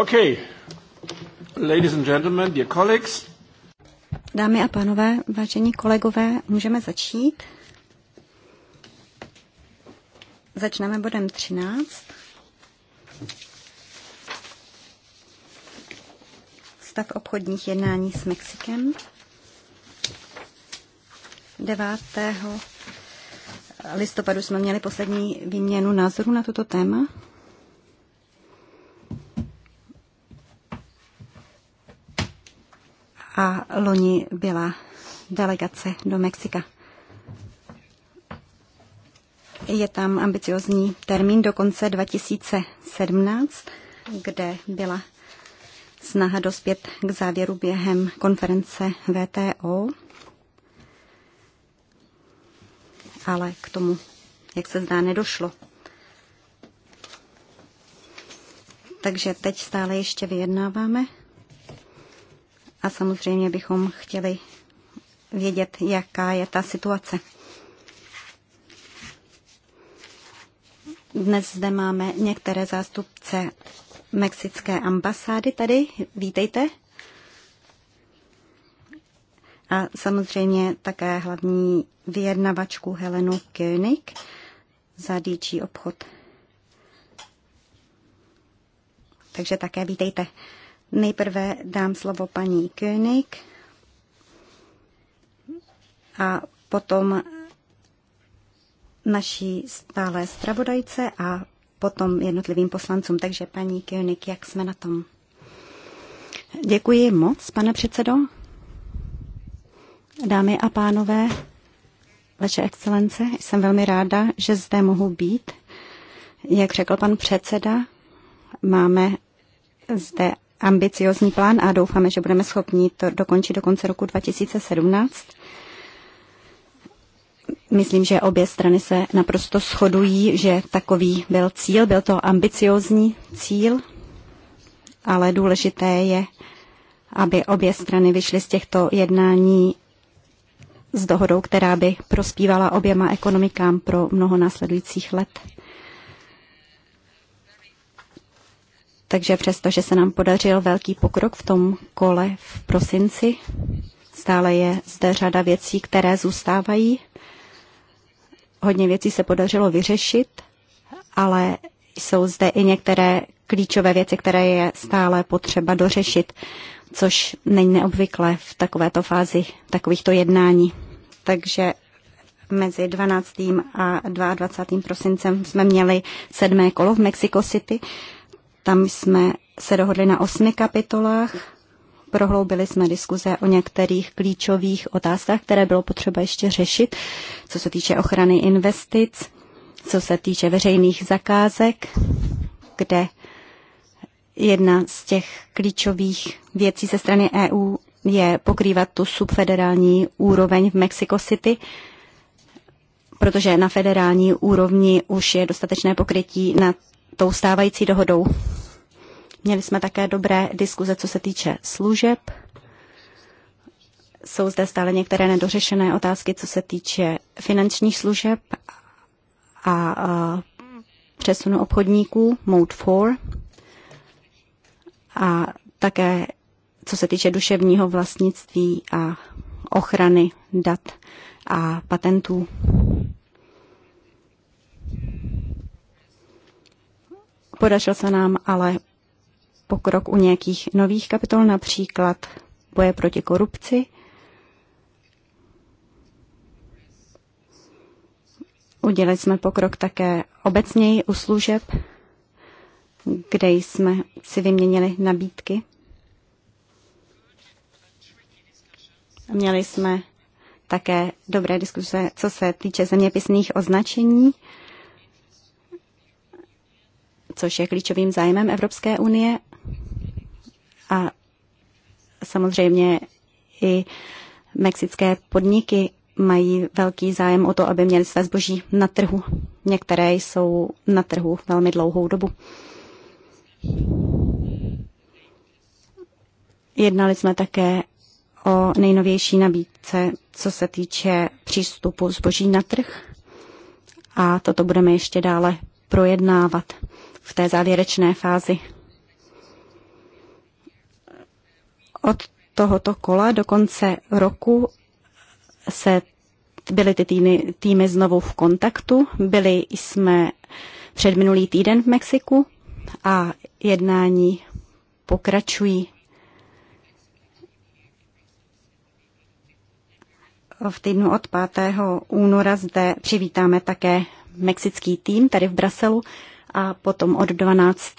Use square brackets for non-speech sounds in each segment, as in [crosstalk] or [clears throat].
Okay. Ladies and gentlemen, dear colleagues. Dámy a pánové, vážení kolegové, můžeme začít. Začneme bodem 13. Stav obchodních jednání s Mexikem. 9. listopadu jsme měli poslední výměnu názorů na toto téma. loni byla delegace do Mexika. Je tam ambiciozní termín do konce 2017, kde byla snaha dospět k závěru během konference VTO, ale k tomu, jak se zdá, nedošlo. Takže teď stále ještě vyjednáváme a samozřejmě bychom chtěli vědět, jaká je ta situace. Dnes zde máme některé zástupce mexické ambasády tady. Vítejte. A samozřejmě také hlavní vyjednavačku Helenu König za DG obchod. Takže také vítejte. Nejprve dám slovo paní König a potom naší stále zpravodajce a potom jednotlivým poslancům. Takže paní König, jak jsme na tom? Děkuji moc, pane předsedo. Dámy a pánové, vaše excelence, jsem velmi ráda, že zde mohu být. Jak řekl pan předseda, máme zde ambiciozní plán a doufáme, že budeme schopni to dokončit do konce roku 2017. Myslím, že obě strany se naprosto shodují, že takový byl cíl, byl to ambiciozní cíl, ale důležité je, aby obě strany vyšly z těchto jednání s dohodou, která by prospívala oběma ekonomikám pro mnoho následujících let. Takže přesto, že se nám podařil velký pokrok v tom kole v prosinci, stále je zde řada věcí, které zůstávají. Hodně věcí se podařilo vyřešit, ale jsou zde i některé klíčové věci, které je stále potřeba dořešit, což není neobvyklé v takovéto fázi takovýchto jednání. Takže mezi 12. a 22. prosincem jsme měli sedmé kolo v Mexico City tam jsme se dohodli na osmi kapitolách, prohloubili jsme diskuze o některých klíčových otázkách, které bylo potřeba ještě řešit, co se týče ochrany investic, co se týče veřejných zakázek, kde jedna z těch klíčových věcí ze strany EU je pokrývat tu subfederální úroveň v Mexico City, protože na federální úrovni už je dostatečné pokrytí na tou stávající dohodou. Měli jsme také dobré diskuze, co se týče služeb. Jsou zde stále některé nedořešené otázky, co se týče finančních služeb a, přesunu obchodníků, Mode 4, a také co se týče duševního vlastnictví a ochrany dat a patentů. Podařil se nám ale pokrok u nějakých nových kapitol, například boje proti korupci. Udělali jsme pokrok také obecněji u služeb, kde jsme si vyměnili nabídky. Měli jsme také dobré diskuse, co se týče zeměpisných označení což je klíčovým zájmem Evropské unie. A samozřejmě i mexické podniky mají velký zájem o to, aby měli své zboží na trhu. Některé jsou na trhu velmi dlouhou dobu. Jednali jsme také o nejnovější nabídce, co se týče přístupu zboží na trh. A toto budeme ještě dále projednávat v té závěrečné fázi. Od tohoto kola do konce roku se byly ty týmy, týmy znovu v kontaktu. Byli jsme před minulý týden v Mexiku a jednání pokračují. V týdnu od 5. února zde přivítáme také mexický tým tady v Braselu a potom od 12.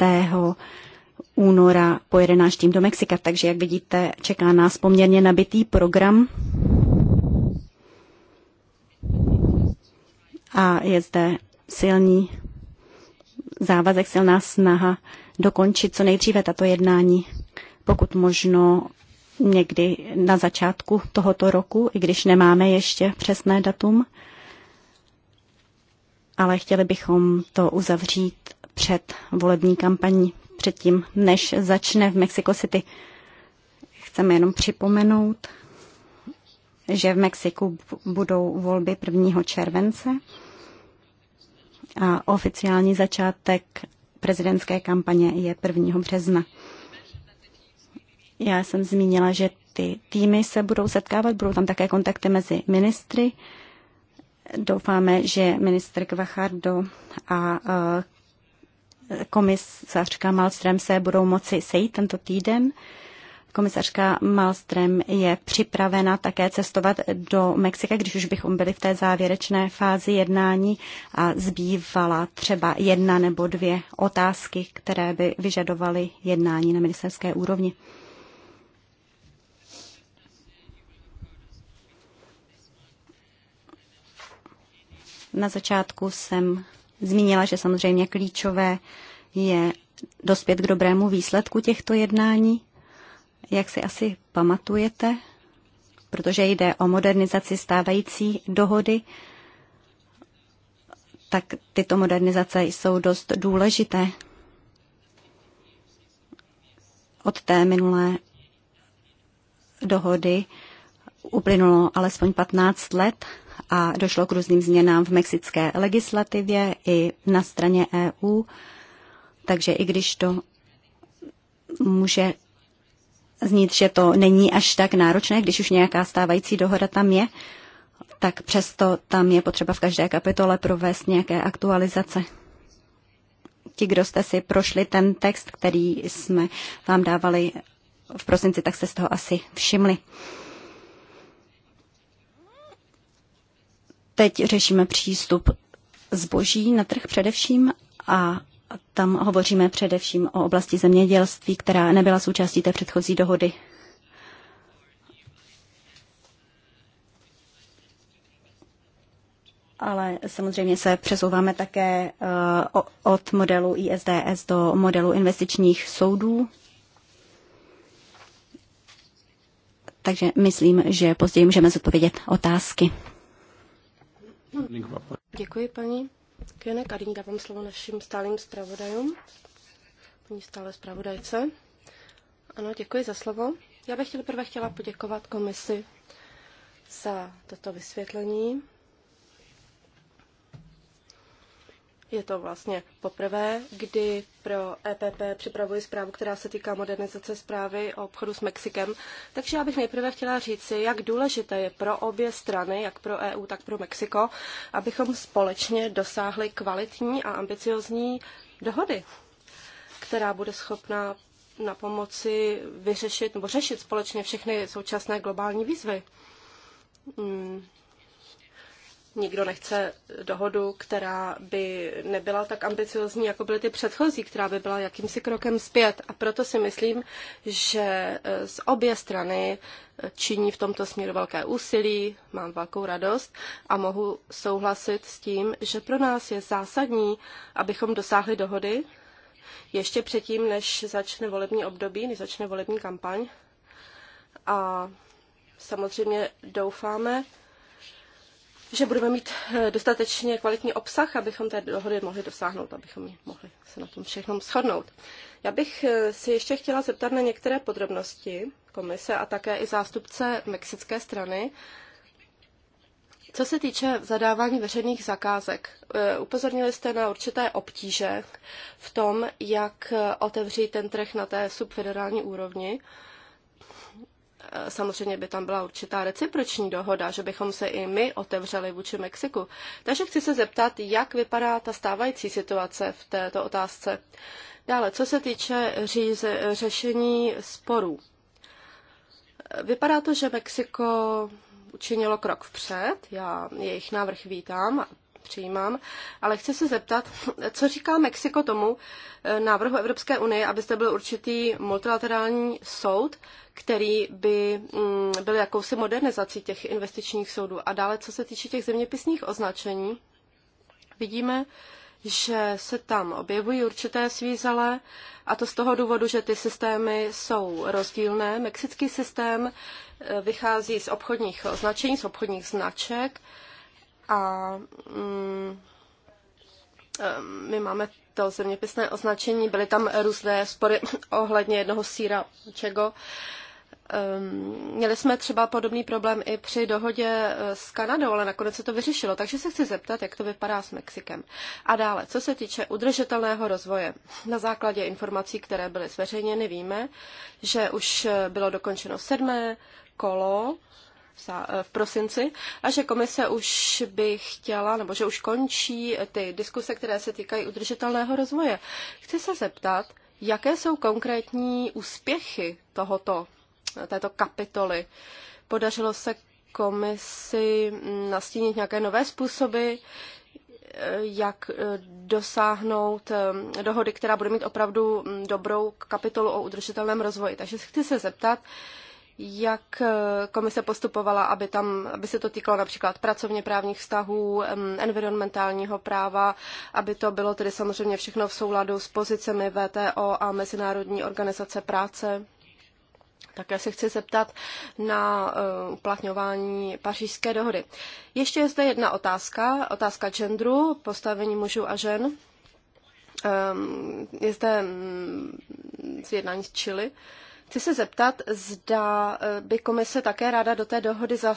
února po 11. do Mexika. Takže, jak vidíte, čeká nás poměrně nabitý program. A je zde silný závazek, silná snaha dokončit co nejdříve tato jednání, pokud možno někdy na začátku tohoto roku, i když nemáme ještě přesné datum ale chtěli bychom to uzavřít před volební kampaní, předtím, než začne v Mexico City. Chceme jenom připomenout, že v Mexiku budou volby 1. července a oficiální začátek prezidentské kampaně je 1. března. Já jsem zmínila, že ty týmy se budou setkávat, budou tam také kontakty mezi ministry Doufáme, že minister Kvachardo a e, komisařka Malstrem se budou moci sejít tento týden. Komisařka Malstrem je připravena také cestovat do Mexika, když už bychom byli v té závěrečné fázi jednání a zbývala třeba jedna nebo dvě otázky, které by vyžadovaly jednání na ministerské úrovni. Na začátku jsem zmínila, že samozřejmě klíčové je dospět k dobrému výsledku těchto jednání. Jak si asi pamatujete, protože jde o modernizaci stávající dohody, tak tyto modernizace jsou dost důležité. Od té minulé dohody uplynulo alespoň 15 let a došlo k různým změnám v mexické legislativě i na straně EU. Takže i když to může znít, že to není až tak náročné, když už nějaká stávající dohoda tam je, tak přesto tam je potřeba v každé kapitole provést nějaké aktualizace. Ti, kdo jste si prošli ten text, který jsme vám dávali v prosinci, tak jste z toho asi všimli. Teď řešíme přístup zboží na trh především a tam hovoříme především o oblasti zemědělství, která nebyla součástí té předchozí dohody. ale samozřejmě se přesouváme také eh, od modelu ISDS do modelu investičních soudů. Takže myslím, že později můžeme zodpovědět otázky. Děkuji, paní Kvěnek. A nyní dávám slovo našim stálým zpravodajům. Paní stále zpravodajce. Ano, děkuji za slovo. Já bych chtěla prvé chtěla poděkovat komisi za toto vysvětlení Je to vlastně poprvé, kdy pro EPP připravuji zprávu, která se týká modernizace zprávy o obchodu s Mexikem. Takže já bych nejprve chtěla říci, jak důležité je pro obě strany, jak pro EU, tak pro Mexiko, abychom společně dosáhli kvalitní a ambiciozní dohody, která bude schopna na pomoci vyřešit nebo řešit společně všechny současné globální výzvy. Hmm. Nikdo nechce dohodu, která by nebyla tak ambiciozní, jako byly ty předchozí, která by byla jakýmsi krokem zpět. A proto si myslím, že e, z obě strany e, činí v tomto směru velké úsilí, mám velkou radost a mohu souhlasit s tím, že pro nás je zásadní, abychom dosáhli dohody ještě předtím, než začne volební období, než začne volební kampaň. A samozřejmě doufáme, že budeme mít eh, dostatečně kvalitní obsah, abychom té dohody mohli dosáhnout, abychom mohli se na tom všechnom shodnout. Já bych eh, si ještě chtěla zeptat na některé podrobnosti komise a také i zástupce mexické strany. Co se týče zadávání veřejných zakázek, eh, upozornili jste na určité obtíže v tom, jak otevřít ten trh na té subfederální úrovni samozřejmě by tam byla určitá reciproční dohoda, že bychom se i my otevřeli vůči Mexiku. Takže chci se zeptat, jak vypadá ta stávající situace v této otázce. Dále, co se týče říze, řešení sporů. Vypadá to, že Mexiko učinilo krok vpřed, já jejich návrh vítám, přijímám, ale chci se zeptat, co říká Mexiko tomu eh, návrhu Evropské unie, aby byl určitý multilaterální soud, který by mm, byl jakousi modernizací těch investičních soudů. A dále, co se týče těch zeměpisných označení, vidíme, že se tam objevují určité svízele a to z toho důvodu, že ty systémy jsou rozdílné. Mexický systém eh, vychází z obchodních označení, z obchodních značek, a mm, eh, my máme to zeměpisné označení, byly tam různé spory [laughs] ohledně jednoho síra čego. Ehm, měli jsme třeba podobný problém i při dohodě eh, s Kanadou, ale nakonec se to vyřešilo, takže se chci zeptat, jak to vypadá s Mexikem. A dále, co se týče udržitelného rozvoje. Na základě informací, které byly zveřejněny, víme, že už eh, bylo dokončeno sedmé kolo Eh, v prosinci a že komise už by chtěla, nebo že už končí eh, ty diskuse, které se týkají udržitelného rozvoje. Chci se zeptat, jaké jsou konkrétní úspěchy tohoto, eh, této kapitoly. Podařilo se komisi mm, nastínit nějaké nové způsoby, jak dosáhnout dohody, která bude mít opravdu mm, dobrou kapitolu o udržitelném rozvoji. Takže chci se zeptat, jak eh, komise postupovala, aby, tam, aby se to týkalo například pracovně právních vztahů, environmentálního práva, aby to bylo tedy samozřejmě všechno v souladu s pozicemi VTO a Mezinárodní organizace práce. Také se chci zeptat na eh, uplatňování pařížské dohody. Ještě je zde jedna otázka, otázka genderu, postavení mužů a žen. Je zde mm, zjednání z Chile. Chci se zeptat, zda eh, by komise také ráda do té dohody za,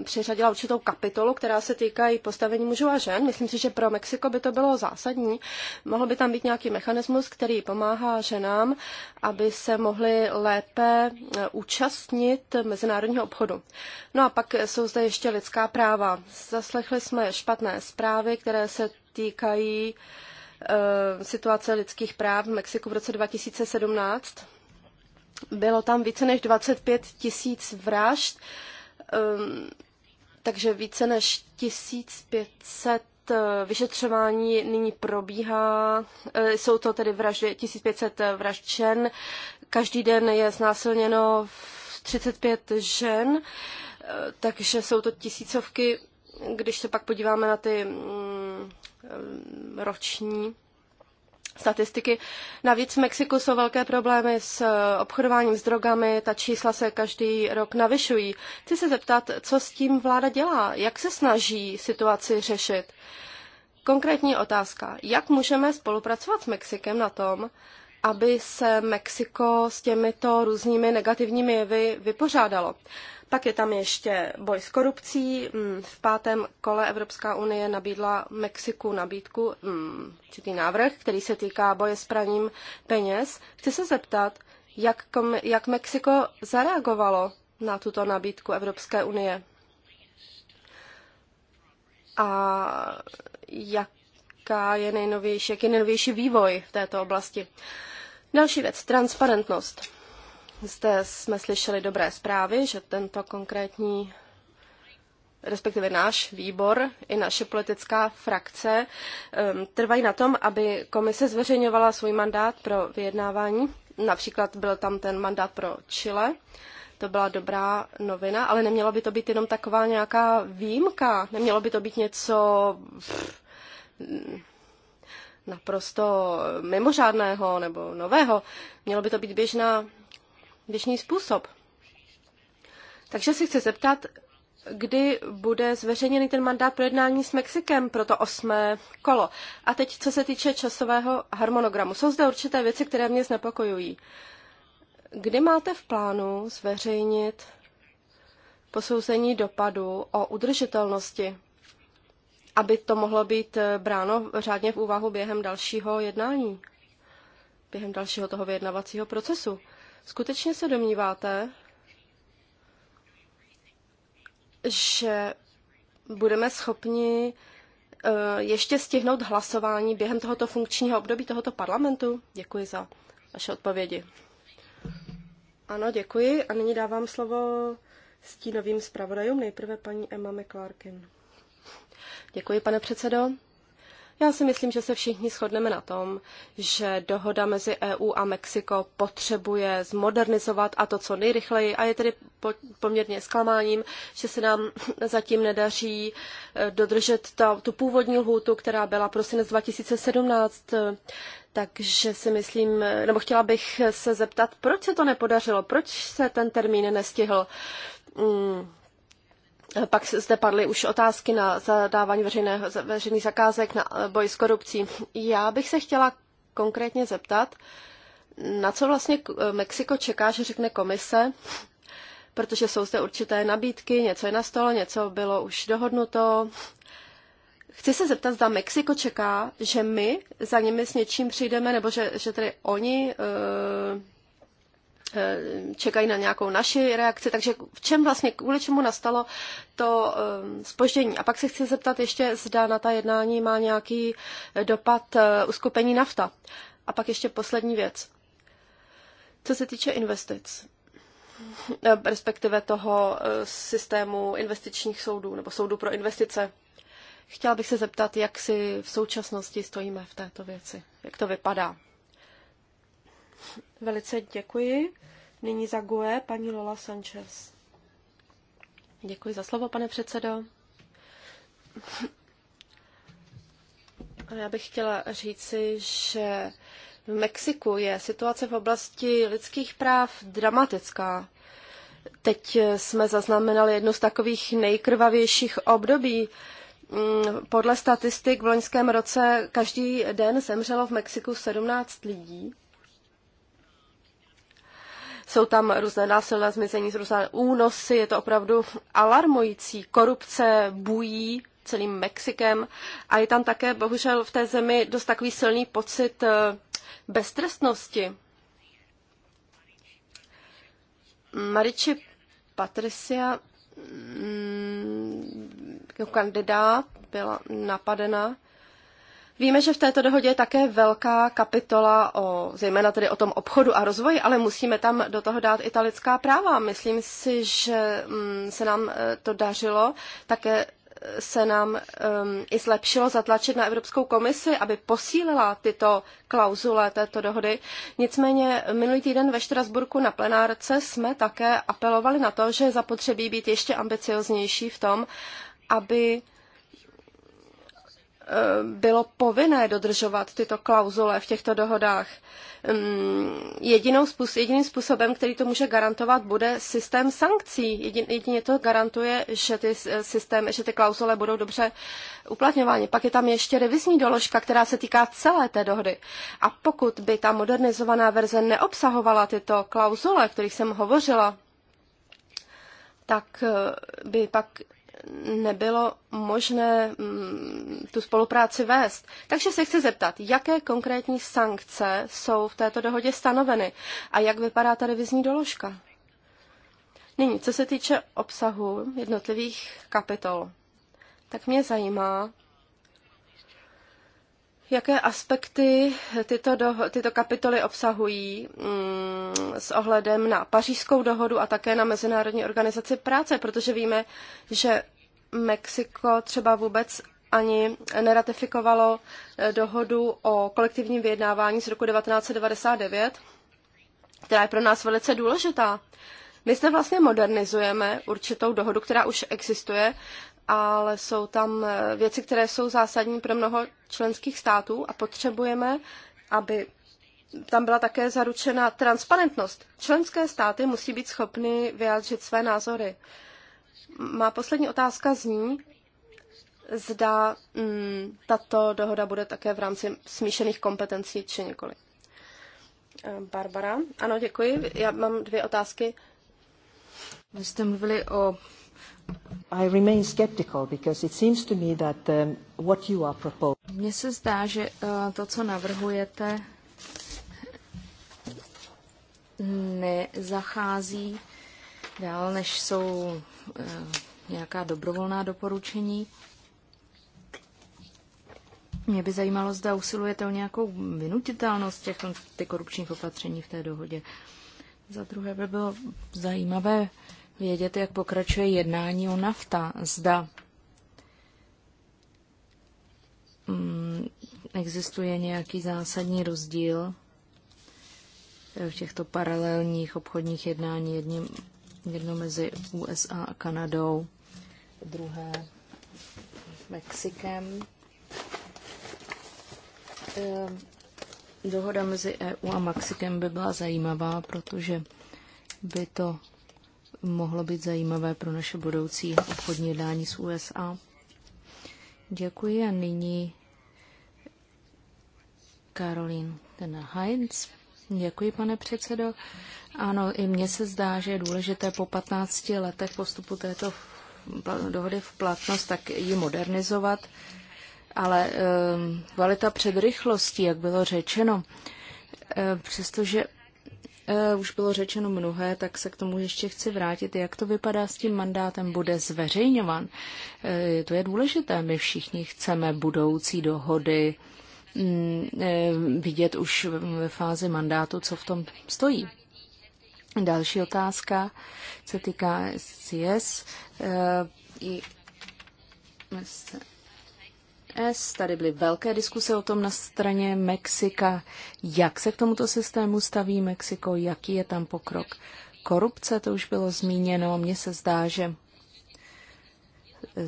e, přiřadila určitou kapitolu, která se týká i postavení mužů a žen. Myslím si, že pro Mexiko by to bylo zásadní. Mohl by tam být nějaký mechanismus, který pomáhá ženám, aby se mohly lépe eh, účastnit mezinárodního obchodu. No a pak jsou zde ještě lidská práva. Zaslechli jsme špatné zprávy, které se týkají e, situace lidských práv v Mexiku v roce 2017 bylo tam více než 25 tisíc vražd, ehm, takže více než 1500 eh, vyšetřování nyní probíhá. Eh, jsou to tedy vraždy, 1500 eh, vražděn. Každý den je znásilněno 35 žen, takže jsou to tisícovky. Když se pak podíváme na ty mm, roční statistiky. Navíc v Mexiku jsou velké problémy s eh, obchodováním s drogami, ta čísla se každý rok navyšují. Chci se zeptat, co s tím vláda dělá, jak se snaží situaci řešit. Konkrétní otázka, jak můžeme spolupracovat s Mexikem na tom, aby se Mexiko s těmito různými negativními jevy vypořádalo. Pak je tam ještě boj s korupcí. Mm, v pátém kole Evropská unie nabídla Mexiku nabídku, mm, určitý návrh, který se týká boje s praním peněz. Chci se zeptat, jak, jak Mexiko zareagovalo na tuto nabídku Evropské unie? A jaká je nejnovější, jaký je nejnovější vývoj v této oblasti? Další věc, transparentnost. Zde jsme slyšeli dobré zprávy, že tento konkrétní, respektive náš výbor i naše politická frakce trvají na tom, aby komise zveřejňovala svůj mandát pro vyjednávání. Například byl tam ten mandát pro Chile. To byla dobrá novina, ale nemělo by to být jenom taková nějaká výjimka. Nemělo by to být něco naprosto mimořádného nebo nového. Mělo by to být běžná běžný způsob. Takže si chci zeptat, kdy bude zveřejněný ten mandát pro jednání s Mexikem pro to osmé kolo. A teď, co se týče časového harmonogramu. Jsou zde určité věci, které mě znepokojují. Kdy máte v plánu zveřejnit posouzení dopadu o udržitelnosti, aby to mohlo být bráno řádně v úvahu během dalšího jednání, během dalšího toho vyjednavacího procesu? Skutečně se domníváte, že budeme schopni eh, ještě stihnout hlasování během tohoto funkčního období tohoto parlamentu? Děkuji za vaše odpovědi. Ano, děkuji. A nyní dávám slovo stínovým zpravodajům. Nejprve paní Emma McClarkin. Děkuji, pane předsedo. Já si myslím, že se všichni shodneme na tom, že dohoda mezi EU a Mexiko potřebuje zmodernizovat a to co nejrychleji. A je tedy po, poměrně zklamáním, že se nám [laughs] zatím nedaří eh, dodržet ta, tu původní lhůtu, která byla prosinec 2017. Takže si myslím, eh, nebo chtěla bych se zeptat, proč se to nepodařilo, proč se ten termín nestihl. Mm pak zde padly už otázky na zadávání veřejného, veřejných zakázek, na eh, boj s korupcí. Já bych se chtěla konkrétně zeptat, na co vlastně eh, Mexiko čeká, že řekne komise, protože jsou zde určité nabídky, něco je na stole, něco bylo už dohodnuto. Chci se zeptat, zda Mexiko čeká, že my za nimi s něčím přijdeme, nebo že, že tedy oni uh, Eh, čekají na nějakou naši reakci, takže v čem vlastně, kvůli čemu nastalo to spoždění. Eh, A pak se chci zeptat ještě, zda na ta jednání má nějaký eh, dopad uskupení nafta. A pak ještě poslední věc. Co se týče investic, respektive toho systému investičních soudů nebo soudů pro investice, chtěla bych se zeptat, jak si v současnosti stojíme v této věci, jak to vypadá. Velice děkuji. Nyní za GUE paní Lola Sanchez. Děkuji za slovo, pane předsedo. Já bych chtěla říci, že v Mexiku je situace v oblasti lidských práv dramatická. Teď jsme zaznamenali jednu z takových nejkrvavějších období. Mm, podle statistik v loňském roce každý den zemřelo v Mexiku 17 lidí. Jsou tam různé násilné zmizení, různé únosy, je to opravdu alarmující. Korupce bují celým Mexikem a je tam také bohužel v té zemi dost takový silný pocit eh, beztrestnosti. Mariči Patricia mm, jako kandidát byla napadena Víme, že v této dohodě je také velká kapitola o, zejména tedy o tom obchodu a rozvoji, ale musíme tam do toho dát lidská práva. Myslím si, že mm, se nám e, to dařilo. Také e, se nám um, i zlepšilo zatlačit na Evropskou komisi, aby posílila tyto klauzule této dohody. Nicméně minulý týden ve Štrasburku na plenárce jsme také apelovali na to, že je zapotřebí být ještě ambicioznější v tom, aby Eh, bylo povinné dodržovat tyto klauzule v těchto dohodách. Mm, jedinou způsob, jediným způsobem, který to může garantovat, bude systém sankcí. jedině to garantuje, že ty, eh, systém, že ty klauzule budou dobře uplatňovány. Pak je tam ještě revizní doložka, která se týká celé té dohody. A pokud by ta modernizovaná verze neobsahovala tyto klauzule, o kterých jsem hovořila, tak eh, by pak nebylo možné mm, tu spolupráci vést. Takže se chci zeptat, jaké konkrétní sankce jsou v této dohodě stanoveny a jak vypadá ta revizní doložka? Nyní, co se týče obsahu jednotlivých kapitol, tak mě zajímá, Jaké aspekty tyto, do, tyto kapitoly obsahují mm, s ohledem na pařížskou dohodu a také na Mezinárodní organizaci práce? Protože víme, že Mexiko třeba vůbec ani neratifikovalo eh, dohodu o kolektivním vyjednávání z roku 1999, která je pro nás velice důležitá. My se vlastně modernizujeme určitou dohodu, která už existuje, ale jsou tam eh, věci, které jsou zásadní pro mnoho členských států a potřebujeme, aby tam byla také zaručena transparentnost. Členské státy musí být schopny vyjádřit své názory. Má poslední otázka zní, zda mm, tato dohoda bude také v rámci smíšených kompetencí či nikoli. Eh, Barbara, ano, děkuji. Já mám dvě otázky. Vy jste mluvili o i remain skeptical because it seems to me that um, what you are proposing. Mně se zdá, že uh, to, co navrhujete, nezachází dál, než jsou uh, nějaká dobrovolná doporučení. Mě by zajímalo, zda usilujete o nějakou vynutitelnost těch korupčních opatření v té dohodě. Za druhé by bylo zajímavé vědět, jak pokračuje jednání o nafta. Zda mm, existuje nějaký zásadní rozdíl v těchto paralelních obchodních jednání, jedním, jedno mezi USA a Kanadou, druhé Mexikem. Ehm, dohoda mezi EU a Mexikem by byla zajímavá, protože by to mohlo být zajímavé pro naše budoucí obchodní jednání s USA. Děkuji a nyní Karolín ten Heinz. Děkuji, pane předsedo. Ano, i mně se zdá, že je důležité po 15 letech postupu této dohody v platnost, tak ji modernizovat. Ale ehm, kvalita před rychlostí, jak bylo řečeno, ehm, přestože Uh, už bylo řečeno mnohé, tak se k tomu ještě chci vrátit. Jak to vypadá s tím mandátem? Bude zveřejňovan? Uh, to je důležité. My všichni chceme budoucí dohody um, uh, vidět už ve fázi mandátu, co v tom stojí. Další otázka se týká SCS. I ETS. Tady byly velké diskuse o tom na straně Mexika. Jak se k tomuto systému staví Mexiko, jaký je tam pokrok. Korupce, to už bylo zmíněno, mně se zdá, že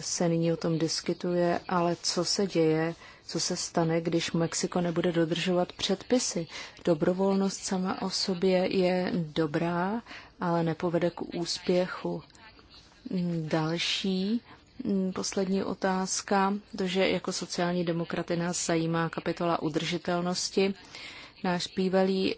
se nyní o tom diskutuje, ale co se děje, co se stane, když Mexiko nebude dodržovat předpisy. Dobrovolnost sama o sobě je dobrá, ale nepovede k úspěchu. Další Mm, poslední otázka, protože jako sociální demokraty nás zajímá kapitola udržitelnosti. Náš bývalý e,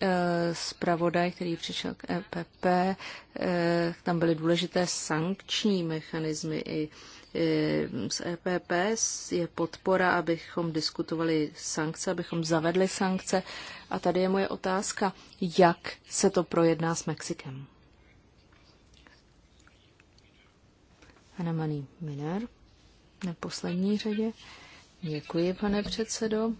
zpravodaj, který přišel k EPP, e, eh, tam byly důležité sankční mechanismy i eh, z EPP je podpora, abychom diskutovali sankce, abychom zavedli sankce. A tady je moje otázka, jak se to projedná s Mexikem. Anamaný Miner, na poslední řadě. Děkuji, pane předsedo.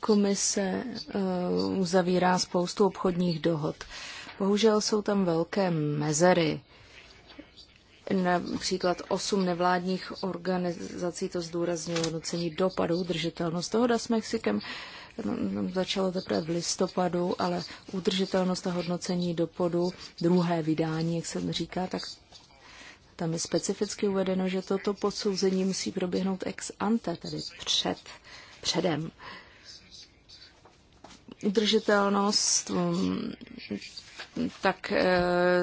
Komise uh, uzavírá spoustu obchodních dohod. Bohužel jsou tam velké mezery. Například osm nevládních organizací to zdůraznilo nocení dopadů udržitelnost dohoda s Mexikem No, no, začalo teprve v listopadu, ale udržitelnost a hodnocení dopadu, druhé vydání, jak se říká, tak tam je specificky uvedeno, že toto posouzení musí proběhnout ex ante, tedy před, předem. Udržitelnost, mm, tak e,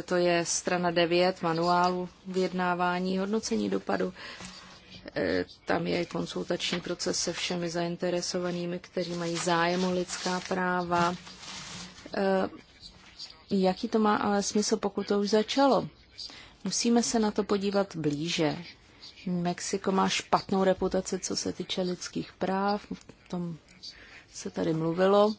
to je strana 9 manuálu vyjednávání hodnocení dopadu. Eh, tam je konzultační proces se všemi zainteresovanými, kteří mají zájem o lidská práva. Eh, jaký to má ale smysl, pokud to už začalo? Musíme se na to podívat blíže. Mexiko má špatnou reputaci, co se týče lidských práv, o tom se tady mluvilo.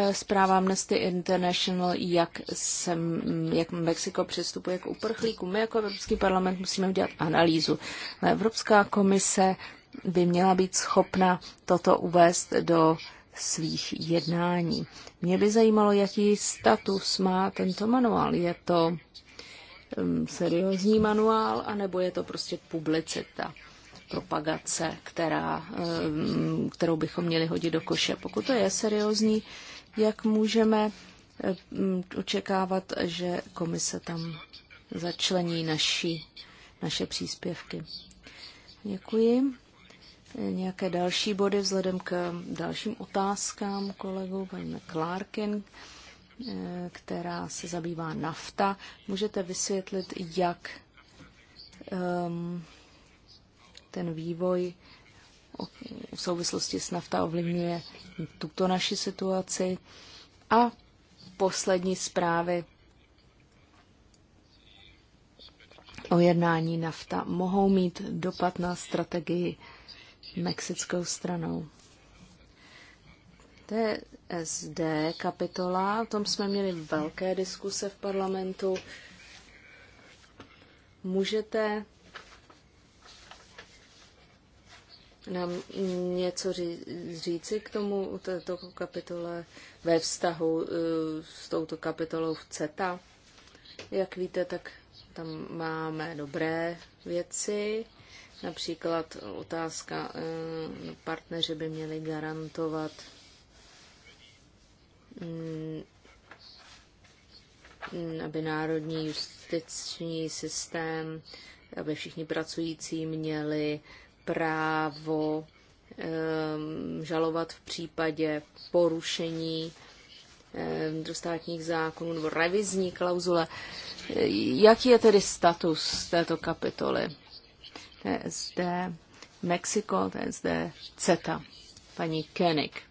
Eh, zpráva Amnesty International, jak, sem, jak Mexiko přistupuje k uprchlíkům. My jako Evropský parlament musíme udělat analýzu. Evropská komise by měla být schopna toto uvést do svých jednání. Mě by zajímalo, jaký status má tento manuál. Je to seriózní manuál, anebo je to prostě publicita, propagace, která, kterou bychom měli hodit do koše. Pokud to je seriózní jak můžeme eh, očekávat, že komise tam začlení naši, naše příspěvky. Děkuji. Nějaké další body vzhledem k dalším otázkám kolegů, paní Clarkin, eh, která se zabývá nafta. Můžete vysvětlit, jak um, ten vývoj v souvislosti s nafta ovlivňuje tuto naši situaci a poslední zprávy o jednání nafta mohou mít dopad na strategii mexickou stranou. SD kapitola, o tom jsme měli velké diskuse v parlamentu. Můžete nám něco ří, říci k tomu této kapitole ve vztahu e, s touto kapitolou v CETA? Jak víte, tak tam máme dobré věci, například otázka, e, partneři by měli garantovat mm, aby národní justiční systém, aby všichni pracující měli právo ehm, žalovat v případě porušení ehm, vnitrostátních zákonů nebo revizní klauzule. Jaký je tedy status této kapitoly? zde Mexiko, zde CETA, paní Koenig.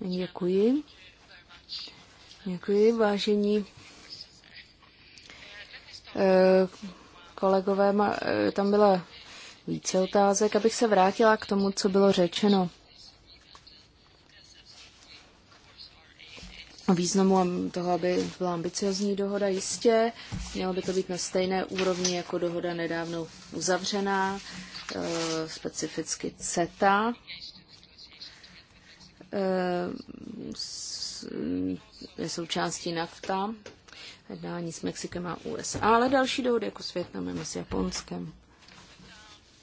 Děkuji. Děkuji, vážení eh, kolegové, eh, tam byla více otázek, abych se vrátila k tomu, co bylo řečeno. významu toho, aby byla ambiciozní dohoda, jistě. Mělo by to být na stejné úrovni jako dohoda nedávno uzavřená, eh, specificky CETA. Eh, je součástí NAFTA, jednání s Mexikem a USA, ale další dohody jako s Větnamem a s Japonskem.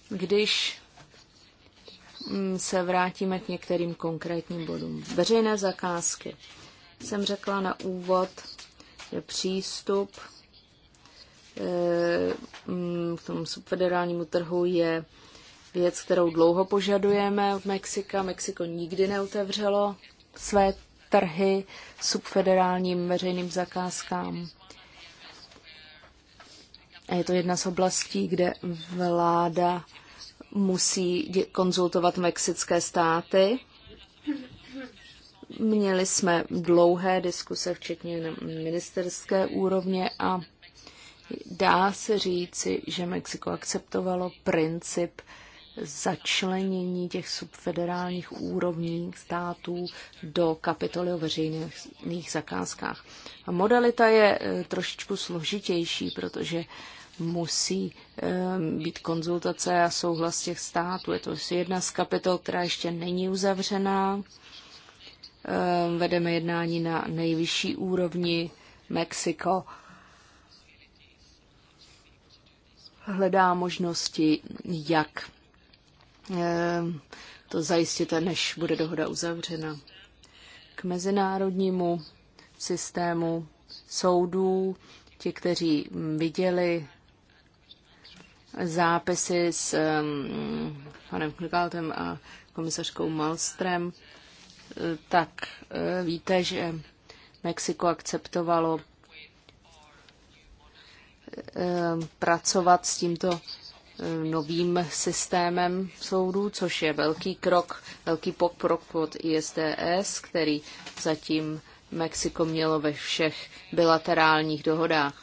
Když mm, se vrátíme k některým konkrétním bodům. Veřejné zakázky. Jsem řekla na úvod, že přístup eh, mm, k tomu subfederálnímu trhu je věc, kterou dlouho požadujeme od Mexika. Mexiko nikdy neotevřelo své trhy subfederálním veřejným zakázkám. A je to jedna z oblastí, kde vláda musí konzultovat mexické státy. Měli jsme dlouhé diskuse, včetně na ministerské úrovně a dá se říci, že Mexiko akceptovalo princip uh, začlenění těch subfederálních úrovní států do kapitoly o veřejných zakázkách. A modalita je eh, trošičku složitější, protože musí eh, být konzultace a souhlas těch států. Je to jedna z kapitol, která ještě není uzavřená. Eh, vedeme jednání na nejvyšší úrovni Mexiko. Hledá možnosti, jak Eh, to zajistíte, než bude dohoda uzavřena. K mezinárodnímu systému soudů, ti, kteří viděli zápisy s um, panem Knigaltem a komisařkou Malstrem, eh, tak uh, víte, že Mexiko akceptovalo uh, pracovat s tímto novým systémem soudů, což je velký krok, velký pokrok pod ISDS, který zatím Mexiko mělo ve všech bilaterálních dohodách.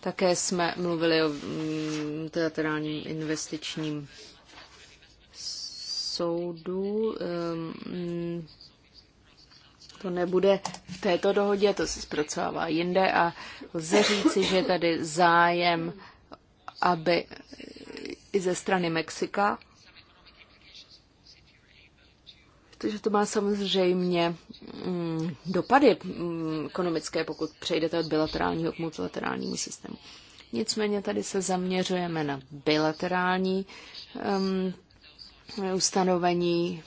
Také jsme mluvili o mm, bilaterálním investičním soudu. Ehm, to nebude v této dohodě, to se zpracovává jinde a lze říci, že tady zájem, aby i ze strany Mexika, protože to má samozřejmě mm, dopady mm, ekonomické, pokud přejdete od bilaterálního k multilaterálnímu systému. Nicméně tady se zaměřujeme na bilaterální um, ustanovení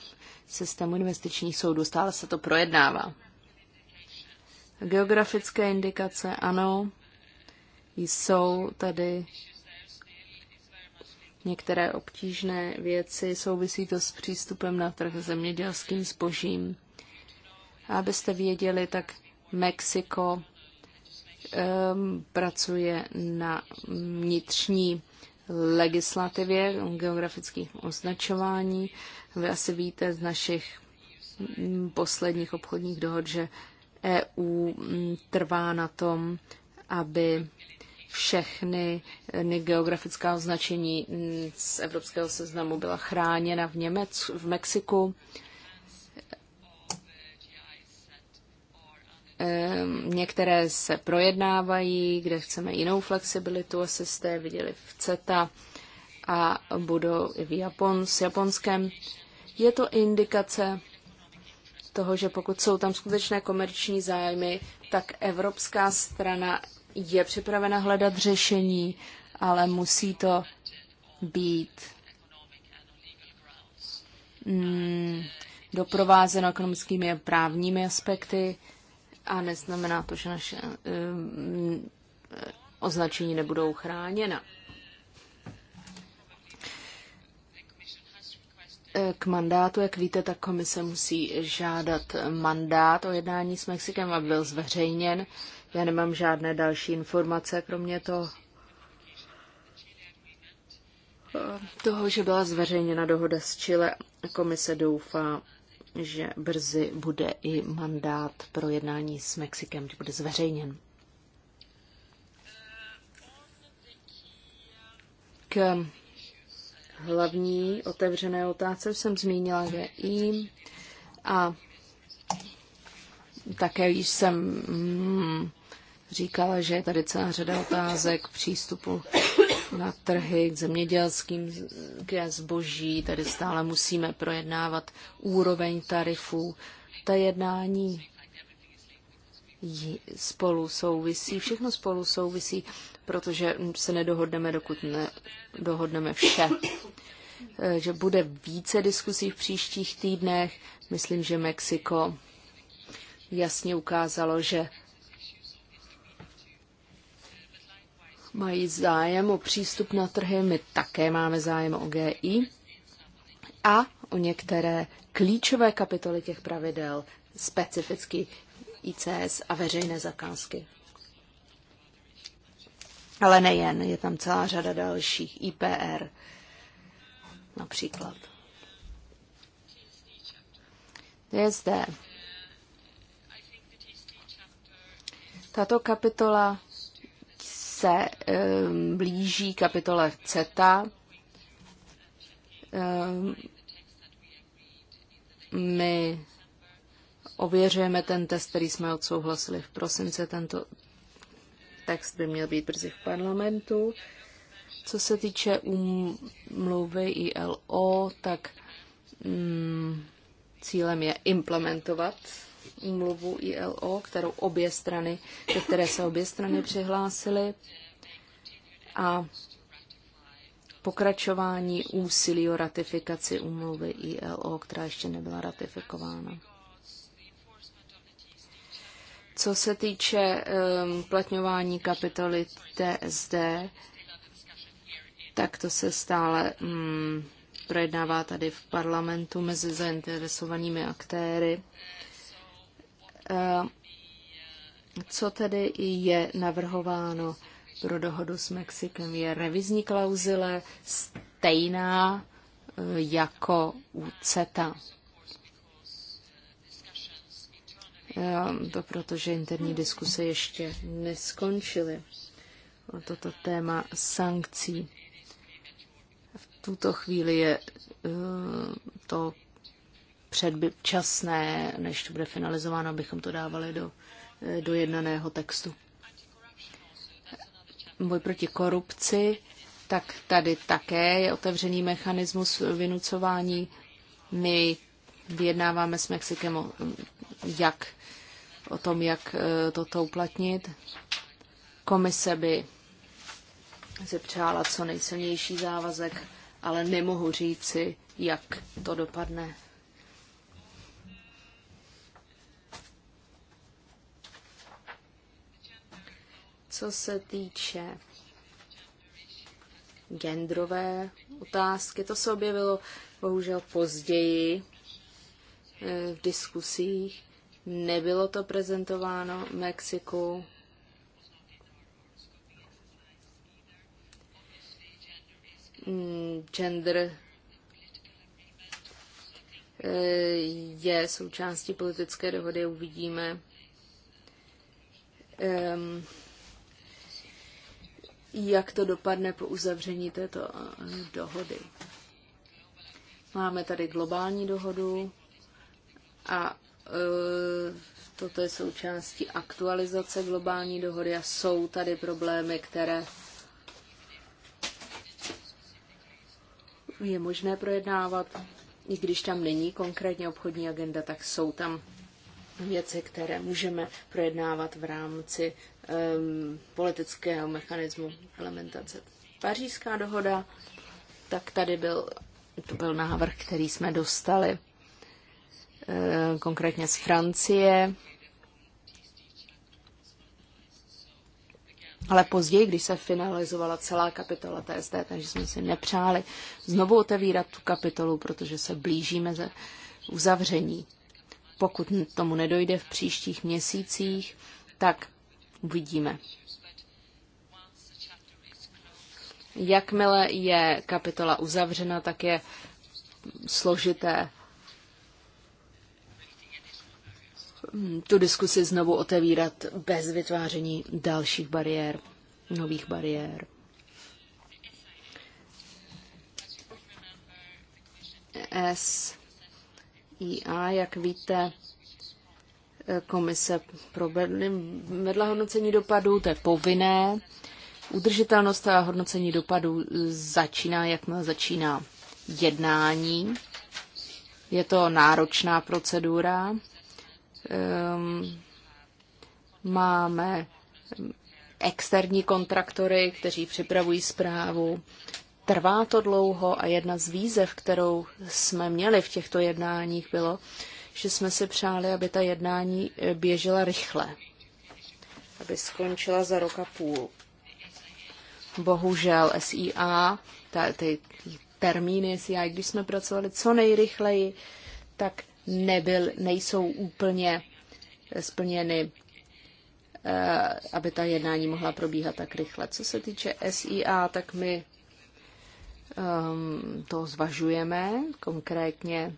systému investičních soudů. Stále se to projednává. Geografické indikace, ano, jsou tady některé obtížné věci, souvisí to s přístupem na trh zemědělským zbožím. abyste věděli, tak Mexiko um, pracuje na vnitřní legislativě geografických označování. Vy asi víte z našich mm, posledních obchodních dohod, že EU mm, trvá na tom, aby všechny mm, geografická označení z evropského seznamu byla chráněna v, Němec, v Mexiku. Ehm, některé se projednávají, kde chceme jinou flexibilitu, asi jste viděli v CETA a budou i v Japon, s Japonskem. Je to indikace toho, že pokud jsou tam skutečné komerční zájmy, tak evropská strana je připravena hledat řešení, ale musí to být mm, doprovázeno ekonomickými a právními aspekty a neznamená to, že naše mm, označení nebudou chráněna. K mandátu, jak víte, tak komise musí žádat mandát o jednání s Mexikem, aby byl zveřejněn. Já nemám žádné další informace, kromě toho, toho, že byla zveřejněna dohoda s Chile. Komise doufá, že brzy bude i mandát pro jednání s Mexikem, že bude zveřejněn. K hlavní otevřené otázce jsem zmínila že i a také již jsem mm, říkala, že je tady celá řada otázek přístupu na trhy k zemědělským k zboží. Tady stále musíme projednávat úroveň tarifů. Ta jednání spolu souvisí, všechno spolu souvisí protože se nedohodneme, dokud nedohodneme vše. E, že bude více diskusí v příštích týdnech. Myslím, že Mexiko jasně ukázalo, že mají zájem o přístup na trhy, my také máme zájem o GI a o některé klíčové kapitoly těch pravidel, specificky ICS a veřejné zakázky. Ale nejen, je tam celá řada dalších, IPR například. Je zde. Tato kapitola se um, blíží kapitole CETA. Um, my ověřujeme ten test, který jsme odsouhlasili v prosince tento, Text by měl být brzy v parlamentu. Co se týče umluvy ILO, tak mm, cílem je implementovat umluvu ILO, kterou obě strany, ke které se obě strany přihlásily. A pokračování úsilí o ratifikaci umluvy ILO, která ještě nebyla ratifikována. Co se týče ehm, uplatňování um, kapitoly TSD, tak to se stále um, projednává tady v parlamentu mezi zainteresovanými aktéry. Uh, co tedy je navrhováno pro dohodu s Mexikem? Je revizní klauzule stejná e, jako u CETA. Ehm, to proto, že interní diskuse ještě neskončily. O toto téma sankcí. V tuto chvíli je ehm, to předčasné, než to bude finalizováno, abychom to dávali do eh, dojednaného textu. Boj proti korupci, tak tady také je otevřený mechanismus vynucování. My vyjednáváme s Mexikem, jak o tom, jak e, toto uplatnit. Komise by si přála co nejsilnější závazek, ale nemohu říci, jak to dopadne. Co se týče genderové otázky, to se objevilo bohužel později e, v diskusích. Nebylo to prezentováno Mexiku. Hmm, gender eh, je součástí politické dohody, uvidíme. Jak to dopadne po uzavření této eh, dohody? Máme tady globální dohodu a Eh, toto je součástí aktualizace globální dohody a jsou tady problémy, které je možné projednávat, i když tam není konkrétně obchodní agenda, tak jsou tam věci, které můžeme projednávat v rámci um, politického mechanismu implementace. Pařížská dohoda, tak tady byl, to byl návrh, který jsme dostali Eh, konkrétně z Francie. Ale později, když se finalizovala celá kapitola TST, takže jsme si nepřáli znovu otevírat tu kapitolu, protože se blížíme ze uzavření. Pokud tomu nedojde v příštích měsících, tak uvidíme. Jakmile je kapitola uzavřena, tak je složité Hm, tu diskusi znovu otevírat bez vytváření dalších bariér, nových bariér. SIA, jak víte, komise vedla hodnocení dopadů, to je povinné. Udržitelnost a hodnocení dopadů začíná, jakmile začíná jednání. Je to náročná procedura, Ehm, máme externí kontraktory, kteří připravují zprávu. Trvá to dlouho a jedna z výzev, kterou jsme měli v těchto jednáních, bylo, že jsme si přáli, aby ta jednání běžela rychle, aby skončila za rok a půl. Bohužel SIA, ta, ty termíny SIA, když jsme pracovali co nejrychleji, tak nebyl, nejsou úplně splněny, eh, aby ta jednání mohla probíhat tak rychle. Co se týče SIA, tak my um, to zvažujeme konkrétně.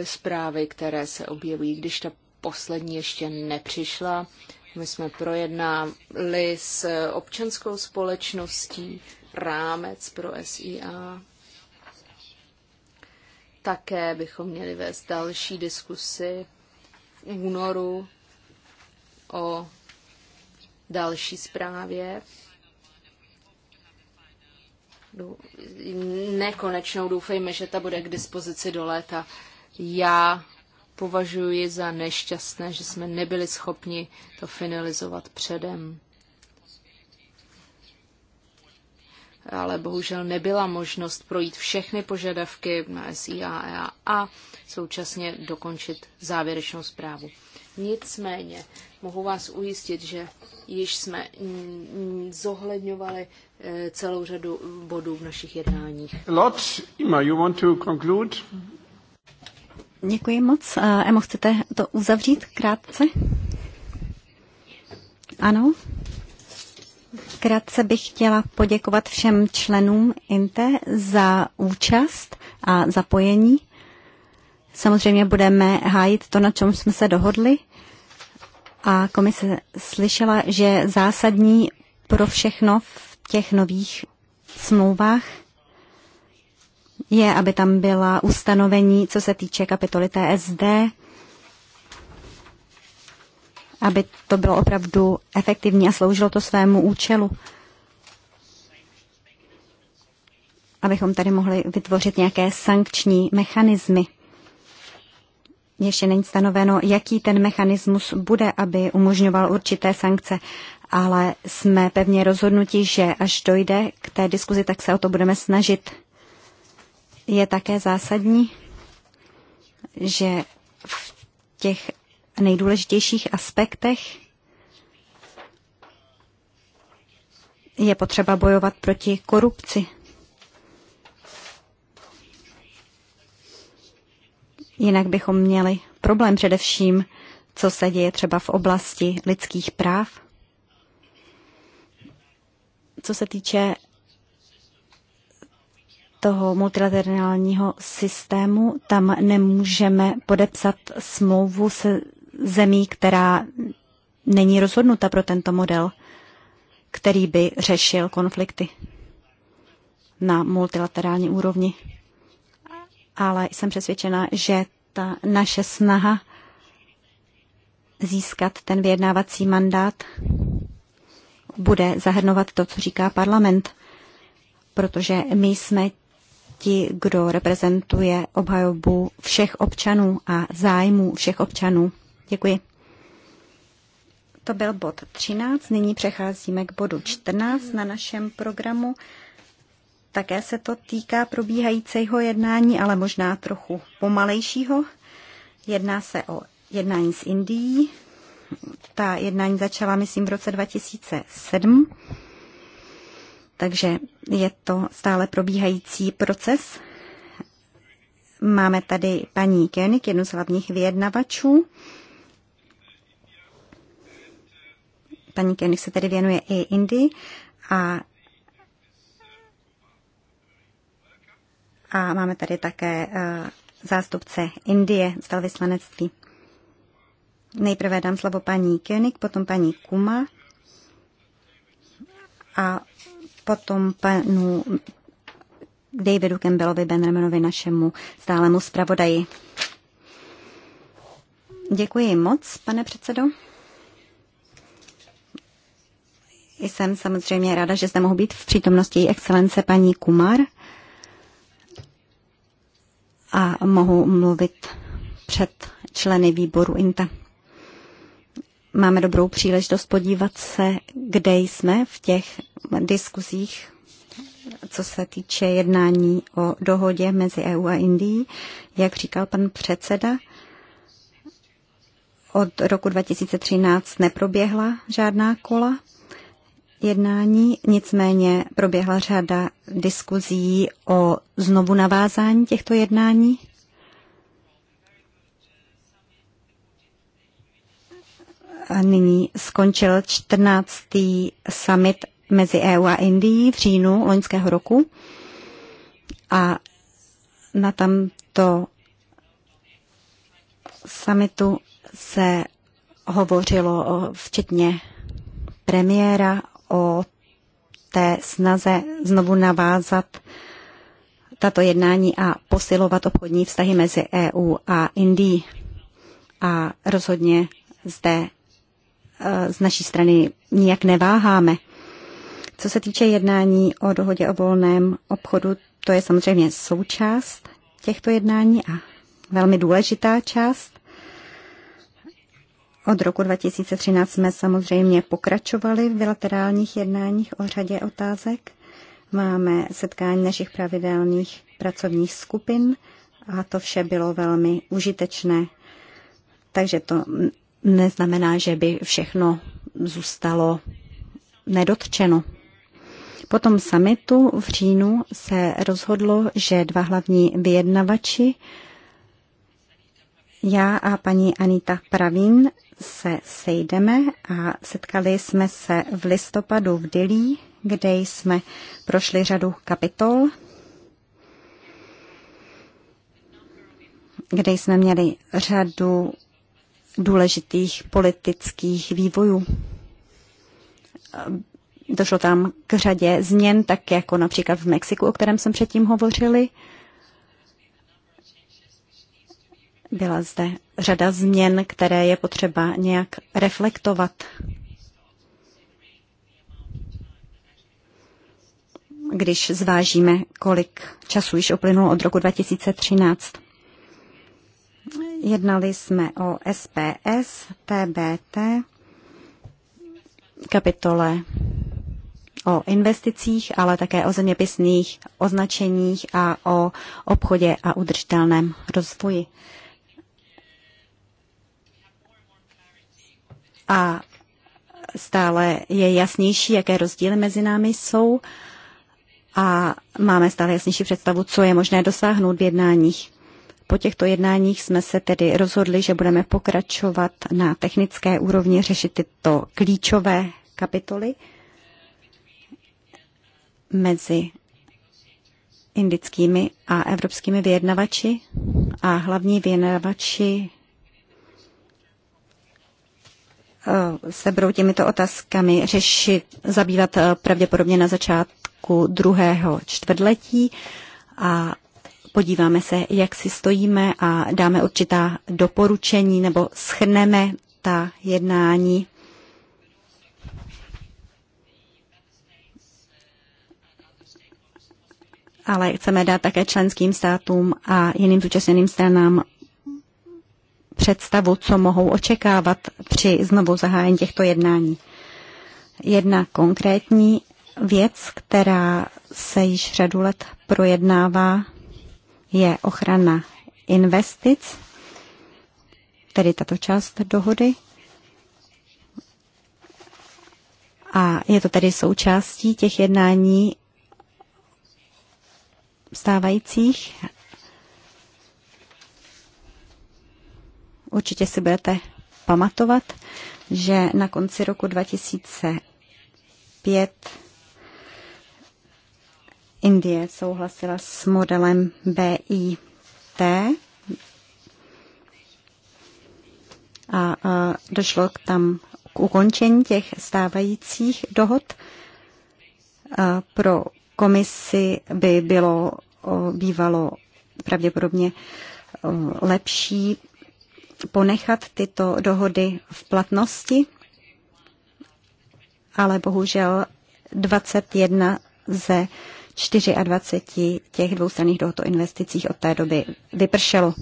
Eh, zprávy, které se objevují, když ta poslední ještě nepřišla. My jsme projednali s občanskou společností rámec pro SIA. Také bychom měli vést další diskusy v únoru o další zprávě. Nekonečnou doufejme, že ta bude k dispozici do léta. Já považuji za nešťastné, že jsme nebyli schopni to finalizovat předem. ale bohužel nebyla možnost projít všechny požadavky na SIA a současně dokončit závěrečnou zprávu. Nicméně mohu vás ujistit, že již jsme zohledňovali eh, celou řadu bodů v našich jednáních. Lot, Ima, you want to conclude? Děkuji moc. Eh, Emo, chcete to uzavřít krátce? Ano? Krátce bych chtěla poděkovat všem členům INTE za účast a zapojení. Samozřejmě budeme hájit to, na čem jsme se dohodli. A komise slyšela, že zásadní pro všechno v těch nových smlouvách je, aby tam byla ustanovení, co se týče kapitoly TSD, aby to bylo opravdu efektivní a sloužilo to svému účelu. Abychom tady mohli vytvořit nějaké sankční mechanismy. Ještě není stanoveno, jaký ten mechanismus bude, aby umožňoval určité sankce, ale jsme pevně rozhodnutí, že až dojde k té diskuzi, tak se o to budeme snažit. Je také zásadní, že v těch nejdůležitějších aspektech je potřeba bojovat proti korupci. Jinak bychom měli problém především, co se děje třeba v oblasti lidských práv. Co se týče toho multilaterálního systému, tam nemůžeme podepsat smlouvu se zemí, která není rozhodnuta pro tento model, který by řešil konflikty na multilaterální úrovni. Ale jsem přesvědčena, že ta naše snaha získat ten vyjednávací mandát bude zahrnovat to, co říká parlament, protože my jsme ti, kdo reprezentuje obhajobu všech občanů a zájmů všech občanů Děkuji. To byl bod 13. Nyní přecházíme k bodu 14 na našem programu. Také se to týká probíhajícího jednání, ale možná trochu pomalejšího. Jedná se o jednání s Indií. Ta jednání začala, myslím, v roce 2007. Takže je to stále probíhající proces. Máme tady paní Kénik, jednu z hlavních vyjednavačů. paní Koenig se tedy věnuje i Indii a a máme tady také eh, zástupce Indie z velvyslanectví. Nejprve dám slovo paní Koenig, potom paní Kuma a potom panu Davidu Campbellovi Benramenovi, našemu stálemu zpravodaji. Děkuji moc, pane předsedo. Jsem samozřejmě ráda, že zde mohu být v přítomnosti její excelence paní Kumar a mohu mluvit před členy výboru INTA. Máme dobrou příležitost podívat se, kde jsme v těch diskuzích, co se týče jednání o dohodě mezi EU a Indií. Jak říkal pan předseda, od roku 2013 neproběhla žádná kola jednání, nicméně proběhla řada diskuzí o znovu navázání těchto jednání. A nyní skončil 14. summit mezi EU a Indií v říjnu loňského roku a na tamto summitu se hovořilo o včetně premiéra o té snaze znovu navázat tato jednání a posilovat obchodní vztahy mezi EU a Indií. A rozhodně zde e, z naší strany nijak neváháme. Co se týče jednání o dohodě o volném obchodu, to je samozřejmě součást těchto jednání a velmi důležitá část. Od roku 2013 jsme samozřejmě pokračovali v bilaterálních jednáních o řadě otázek. Máme setkání našich pravidelných pracovních skupin a to vše bylo velmi užitečné. Takže to neznamená, že by všechno zůstalo nedotčeno. Po tom summitu v říjnu se rozhodlo, že dva hlavní vyjednavači, já a paní Anita Pravin, se sejdeme a setkali jsme se v listopadu v Dilí, kde jsme prošli řadu kapitol, kde jsme měli řadu důležitých politických vývojů. Došlo tam k řadě změn, tak jako například v Mexiku, o kterém jsem předtím hovořili. Byla zde řada změn, které je potřeba nějak reflektovat. Když zvážíme, kolik času již uplynulo od roku 2013. Jednali jsme o SPS, TBT, kapitole o investicích, ale také o zeměpisných označeních a o obchodě a udržitelném rozvoji. a stále je jasnější, jaké rozdíly mezi námi jsou a máme stále jasnější představu, co je možné dosáhnout v jednáních. Po těchto jednáních jsme se tedy rozhodli, že budeme pokračovat na technické úrovni, řešit tyto klíčové kapitoly mezi indickými a evropskými vyjednavači a hlavní vyjednavači Eh, se budou těmito otázkami řešit, zabývat eh, pravděpodobně na začátku druhého čtvrtletí a podíváme se, jak si stojíme a dáme určitá doporučení nebo schrneme ta jednání. Ale chceme dát také členským státům a jiným zúčastněným stranám představu, co mohou očekávat při znovu zahájení těchto jednání. Jedna konkrétní věc, která se již řadu let projednává, je ochrana investic, tedy tato část dohody. A je to tedy součástí těch jednání stávajících Určitě si budete pamatovat, že na konci roku 2005 Indie souhlasila s modelem BIT a došlo k tam k ukončení těch stávajících dohod. Pro komisi by bylo bývalo pravděpodobně lepší ponechat tyto dohody v platnosti, ale bohužel 21 ze 24 těch dvoustranných dohod o investicích od té doby vypršelo.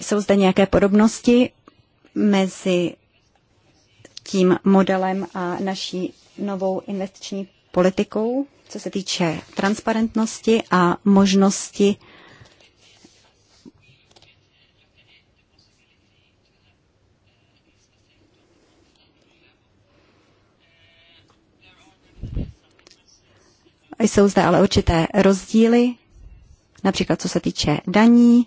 Jsou zde nějaké podobnosti mezi tím modelem a naší novou investiční politikou? co se týče transparentnosti a možnosti Jsou zde ale určité rozdíly, například co se týče daní,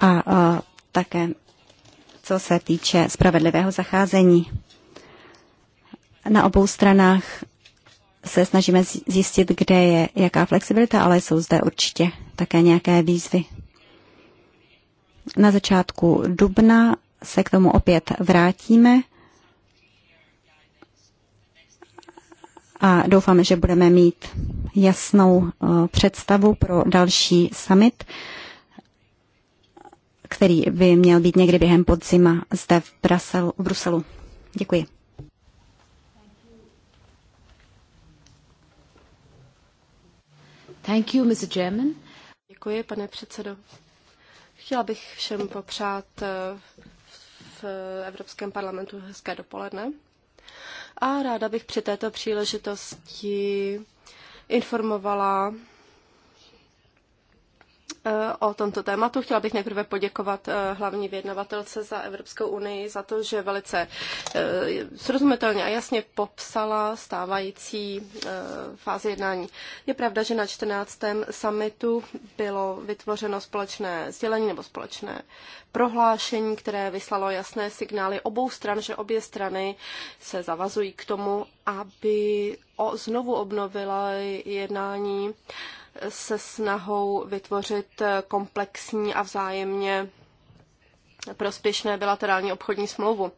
a, a také co se týče spravedlivého zacházení. Na obou stranách se snažíme zjistit, kde je jaká flexibilita, ale jsou zde určitě také nějaké výzvy. Na začátku dubna se k tomu opět vrátíme a doufáme, že budeme mít jasnou eh, představu pro další summit který by měl být někdy během podzima zde v, Brasel, v Bruselu. Děkuji. Thank you, Mr. Chairman. Děkuji, pane předsedo. Chtěla bych všem popřát eh, v Evropském parlamentu hezké dopoledne a ráda bych při této příležitosti informovala o tomto tématu. Chtěla bych nejprve poděkovat eh, hlavní vyjednavatelce za Evropskou unii za to, že velice eh, srozumitelně a jasně popsala stávající eh, fázi jednání. Je pravda, že na 14. summitu bylo vytvořeno společné sdělení nebo společné prohlášení, které vyslalo jasné signály obou stran, že obě strany se zavazují k tomu, aby o, znovu obnovila jednání se snahou vytvořit komplexní a vzájemně prospěšné bilaterální obchodní smlouvu.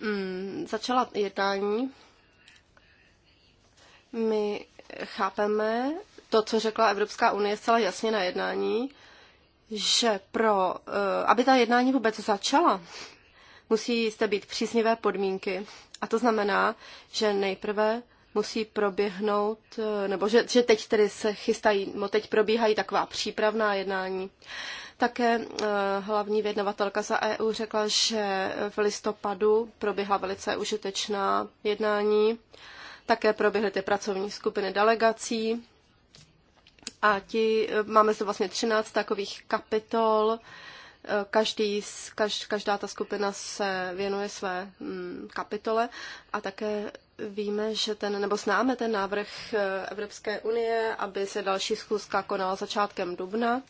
Hmm, začala jednání. My chápeme to, co řekla Evropská unie zcela jasně na jednání, že pro, eh, aby ta jednání vůbec začala, musí jste být příznivé podmínky. A to znamená, že nejprve musí proběhnout, eh, nebo že, že teď tedy se chystají, no teď probíhají taková přípravná jednání. Také eh, hlavní vědnovatelka za EU řekla, že v listopadu proběhla velice užitečná jednání. Také proběhly ty pracovní skupiny delegací. A ti, eh, máme zde vlastně 13 takových kapitol, Každý, každá ta skupina se věnuje své mm, kapitole a také víme, že ten, nebo známe ten návrh eh, Evropské unie, aby se další schůzka konala začátkem dubna.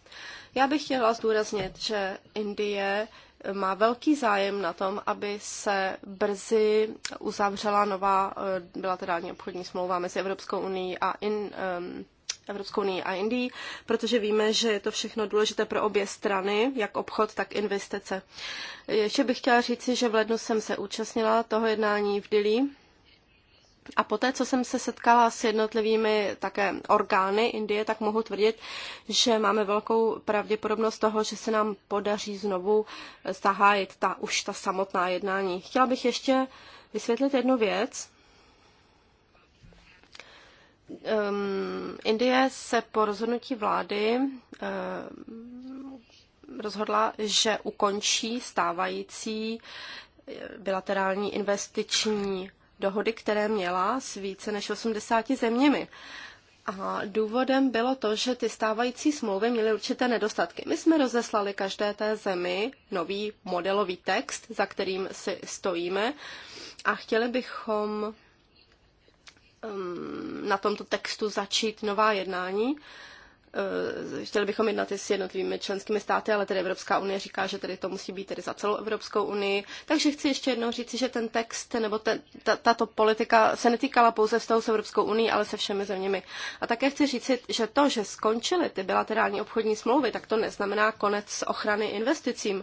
Já bych chtěla zdůraznit, že Indie eh, má velký zájem na tom, aby se brzy uzavřela nová eh, bilaterální obchodní smlouva mezi Evropskou unii a in, um, Evropskou unii a Indii, protože víme, že je to všechno důležité pro obě strany, jak obchod, tak investice. Ještě bych chtěla říci, že v lednu jsem se účastnila toho jednání v Dili a poté, co jsem se setkala s jednotlivými také orgány Indie, tak mohu tvrdit, že máme velkou pravděpodobnost toho, že se nám podaří znovu zahájit ta už ta samotná jednání. Chtěla bych ještě vysvětlit jednu věc, um, Indie se po rozhodnutí vlády um, rozhodla, že ukončí stávající eh, bilaterální investiční dohody, které měla s více než 80 zeměmi. A důvodem bylo to, že ty stávající smlouvy měly určité nedostatky. My jsme rozeslali každé té zemi nový modelový text, za kterým si stojíme a chtěli bychom Um, na tomto textu začít nová jednání. Uh, chtěli bychom jednat i s jednotlivými členskými státy, ale tedy Evropská unie říká, že tedy to musí být tedy za celou Evropskou unii. Takže chci ještě jednou říci, že ten text nebo ten, tato politika se netýkala pouze vztahu s Evropskou unii, ale se všemi zeměmi. A také chci říci, že to, že skončily ty bilaterální obchodní smlouvy, tak to neznamená konec ochrany investicím. Uh,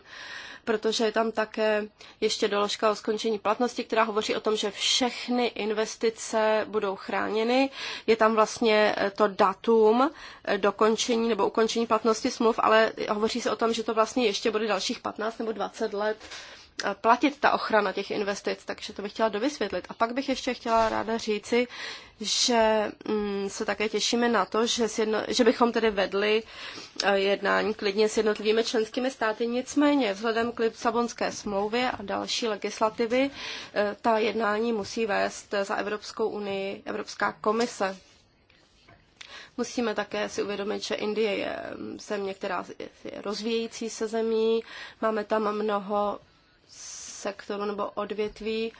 protože je tam také ještě doložka o skončení platnosti, která hovoří o tom, že všechny investice budou chráněny. Je tam vlastně eh, to datum eh, dokončení nebo ukončení platnosti smluv, ale hovoří se o tom, že to vlastně ještě bude dalších 15 nebo 20 let Eh, platit ta ochrana těch investic, takže to bych chtěla dovysvětlit. A pak bych ještě chtěla ráda říci, že mm, se také těšíme na to, že, jedno, že bychom tedy vedli eh, jednání klidně s jednotlivými členskými státy. Nicméně vzhledem k Lisabonské smlouvě a další legislativy eh, ta jednání musí vést za Evropskou unii Evropská komise. Musíme také si uvědomit, že Indie je mm, země, která je rozvíjející se zemí. Máme tam mnoho sektoru nebo odvětví,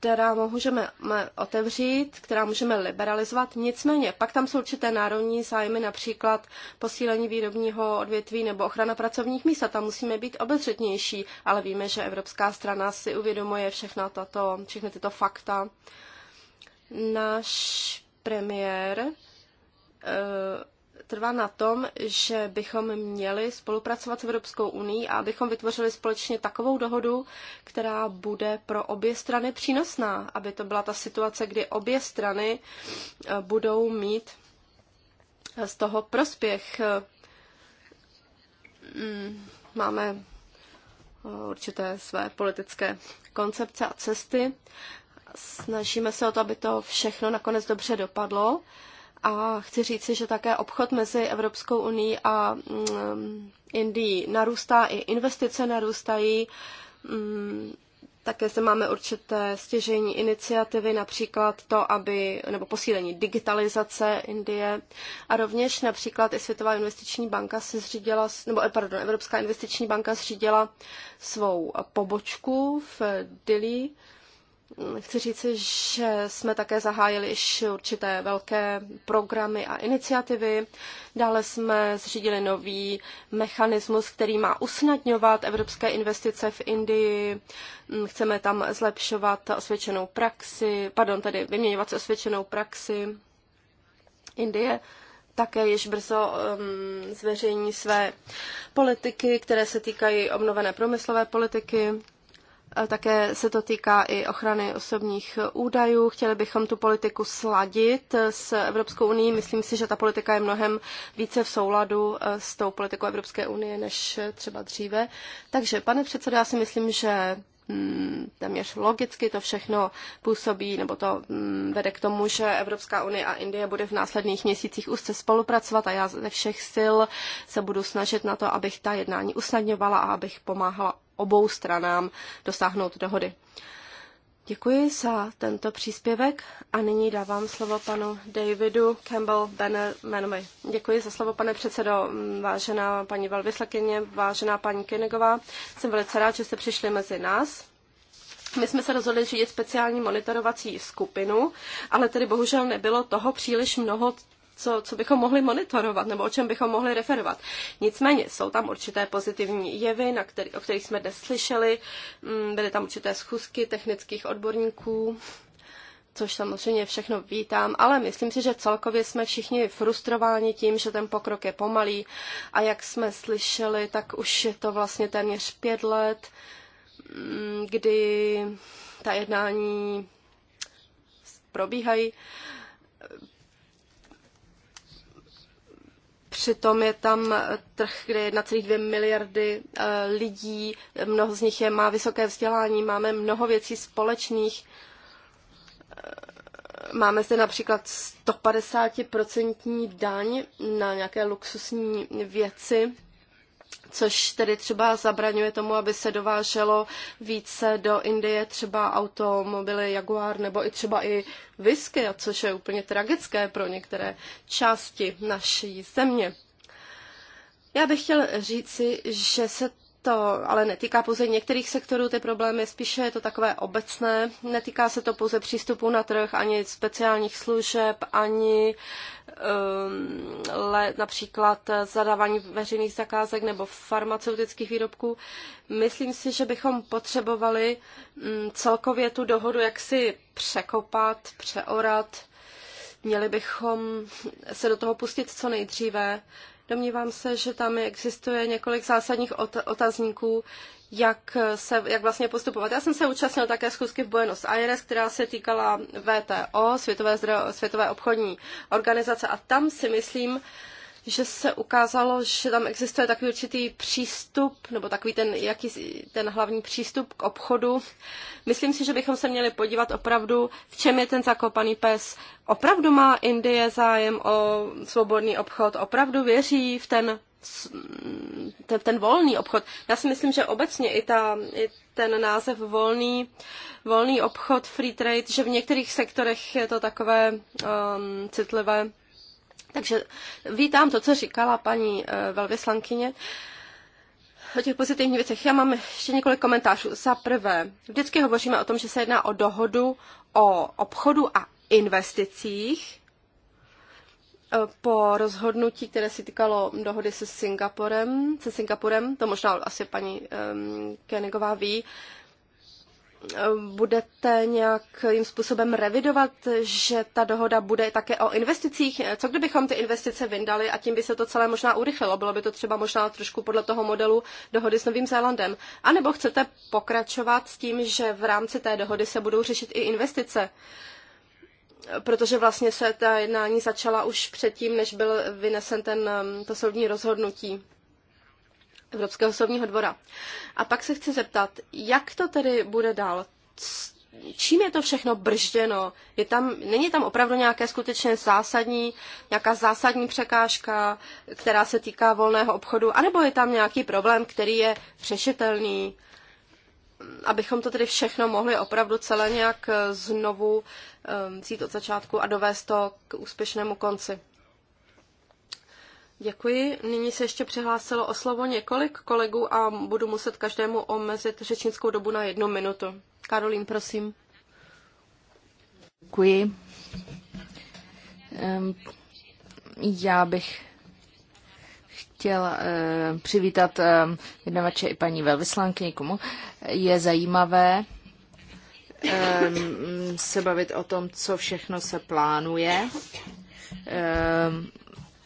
která můžeme otevřít, která můžeme liberalizovat. Nicméně, pak tam jsou určité národní zájmy, například posílení výrobního odvětví nebo ochrana pracovních míst. A tam musíme být obezřetnější, ale víme, že evropská strana si uvědomuje všechna tato, všechny tyto fakta. Náš premiér eh, trvá na tom, že bychom měli spolupracovat s Evropskou unii a abychom vytvořili společně takovou dohodu, která bude pro obě strany přínosná, aby to byla ta situace, kdy obě strany eh, budou mít eh, z toho prospěch. Eh, mm, máme určité své politické koncepce a cesty. Snažíme se o to, aby to všechno nakonec dobře dopadlo. A chci říci, že také obchod mezi Evropskou uní a mm, Indií narůstá, i investice narůstají. Mm, také se máme určité stěžení iniciativy, například to, aby, nebo posílení digitalizace Indie. A rovněž například i Světová investiční banka si zřídila, nebo eh, pardon, Evropská investiční banka zřídila svou pobočku v Dili Chci říct, že jsme také zahájili již určité velké programy a iniciativy. Dále jsme zřídili nový mechanismus, který má usnadňovat evropské investice v Indii. Chceme tam zlepšovat osvědčenou praxi, pardon, tedy vyměňovat se osvědčenou praxi Indie. Také již brzo um, zveřejní své politiky, které se týkají obnovené průmyslové politiky Eh, také se to týká i ochrany osobních údajů. Chtěli bychom tu politiku sladit eh, s Evropskou unii. Myslím si, že ta politika je mnohem více v souladu eh, s tou politikou Evropské unie než třeba dříve. Takže, pane předsedo, já si myslím, že mm, téměř logicky to všechno působí, nebo to mm, vede k tomu, že Evropská unie a Indie bude v následných měsících úzce spolupracovat a já ze všech sil se budu snažit na to, abych ta jednání usnadňovala a abych pomáhala obou stranám dosáhnout dohody. Děkuji za tento příspěvek a nyní dávám slovo panu Davidu Campbell Bannermanovi. Děkuji za slovo, pane předsedo, vážená paní velvyslakyně, vážená paní Kinegová. Jsem velice rád, že jste přišli mezi nás. My jsme se rozhodli řídit speciální monitorovací skupinu, ale tedy bohužel nebylo toho příliš mnoho co, co bychom mohli monitorovat nebo o čem bychom mohli referovat. Nicméně jsou tam určité pozitivní jevy, na který, o kterých jsme dnes slyšeli. Mm, byly tam určité schůzky technických odborníků, což samozřejmě všechno vítám, ale myslím si, že celkově jsme všichni frustrováni tím, že ten pokrok je pomalý a jak jsme slyšeli, tak už je to vlastně téměř pět let, mm, kdy ta jednání probíhají. Přitom je tam eh, trh, kde je 1,2 miliardy eh, lidí, mnoho z nich je, má vysoké vzdělání, máme mnoho věcí společných. Eh, máme zde například 150% daň na nějaké luxusní věci což tedy třeba zabraňuje tomu, aby se dováželo více do Indie třeba automobily Jaguar nebo i třeba i whisky, což je úplně tragické pro některé části naší země. Já bych chtěl říci, že se to ale netýká pouze některých sektorů, ty problémy spíše je to takové obecné. Netýká se to pouze přístupu na trh, ani speciálních služeb, ani um, le, například zadávání veřejných zakázek nebo farmaceutických výrobků. Myslím si, že bychom potřebovali um, celkově tu dohodu jaksi překopat, přeorat. Měli bychom se do toho pustit co nejdříve Domnívám se, že tam existuje několik zásadních otazníků, jak, se, jak vlastně postupovat. Já jsem se účastnil také schůzky v Buenos Aires, která se týkala VTO, Světové, Světové obchodní organizace, a tam si myslím, že se ukázalo, že tam existuje takový určitý přístup, nebo takový ten, jaký, ten hlavní přístup k obchodu. Myslím si, že bychom se měli podívat opravdu, v čem je ten zakopaný pes. Opravdu má Indie zájem o svobodný obchod, opravdu věří v ten ten, ten volný obchod. Já si myslím, že obecně i, ta, i ten název volný, volný obchod, free trade, že v některých sektorech je to takové um, citlivé takže vítám to, co říkala paní eh, velvyslankyně o těch pozitivních věcech. Já mám ještě několik komentářů. Za prvé, vždycky hovoříme o tom, že se jedná o dohodu o obchodu a investicích eh, po rozhodnutí, které se týkalo dohody se Singapurem, se Singapurem, to možná asi paní um, Kenigová ví, budete nějakým způsobem revidovat, že ta dohoda bude také o investicích? Co kdybychom ty investice vyndali a tím by se to celé možná urychlilo? Bylo by to třeba možná trošku podle toho modelu dohody s Novým Zélandem? A nebo chcete pokračovat s tím, že v rámci té dohody se budou řešit i investice? Protože vlastně se ta jednání začala už předtím, než byl vynesen ten, um, to soudní rozhodnutí. Evropského soudního dvora. A pak se chci zeptat, jak to tedy bude dál? Čím je to všechno bržděno? Je tam, není tam opravdu nějaké skutečně zásadní, nějaká zásadní překážka, která se týká volného obchodu, anebo je tam nějaký problém, který je řešitelný? abychom to tedy všechno mohli opravdu celé nějak eh, znovu um, eh, cít od začátku a dovést to k úspěšnému konci. Děkuji. Nyní se ještě přihlásilo o slovo několik kolegů a budu muset každému omezit řečnickou dobu na jednu minutu. Karolín, prosím. Děkuji. Já bych chtěla eh, přivítat eh, jednavače i paní velvyslanky někomu. je zajímavé se bavit o tom, co všechno se plánuje.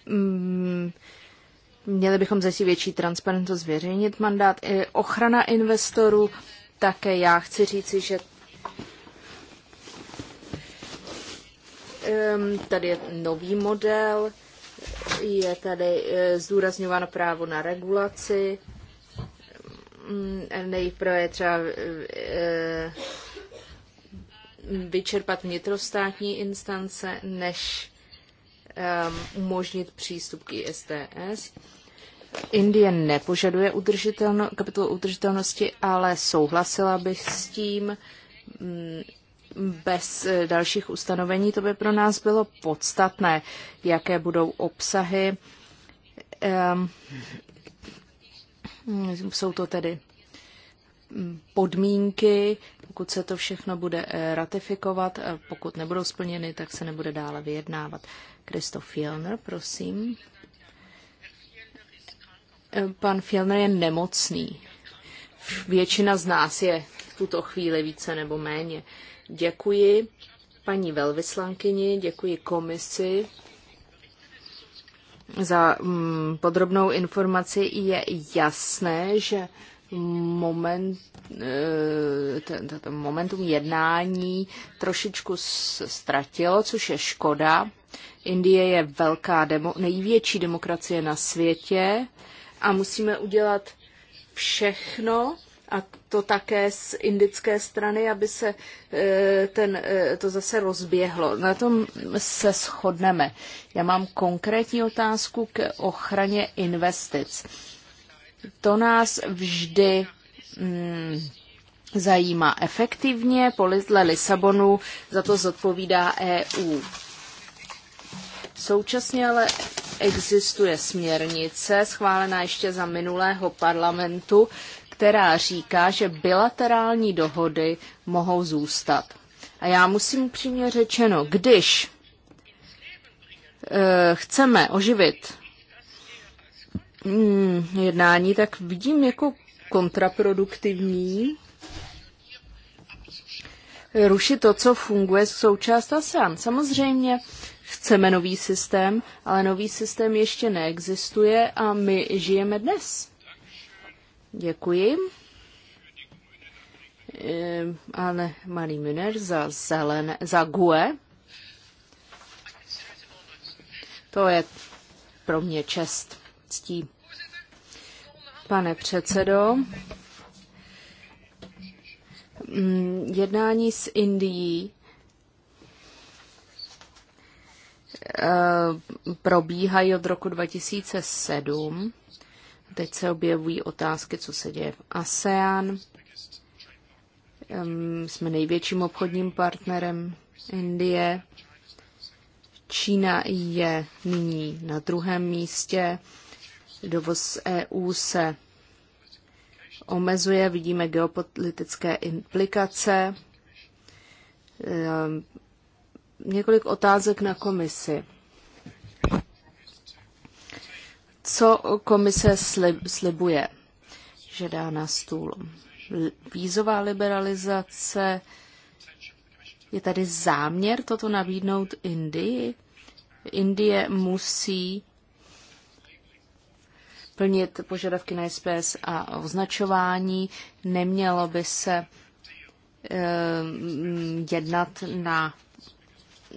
Mm, měli bychom zase větší transparentnost, zveřejnit mandát. I ochrana investorů, také já chci říci, že tady je nový model, je tady e, zdůrazňováno právo na regulaci, mm, nejprve je třeba e, vyčerpat vnitrostátní instance, než Um, umožnit přístup k STS. Indie nepožaduje udržitelno, kapitolu udržitelnosti, ale souhlasila bych s tím mm, bez eh, dalších ustanovení. To by pro nás bylo podstatné, jaké budou obsahy. Mm, jsou to tedy mm, podmínky, pokud se to všechno bude eh, ratifikovat, eh, pokud nebudou splněny, tak se nebude dále vyjednávat. Kristof Fielner, prosím. Eh, pan Fielner je nemocný. Většina z nás je v tuto chvíli více nebo méně. Děkuji paní velvyslankyni, děkuji komisi za mm, podrobnou informaci. Je jasné, že moment, eh, ten ten momentum jednání trošičku ztratilo, což je škoda. Indie je velká demo, největší demokracie na světě a musíme udělat všechno, a to také z indické strany, aby se eh, ten, eh, to zase rozběhlo. Na tom se shodneme. Já mám konkrétní otázku k ochraně investic to nás vždy mm, zajímá efektivně, podle Lisabonu za to zodpovídá EU. Současně ale existuje směrnice, schválená ještě za minulého parlamentu, která říká, že bilaterální dohody mohou zůstat. A já musím upřímně řečeno, když e, chceme oživit Hmm, jednání, tak vidím jako kontraproduktivní rušit to, co funguje součást ASEAN. Samozřejmě chceme nový systém, ale nový systém ještě neexistuje a my žijeme dnes. Děkuji. Eh, ale Marie Müner za, zelené, za GUE. To je pro mě čest ctí. Pane předsedo, mm, jednání s Indií eh, probíhají od roku 2007. Teď se objevují otázky, co se děje v ASEAN. Ehm, jsme největším obchodním partnerem Indie. Čína je nyní na druhém místě dovoz z EU se omezuje, vidíme geopolitické implikace. Ehm, několik otázek na komisi. Co komise slibuje, že dá na stůl? Vízová liberalizace, je tady záměr toto nabídnout Indii? Indie musí plnit požadavky na SPS a označování. Nemělo by se eh, jednat na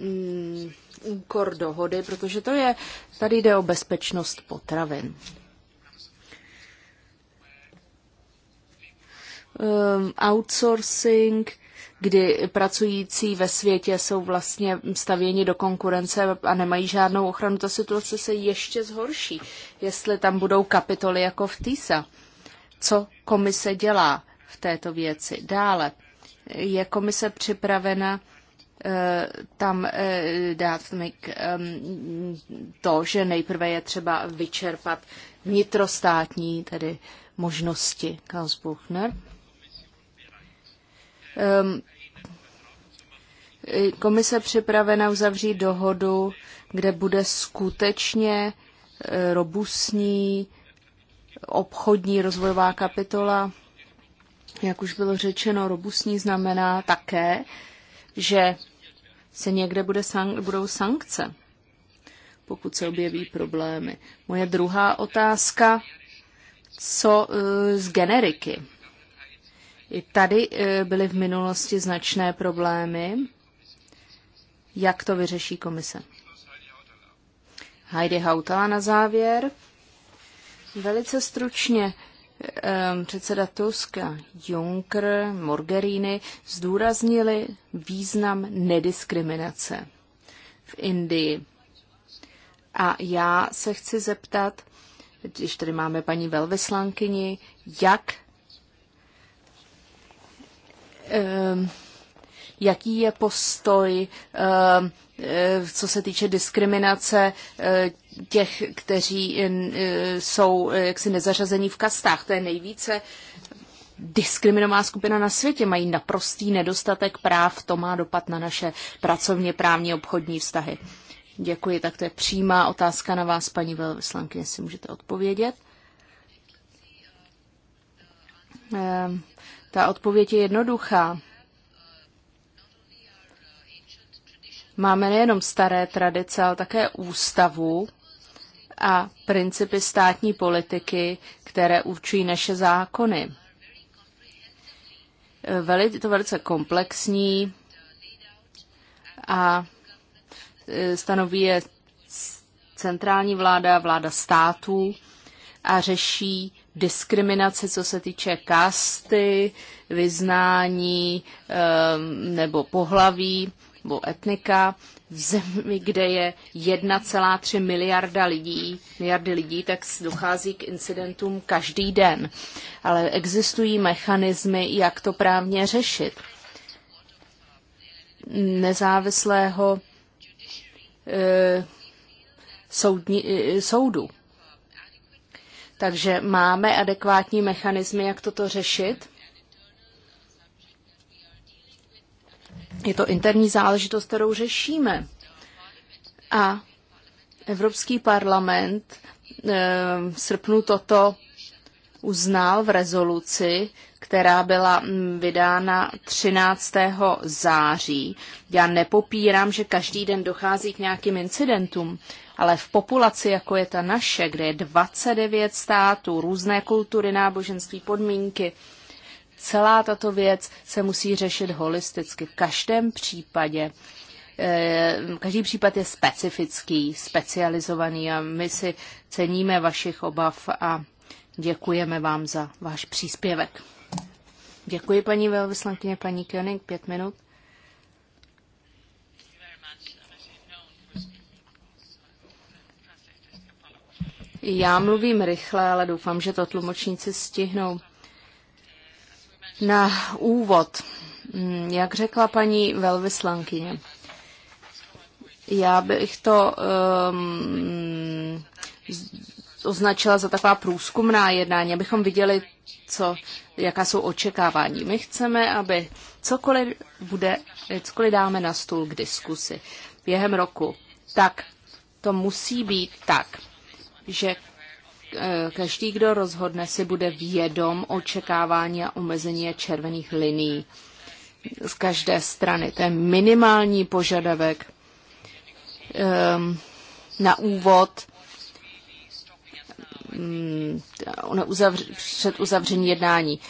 mm, úkor dohody, protože to je, tady jde o bezpečnost potravin. Um, outsourcing kdy pracující ve světě jsou vlastně stavěni do konkurence a nemají žádnou ochranu, ta situace se ještě zhorší, jestli tam budou kapitoly jako v TISA. Co komise dělá v této věci? Dále, je komise připravena eh, tam eh, dát ehm, to, že nejprve je třeba vyčerpat vnitrostátní tedy možnosti. Klaus Buchner. Ehm, komise připravena uzavřít dohodu, kde bude skutečně e, robustní obchodní rozvojová kapitola. Jak už bylo řečeno, robustní znamená také, že se někde bude sank- budou sankce, pokud se objeví problémy. Moje druhá otázka, co e, z generiky? I tady e, byly v minulosti značné problémy. Jak to vyřeší komise? Heidi Hautala na závěr. Velice stručně e, předseda Tuska, Juncker, Morgerini zdůraznili význam nediskriminace v Indii. A já se chci zeptat, když tady máme paní velvyslankyni, jak Ehm, jaký je postoj, ehm, eh, co se týče diskriminace eh, těch, kteří eh, jsou jaksi nezařazení v kastách. To je nejvíce diskriminovaná skupina na světě, mají naprostý nedostatek práv, to má dopad na naše pracovně právní obchodní vztahy. Děkuji, tak to je přímá otázka na vás, paní Velvyslanky, jestli můžete odpovědět. Ehm, ta odpověď je jednoduchá. Máme nejenom staré tradice, ale také ústavu a principy státní politiky, které určují naše zákony. Veli, to velice komplexní a e, stanoví je centrální vláda, vláda států a řeší diskriminace, co se týče kasty, vyznání nebo pohlaví nebo etnika v zemi, kde je 1,3 miliarda lidí, miliardy lidí, tak dochází k incidentům každý den. Ale existují mechanismy, jak to právně řešit. Nezávislého e, eh, soudní, e, eh, soudu takže máme adekvátní mechanismy, jak toto řešit. Je to interní záležitost, kterou řešíme. A Evropský parlament eh, v srpnu toto uznal v rezoluci, která byla mm, vydána 13. září. Já nepopírám, že každý den dochází k nějakým incidentům, ale v populaci, jako je ta naše, kde je 29 států, různé kultury, náboženství, podmínky, celá tato věc se musí řešit holisticky. V každém případě eh, každý případ je specifický, specializovaný a my si ceníme vašich obav a děkujeme vám za váš příspěvek. Děkuji paní velvyslankyně, paní Koenig, pět minut. Já mluvím rychle, ale doufám, že to tlumočníci stihnou. Na úvod, mm, jak řekla paní velvyslankyně, já bych to um, označila za taková průzkumná jednání, abychom viděli, co, jaká jsou očekávání. My chceme, aby cokoliv bude, cokoliv dáme na stůl k diskusi během roku, tak to musí být tak, že eh, každý, kdo rozhodne, si bude vědom očekávání a omezení červených linií z každé strany. To je minimální požadavek ehm, na úvod mm, před uzavření jednání.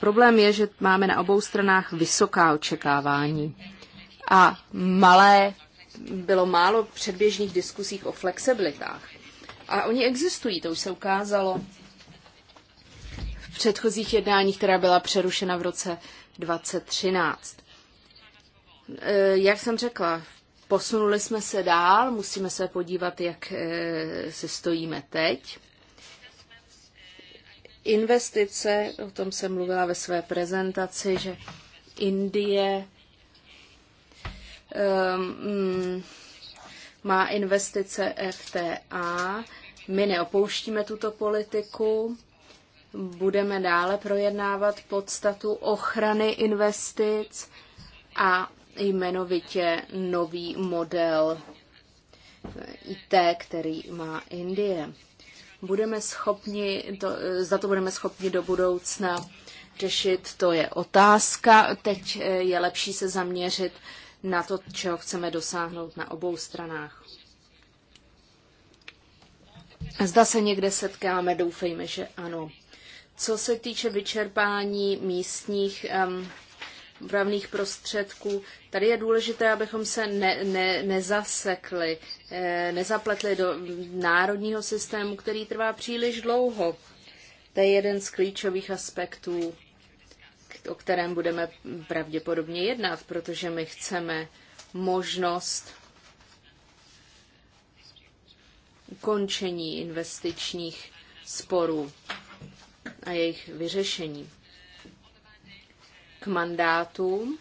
Problém je, že máme na obou stranách vysoká očekávání a malé, bylo málo předběžných diskusích o flexibilitách. A oni existují, to už se ukázalo v předchozích jednáních, která byla přerušena v roce 2013. E, jak jsem řekla, posunuli jsme se dál, musíme se podívat, jak se stojíme teď. Investice, o tom jsem mluvila ve své prezentaci, že Indie um, má investice FTA my neopouštíme tuto politiku, budeme dále projednávat podstatu ochrany investic a jmenovitě nový model IT, který má Indie. Budeme schopni, to, za to budeme schopni do budoucna řešit, to je otázka. Teď je lepší se zaměřit na to, čeho chceme dosáhnout na obou stranách. Zda se někde setkáme, doufejme, že ano. Co se týče vyčerpání místních um, prostředků. Tady je důležité, abychom se ne, ne, nezasekli, eh, nezapletli do národního systému, který trvá příliš dlouho. To je jeden z klíčových aspektů, o kterém budeme pravděpodobně jednat, protože my chceme možnost ukončení investičních sporů a jejich vyřešení. K mandátu,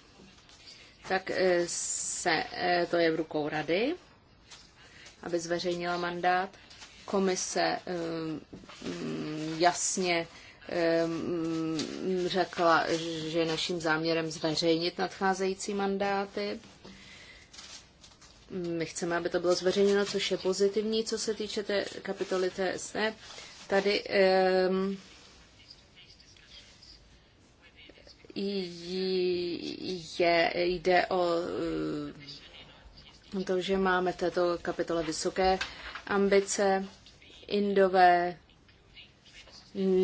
tak eh, se, eh, to je v rukou rady, aby zveřejnila mandát. Komise eh, mm, jasně mm, řekla, že naším záměrem zveřejnit nadcházející mandáty. My chceme, aby to bylo zveřejněno, což je pozitivní, co se týče té kapitoly TSD. E. Tady um, je, jde ehm, o to, že máme v této kapitole vysoké ambice, indové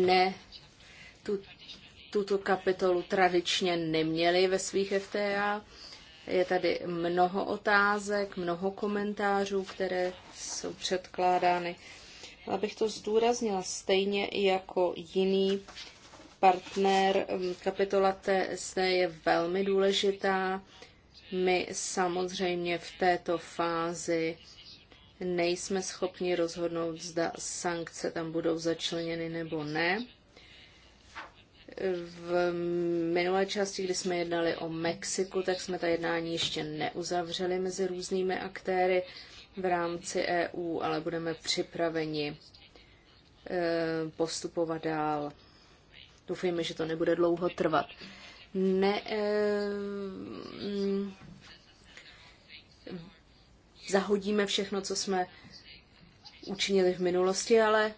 ne tu, tuto kapitolu tradičně neměli ve svých FTA. Je tady mnoho otázek, mnoho komentářů, které jsou předkládány. Abych to zdůraznila, stejně i jako jiný partner, kapitola TSD je velmi důležitá. My samozřejmě v této fázi nejsme schopni rozhodnout, zda sankce tam budou začleněny nebo ne v minulé části, kdy jsme jednali o Mexiku, tak jsme ta jednání ještě neuzavřeli mezi různými aktéry v rámci EU, ale budeme připraveni eh, postupovat dál. Doufejme, že to nebude dlouho trvat. Ne, eh, zahodíme všechno, co jsme učinili v minulosti, ale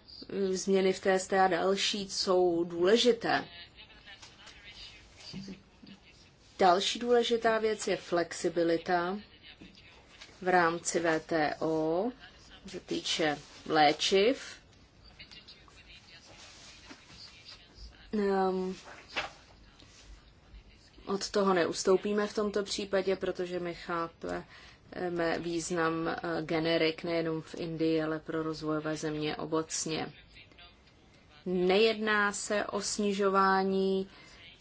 změny v TST a další jsou důležité. Další důležitá věc je flexibilita v rámci VTO, se týče léčiv. Um, od toho neustoupíme v tomto případě, protože my chápeme význam eh, generik nejenom v Indii, ale pro rozvojové země obecně. Nejedná se o snižování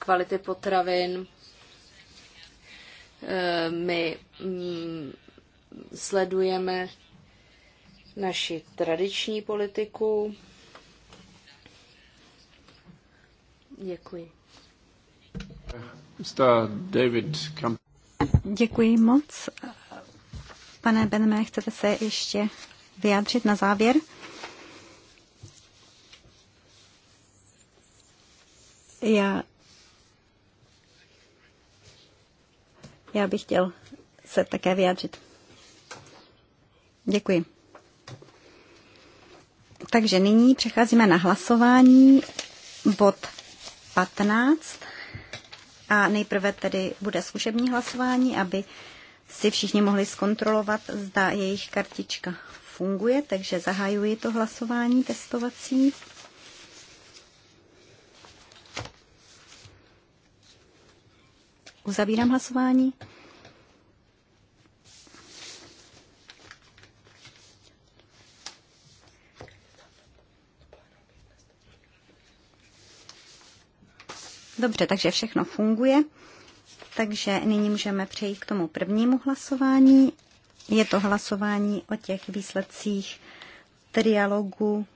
kvality potravin. Eh, my mm, sledujeme naši tradiční politiku. Děkuji. David Děkuji moc. Pane Benme, chcete se ještě vyjádřit na závěr? Já Já bych chtěl se také vyjádřit. Děkuji. Takže nyní přecházíme na hlasování bod 15 a nejprve tedy bude zkušební hlasování, aby si všichni mohli zkontrolovat, zda jejich kartička funguje, takže zahajuji to hlasování testovací. Uzavírám hlasování. Dobře, takže všechno funguje. Takže nyní můžeme přejít k tomu prvnímu hlasování. Je to hlasování o těch výsledcích trialogu,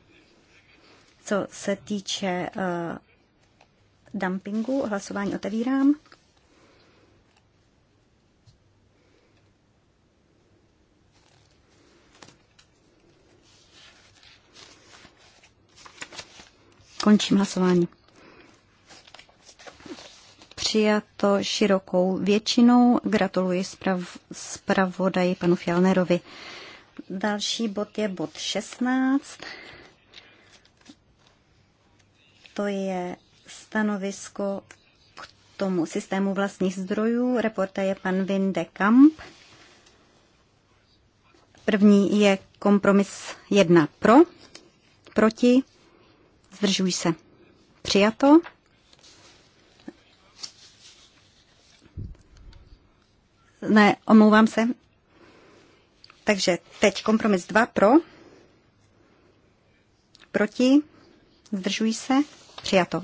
co se týče uh, dumpingu. Hlasování otevírám. Končím hlasování. Přijato širokou většinou. Gratuluji zprav, zpravodaji panu Fialnerovi. Další bod je bod 16. To je stanovisko k tomu systému vlastních zdrojů. Reporta je pan Vinde Kamp. První je kompromis 1 pro, proti, zdržují se. Přijato. Ne, omlouvám se. Takže teď kompromis 2 pro, proti, zdržují se, přijato.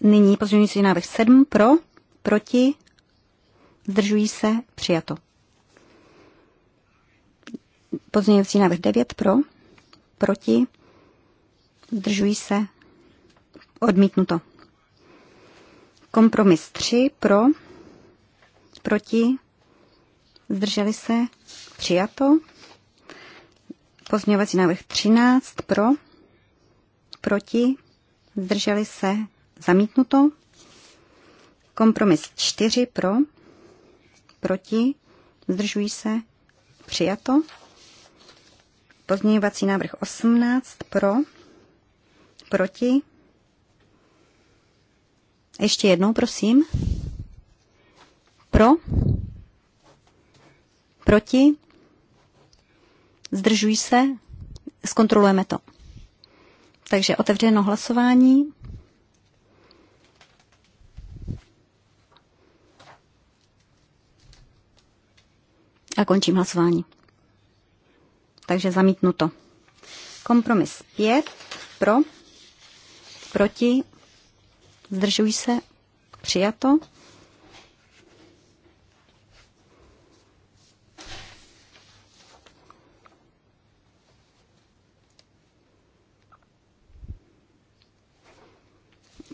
Nyní pozměňující návrh 7 pro, proti, zdržují se, přijato. Pozměňovací návrh 9 pro, proti, zdržují se, odmítnuto. Kompromis 3 pro, proti, zdrželi se, přijato. Pozměňovací návrh 13 pro, proti, zdrželi se, zamítnuto. Kompromis 4 pro, proti, zdržují se, přijato. Pozměňovací návrh 18 pro, proti. Ještě jednou, prosím. Pro, proti, zdržují se, zkontrolujeme to. Takže otevřeno hlasování. A končím hlasování takže zamítnuto. Kompromis 5 pro, proti, zdržují se, přijato.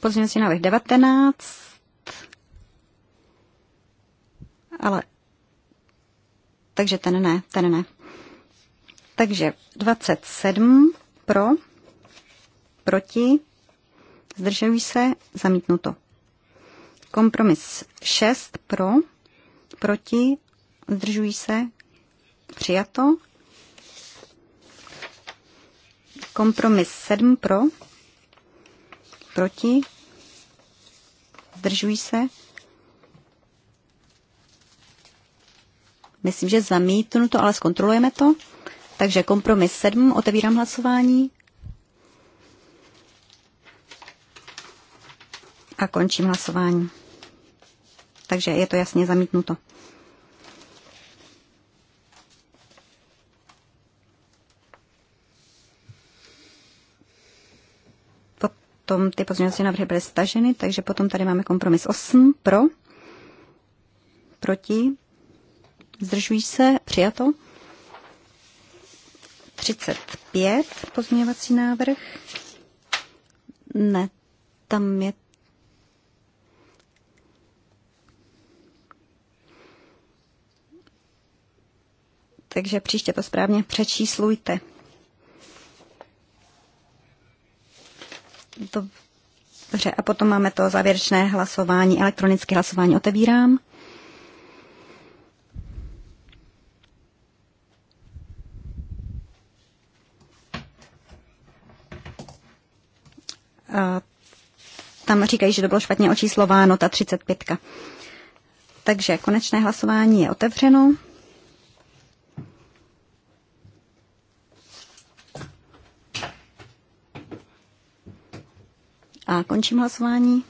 Pozměňovací návrh 19, ale takže ten ne, ten ne. Takže 27 pro, proti, zdržují se, zamítnuto. Kompromis 6 pro, proti, zdržují se, přijato. Kompromis 7 pro, proti, zdržují se. Myslím, že zamítnuto, ale zkontrolujeme to. Takže kompromis 7, otevírám hlasování. A končím hlasování. Takže je to jasně zamítnuto. Potom ty pozměňovací návrhy byly staženy, takže potom tady máme kompromis 8 pro, proti, zdržují se, přijato. 35 pozměňovací návrh. Ne, tam je takže příště to správně přečíslujte. Dobře, a potom máme to závěrečné hlasování, elektronické hlasování otevírám. tam říkají, že to bylo špatně očíslováno, ta 35. Takže konečné hlasování je otevřeno. A končím hlasování.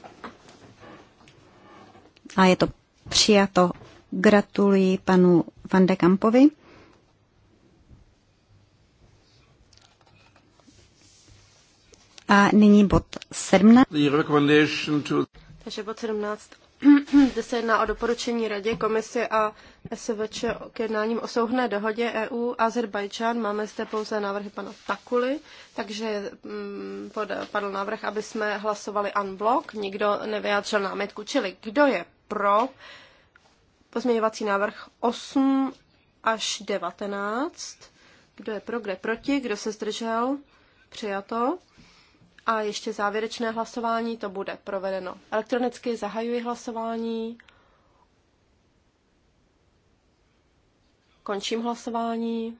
A je to přijato. Gratuluji panu Van de Kampovi. A nyní bod 17. Takže bod 17. [clears throat] Zde se jedná o doporučení Radě, Komisi a SVČ k jednáním o souhné dohodě EU Azerbajdžán. Máme zde pouze návrhy pana Takuly, takže mm, pod padl návrh, aby jsme hlasovali unblock. Nikdo nevyjádřil námitku, čili kdo je pro pozměňovací návrh 8 až 19. Kdo je pro, kde proti, kdo se zdržel? Přijato. A ještě závěrečné hlasování, to bude provedeno. Elektronicky zahajuji hlasování. Končím hlasování.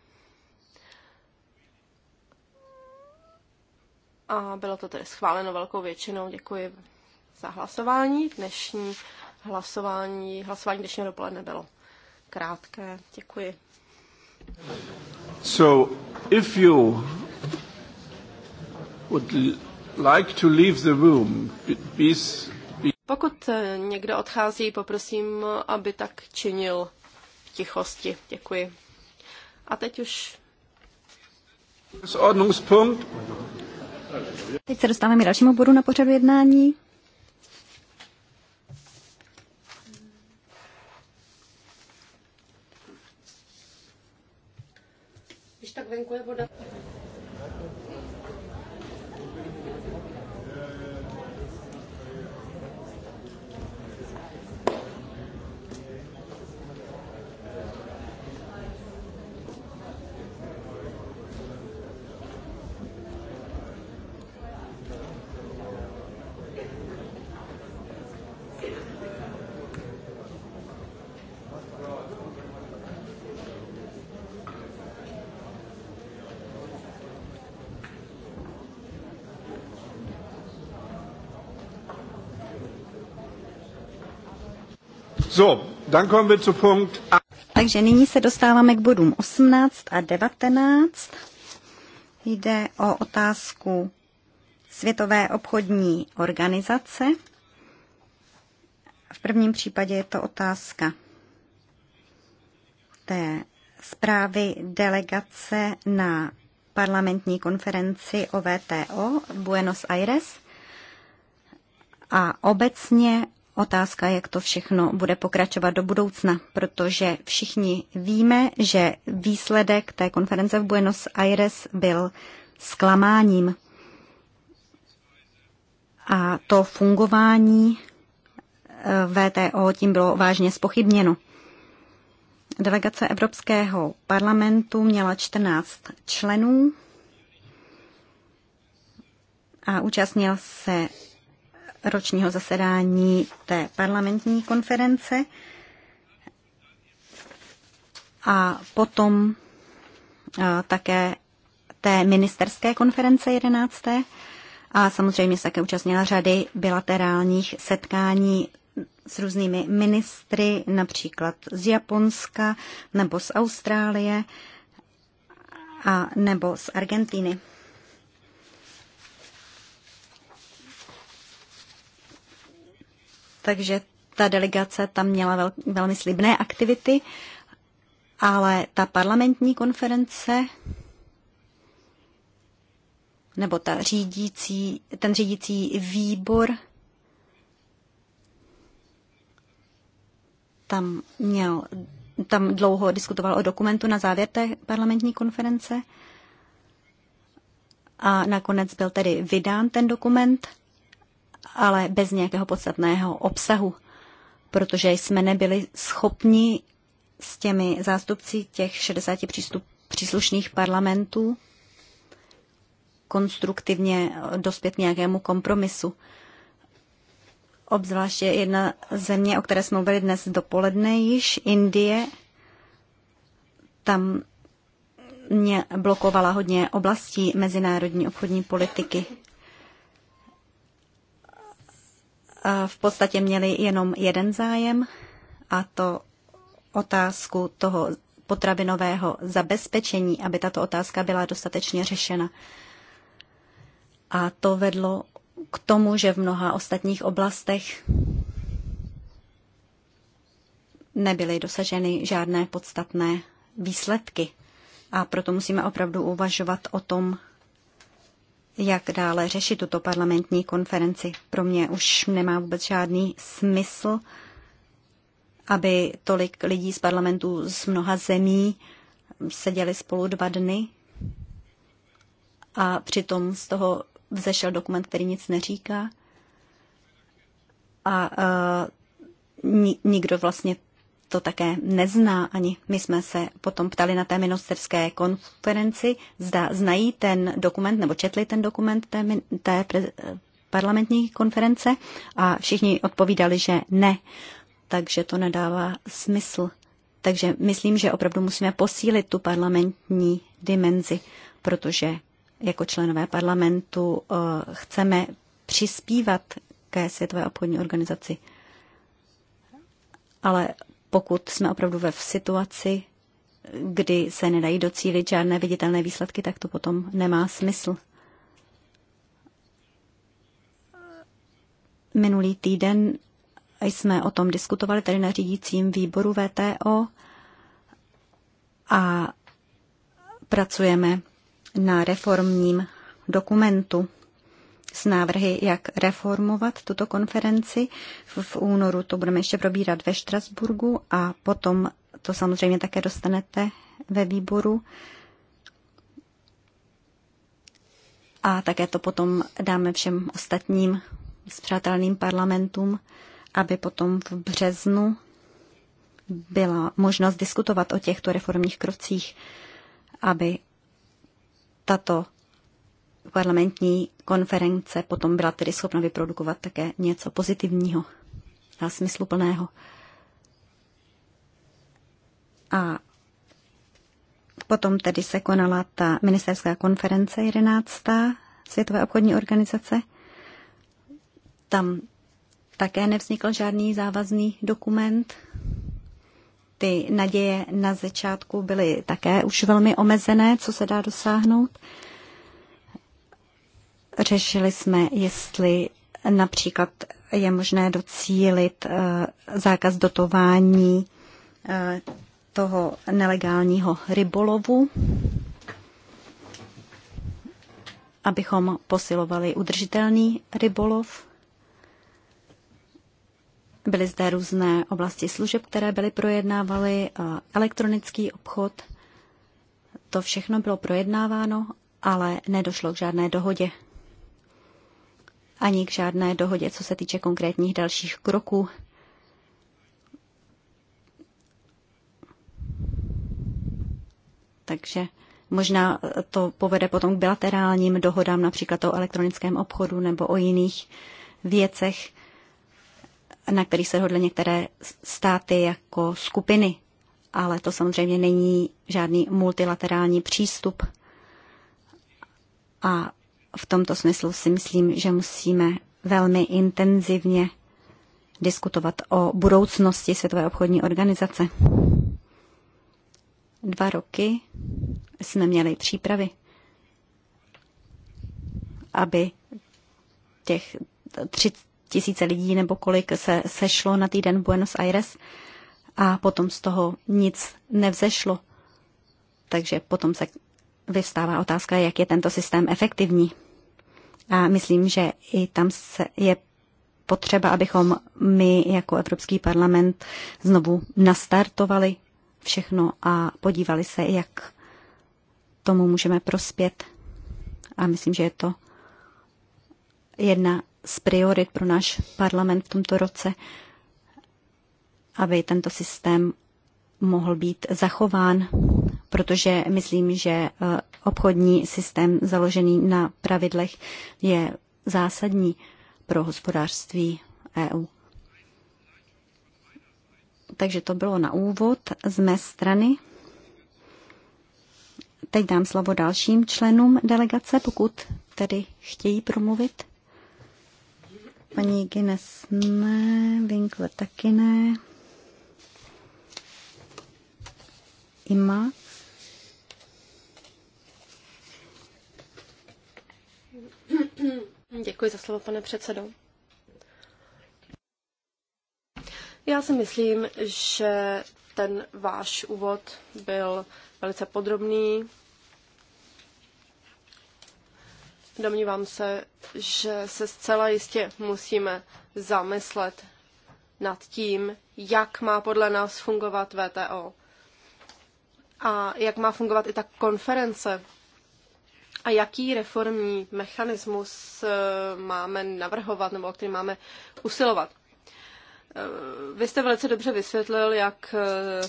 A bylo to tedy schváleno velkou většinou. Děkuji za hlasování. Dnešní hlasování, hlasování dnešního dopoledne bylo krátké. Děkuji. So, if you would like to leave the room, please. Pokud eh, někdo odchází, poprosím, aby tak činil v tichosti. Děkuji. A teď už. Teď se dostáváme k dalšímu bodu na pořadu jednání. Když tak venku je voda. Takže nyní se dostáváme k bodům 18 a 19. Jde o otázku Světové obchodní organizace. V prvním případě je to otázka té zprávy delegace na parlamentní konferenci o VTO v Buenos Aires a obecně Otázka, jak to všechno bude pokračovat do budoucna, protože všichni víme, že výsledek té konference v Buenos Aires byl zklamáním. A to fungování eh, VTO tím bylo vážně spochybněno. Delegace Evropského parlamentu měla 14 členů a účastnil se ročního zasedání té parlamentní konference a potom také té ministerské konference 11. A samozřejmě se také účastnila řady bilaterálních setkání s různými ministry, například z Japonska nebo z Austrálie a nebo z Argentiny. takže ta delegace tam měla vel, velmi slibné aktivity, ale ta parlamentní konference nebo ta řídící, ten řídící výbor tam měl, tam dlouho diskutoval o dokumentu na závěr té parlamentní konference a nakonec byl tedy vydán ten dokument – ale bez nějakého podstatného obsahu, protože jsme nebyli schopni s těmi zástupci těch 60 přístup, příslušných parlamentů konstruktivně dospět nějakému kompromisu. Obzvláště jedna země, o které jsme mluvili dnes dopoledne již, Indie, tam mě blokovala hodně oblastí mezinárodní obchodní politiky. v podstatě měli jenom jeden zájem, a to otázku toho potravinového zabezpečení, aby tato otázka byla dostatečně řešena. A to vedlo k tomu, že v mnoha ostatních oblastech nebyly dosaženy žádné podstatné výsledky. A proto musíme opravdu uvažovat o tom, jak dále řešit tuto parlamentní konferenci. Pro mě už nemá vůbec žádný smysl, aby tolik lidí z parlamentu z mnoha zemí seděli spolu dva dny a přitom z toho vzešel dokument, který nic neříká a, a e, nikdo vlastně to také nezná ani. My jsme se potom ptali na té ministerské konferenci, zda znají ten dokument nebo četli ten dokument té, té pre, parlamentní konference a všichni odpovídali, že ne. Takže to nedává smysl. Takže myslím, že opravdu musíme posílit tu parlamentní dimenzi, protože jako členové parlamentu eh, chceme přispívat ke Světové obchodní organizaci ale pokud jsme opravdu ve situaci, kdy se nedají docílit žádné viditelné výsledky, tak to potom nemá smysl. Minulý týden jsme o tom diskutovali tady na řídícím výboru VTO a pracujeme na reformním dokumentu s návrhy, jak reformovat tuto konferenci. V únoru to budeme ještě probírat ve Štrasburgu a potom to samozřejmě také dostanete ve výboru. A také to potom dáme všem ostatním zpřátelným parlamentům, aby potom v březnu byla možnost diskutovat o těchto reformních krocích, aby tato parlamentní konference potom byla tedy schopna vyprodukovat také něco pozitivního a smysluplného. A potom tedy se konala ta ministerská konference 11. Světové obchodní organizace. Tam také nevznikl žádný závazný dokument. Ty naděje na začátku byly také už velmi omezené, co se dá dosáhnout. Řešili jsme, jestli například je možné docílit eh, zákaz dotování eh, toho nelegálního rybolovu, abychom posilovali udržitelný rybolov. Byly zde různé oblasti služeb, které byly projednávaly, eh, elektronický obchod. To všechno bylo projednáváno, ale nedošlo k žádné dohodě ani k žádné dohodě, co se týče konkrétních dalších kroků. Takže možná to povede potom k bilaterálním dohodám, například o elektronickém obchodu nebo o jiných věcech, na kterých se hodly některé státy jako skupiny. Ale to samozřejmě není žádný multilaterální přístup. A v tomto smyslu si myslím, že musíme velmi intenzivně diskutovat o budoucnosti Světové obchodní organizace. Dva roky jsme měli přípravy, aby těch tři tisíce lidí nebo kolik se sešlo na týden Buenos Aires a potom z toho nic nevzešlo. Takže potom se Vystává otázka, jak je tento systém efektivní. A myslím, že i tam se je potřeba, abychom my jako Evropský parlament znovu nastartovali všechno a podívali se, jak tomu můžeme prospět. A myslím, že je to jedna z priorit pro náš parlament v tomto roce, aby tento systém mohl být zachován protože myslím, že eh, obchodní systém založený na pravidlech je zásadní pro hospodářství EU. Takže to bylo na úvod z mé strany. Teď dám slovo dalším členům delegace, pokud tedy chtějí promluvit. Paní Guinness ne, Winkler taky ne. Ima. [clears throat] Děkuji za slovo, pane předsedo. Já si myslím, že ten váš úvod byl velice podrobný. Domnívám se, že se zcela jistě musíme zamyslet nad tím, jak má podle nás fungovat VTO a jak má fungovat i ta konference a jaký reformní mechanismus eh, máme navrhovat nebo o který máme usilovat. Eh, vy jste velice dobře vysvětlil, jak eh,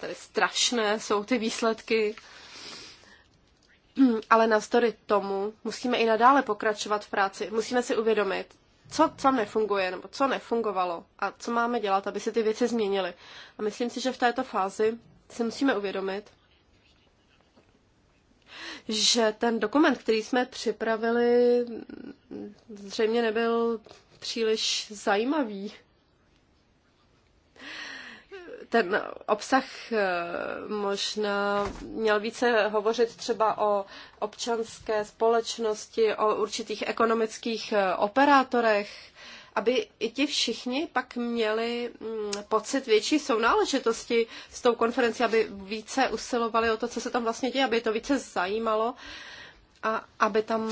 tady strašné jsou ty výsledky, [clears throat] ale navzdory tomu musíme i nadále pokračovat v práci. Musíme si uvědomit, co, tam nefunguje nebo co nefungovalo a co máme dělat, aby se ty věci změnily. A myslím si, že v této fázi si musíme uvědomit, že ten dokument, který jsme připravili, zřejmě nebyl příliš zajímavý. Ten obsah eh, možná měl více hovořit třeba o občanské společnosti, o určitých ekonomických eh, operátorech, aby i ti všichni pak měli mm, pocit větší sounáležitosti s tou konferencí, aby více usilovali o to, co se tam vlastně děje, aby je to více zajímalo a aby tam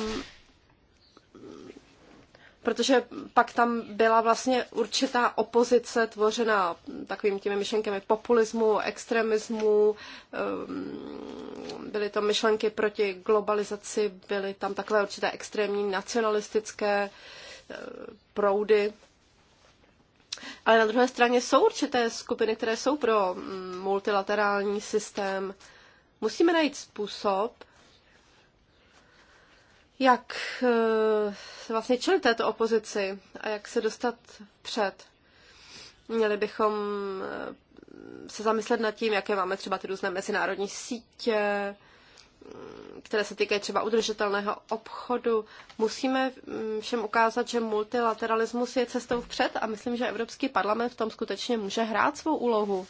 protože pak tam byla vlastně určitá opozice tvořená takovými těmi myšlenkami populismu, extremismu, ehm, byly tam myšlenky proti globalizaci, byly tam takové určité extrémní nacionalistické uh, proudy. Ale na druhé straně jsou určité skupiny, které jsou pro mm, multilaterální systém. Musíme najít způsob, jak eh, se vlastně čelit této opozici a jak se dostat před. Měli bychom eh, se zamyslet nad tím, jaké máme třeba ty různé mezinárodní sítě, které se týkají třeba udržitelného obchodu, musíme mm, všem ukázat, že multilateralismus je cestou vpřed a myslím, že Evropský parlament v tom skutečně může hrát svou úlohu.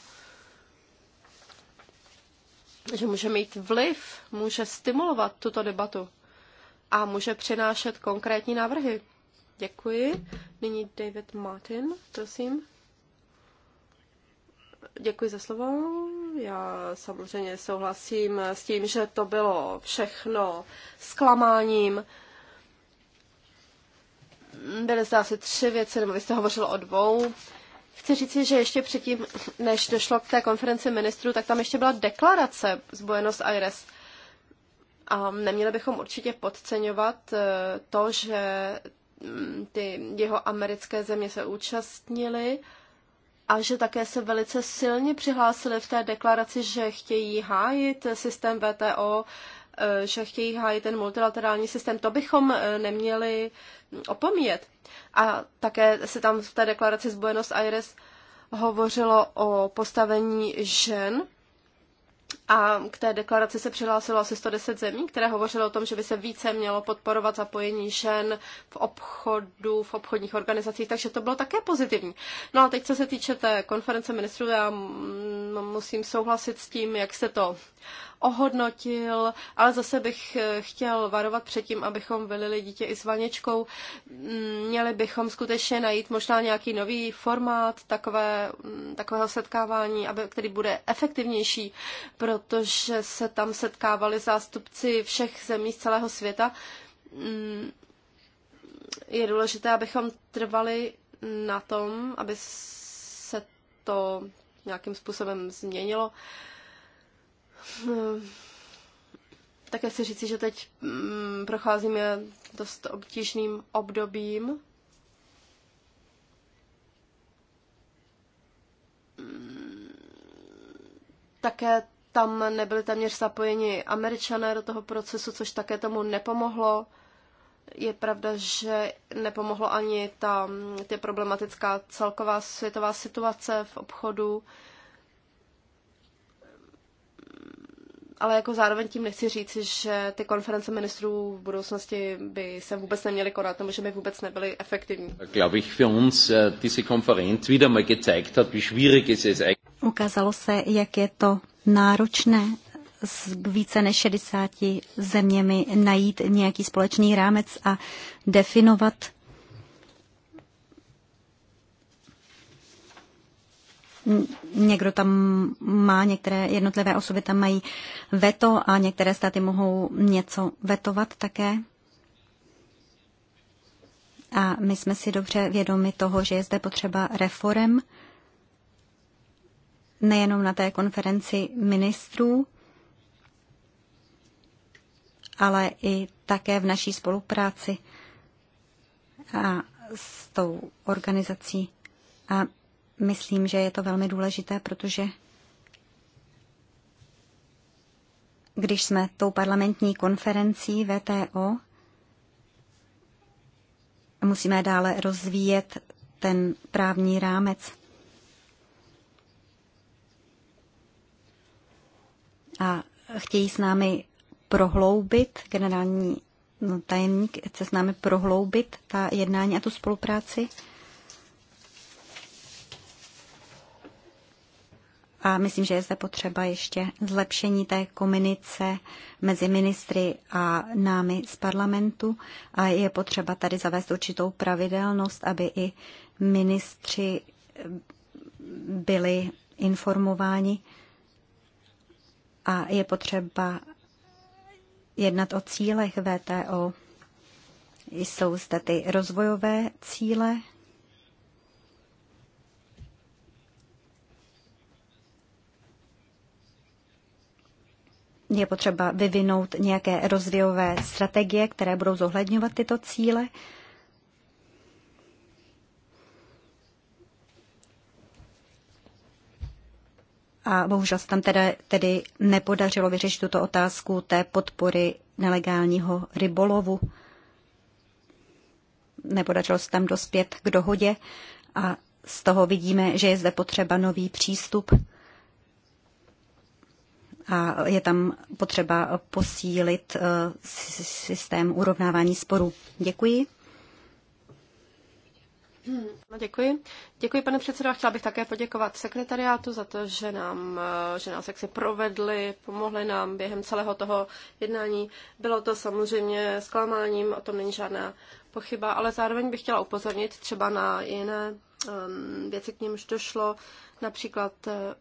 Že může mít vliv, může stimulovat tuto debatu a může přinášet konkrétní návrhy. Děkuji. Nyní David Martin, prosím. Děkuji za slovo. Já samozřejmě souhlasím s tím, že to bylo všechno zklamáním. Byly zde asi tři věci, nebo vy jste hovořil o dvou. Chci říci, že ještě předtím, než došlo k té konferenci ministrů, tak tam ještě byla deklarace z Buenos Aires. A neměli bychom určitě podceňovat eh, to, že mm, ty jeho americké země se účastnily a že také se velice silně přihlásili v té deklaraci, že chtějí hájit systém VTO, eh, že chtějí hájit ten multilaterální systém. To bychom eh, neměli opomíjet. A také se tam v té deklaraci z Buenos Aires hovořilo o postavení žen a k té deklaraci se přihlásilo asi 110 zemí, které hovořilo o tom, že by se více mělo podporovat zapojení žen v obchodu, v obchodních organizacích, takže to bylo také pozitivní. No a teď, co se týče té konference ministrů, já musím souhlasit s tím, jak se to ohodnotil, ale zase bych eh, chtěl varovat před tím, abychom vylili dítě i s vaničkou. Měli bychom skutečně najít možná nějaký nový formát takové, takového setkávání, aby, který bude efektivnější, pro protože se tam setkávali zástupci všech zemí z celého světa. Mm, je důležité, abychom trvali na tom, aby se to nějakým způsobem změnilo. Mm, také si říci, že teď mm, procházíme dost obtížným obdobím. Také tam nebyli téměř zapojeni američané do toho procesu, což také tomu nepomohlo. Je pravda, že nepomohlo ani ta, ta problematická celková světová situace v obchodu. Ale jako zároveň tím nechci říct, že ty konference ministrů v budoucnosti by se vůbec neměly konat, nebo že by vůbec nebyly efektivní. Eh, Ukázalo se, jak je to náročné s více než 60 zeměmi najít nějaký společný rámec a definovat někdo tam má, některé jednotlivé osoby tam mají veto a některé státy mohou něco vetovat také. A my jsme si dobře vědomi toho, že je zde potřeba reform nejenom na té konferenci ministrů, ale i také v naší spolupráci a s tou organizací. A myslím, že je to velmi důležité, protože když jsme tou parlamentní konferencí VTO, musíme dále rozvíjet ten právní rámec. a chtějí s námi prohloubit, generální no, tajemník chce s námi prohloubit ta jednání a tu spolupráci. A myslím, že je zde potřeba ještě zlepšení té komunice mezi ministry a námi z parlamentu. A je potřeba tady zavést určitou pravidelnost, aby i ministři byli informováni a je potřeba jednat o cílech VTO. Jsou zde ty rozvojové cíle, je potřeba vyvinout nějaké rozvojové strategie, které budou zohledňovat tyto cíle. a bohužel se tam tedy, tedy nepodařilo vyřešit tuto otázku té podpory nelegálního rybolovu. Nepodařilo se tam dospět k dohodě a z toho vidíme, že je zde potřeba nový přístup a je tam potřeba posílit eh, systém urovnávání sporů. Děkuji. No, děkuji. Děkuji, pane předsedo. Chtěla bych také poděkovat sekretariátu za to, že, nám, že nás jaksi provedli, pomohli nám během celého toho jednání. Bylo to samozřejmě zklamáním, o tom není žádná pochyba, ale zároveň bych chtěla upozornit třeba na jiné um, věci, k nímž došlo. Například eh,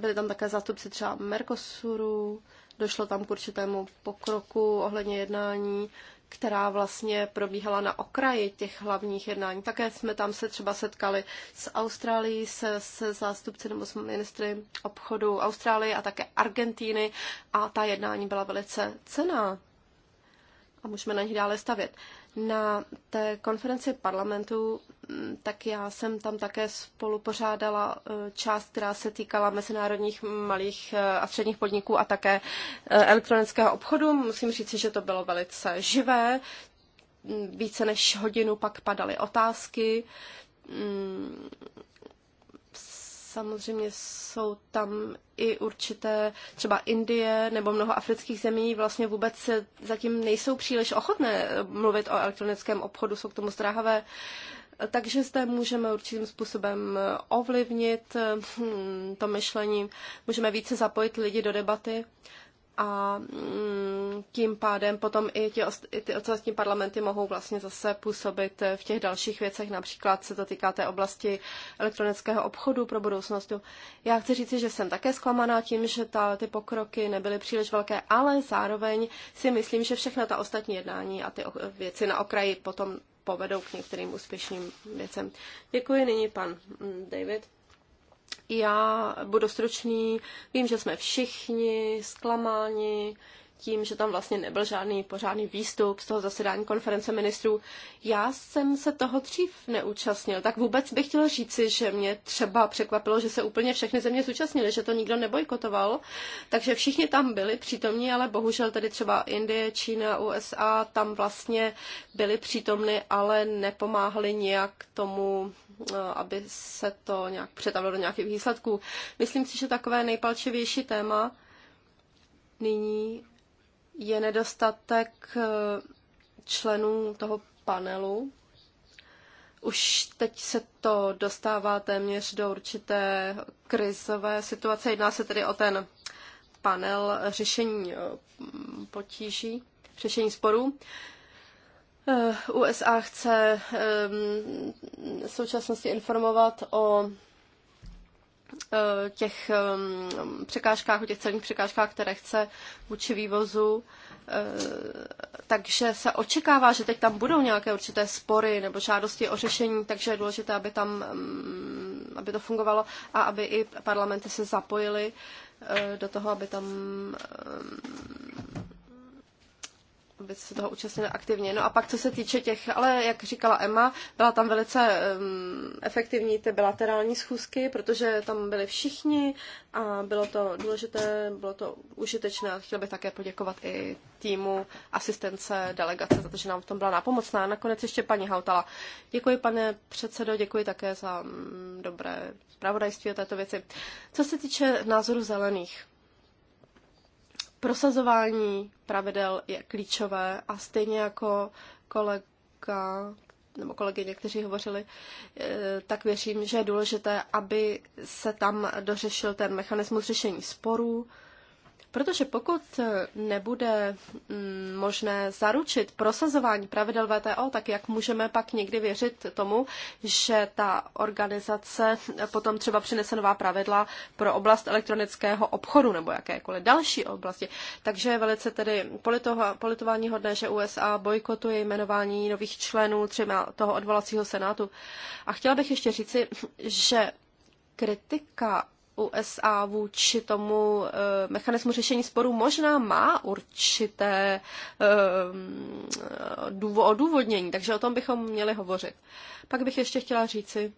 byli tam také zástupci třeba Mercosuru, došlo tam k určitému pokroku ohledně jednání která vlastně probíhala na okraji těch hlavních jednání. Také jsme tam se třeba setkali s Austrálií, se, se zástupci nebo s ministry obchodu Austrálie a také Argentíny a ta jednání byla velice cená a můžeme na nich dále stavět. Na té konferenci parlamentu, mm, tak já jsem tam také spolupořádala eh, část, která se týkala mezinárodních malých eh, a středních podniků a také eh, elektronického obchodu. Musím říct, že to bylo velice živé. Mm, více než hodinu pak padaly otázky mm, Samozřejmě jsou tam i určité, třeba Indie nebo mnoho afrických zemí vlastně vůbec zatím nejsou příliš ochotné eh, mluvit o elektronickém obchodu, jsou k tomu zdráhavé. Takže zde můžeme určitým způsobem eh, ovlivnit eh, hm, to myšlení, můžeme více zapojit lidi do debaty a mm, tím pádem potom i ti, i ty ostatní parlamenty mohou vlastně zase působit v těch dalších věcech, například se to týká té oblasti elektronického obchodu pro budoucnost. Já chci říci, že jsem také zklamaná tím, že ta, ty pokroky nebyly příliš velké, ale zároveň si myslím, že všechna ta ostatní jednání a ty věci na okraji potom povedou k některým úspěšným věcem. Děkuji nyní pan mm, David. Já budu stručný. Vím, že jsme všichni zklamáni tím, že tam vlastně nebyl žádný pořádný výstup z toho zasedání konference ministrů. Já jsem se toho dřív neúčastnil, tak vůbec bych chtěla říci, že mě třeba překvapilo, že se úplně všechny země zúčastnily, že to nikdo nebojkotoval, takže všichni tam byli přítomní, ale bohužel tedy třeba Indie, Čína, USA tam vlastně byli přítomny, ale nepomáhali nijak tomu, eh, aby se to nějak přetavilo do nějakých výsledků. Myslím si, že takové nejpalčivější téma nyní je nedostatek eh, členů toho panelu. Už teď se to dostává téměř do určité krizové situace. Jedná se tedy o ten panel řešení eh, potíží, řešení sporů. Eh, USA chce v současnosti informovat o Eh, těch eh, překážkách, o těch celních překážkách, které chce vůči vývozu. Eh, takže se očekává, že teď tam budou nějaké určité spory nebo žádosti o řešení, takže je důležité, aby tam mm, aby to fungovalo a aby i parlamenty se zapojily do toho, aby tam mm, aby se toho účastnili aktivně. No a pak, co se týče těch, ale jak říkala Emma, byla tam velice um, efektivní ty bilaterální schůzky, protože tam byli všichni a bylo to důležité, bylo to užitečné. Chtěl bych také poděkovat i týmu asistence delegace protože to, nám v tom byla nápomocná. Nakonec ještě paní Hautala. Děkuji, pane předsedo, děkuji také za mm, dobré zpravodajství o této věci. Co se týče názoru zelených, prosazování pravidel je klíčové a stejně jako kolega nebo kolegy někteří hovořili, eh, tak věřím, že je důležité, aby se tam dořešil ten mechanismus řešení sporů, Protože pokud nebude mm, možné zaručit prosazování pravidel VTO, tak jak můžeme pak někdy věřit tomu, že ta organizace potom třeba přinese nová pravidla pro oblast elektronického obchodu nebo jakékoliv další oblasti. Takže je velice tedy politování hodné, že USA bojkotuje jmenování nových členů třeba toho odvolacího senátu. A chtěla bych ještě říci, že kritika USA vůči tomu eh, mechanismu řešení sporů možná má určité eh, odůvodnění, takže o tom bychom měli hovořit. Pak bych ještě chtěla říci,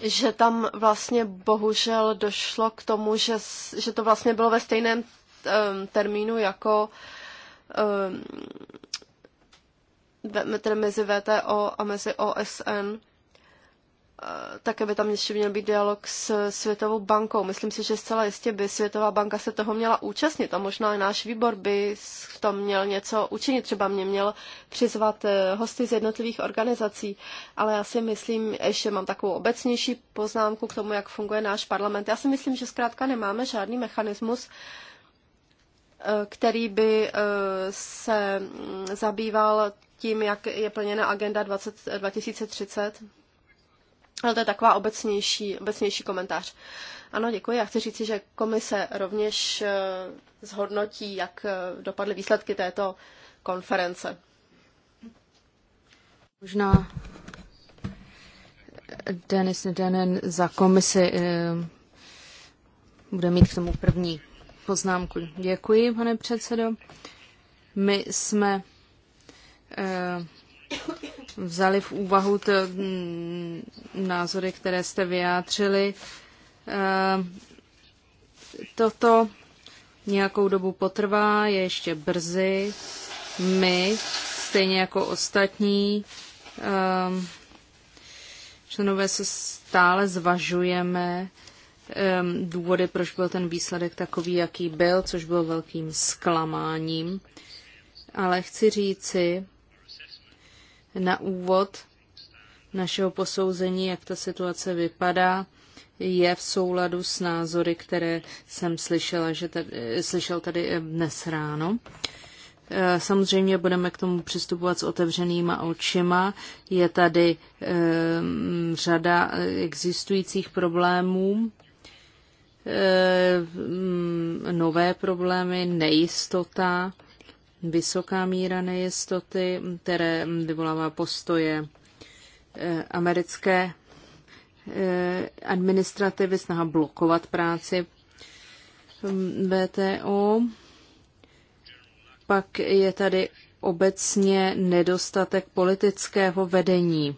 že tam vlastně bohužel došlo k tomu, že, že to vlastně bylo ve stejném eh, termínu jako tedy mezi VTO a mezi OSN. Eh, také by tam ještě měl být dialog s Světovou bankou. Myslím si, že zcela jistě by Světová banka se toho měla účastnit a možná i náš výbor by v tom měl něco učinit. Třeba mě měl přizvat eh, hosty z jednotlivých organizací, ale já si myslím, ještě mám takovou obecnější poznámku k tomu, jak funguje náš parlament. Já si myslím, že zkrátka nemáme žádný mechanismus, eh, který by se mm, zabýval tím, jak je plněna agenda 20, 2030. Ale to je taková obecnější, obecnější komentář. Ano, děkuji. Já chci říci, že komise rovněž eh, zhodnotí, jak eh, dopadly výsledky této konference. Možná eh, Denis Nedenen za komisi bude mít k tomu první poznámku. Děkuji, pane předsedo. My jsme Eh, vzali v úvahu to, mm, názory, které jste vyjádřili. Eh, toto nějakou dobu potrvá, je ještě brzy. My, stejně jako ostatní, eh, členové se stále zvažujeme důvody, proč byl ten výsledek takový, jaký byl, což byl velkým zklamáním. Ale chci říci, na úvod našeho posouzení, jak ta situace vypadá, je v souladu s názory, které jsem slyšela, že tady, slyšel tady eh, dnes ráno. Eh, samozřejmě budeme k tomu přistupovat s otevřenýma očima. Je tady eh, řada existujících problémů, mm, nové problémy, nejistota, vysoká míra nejistoty, které vyvolává postoje eh, americké eh, administrativy, snaha blokovat práci mm, VTO. Pak je tady obecně nedostatek politického vedení.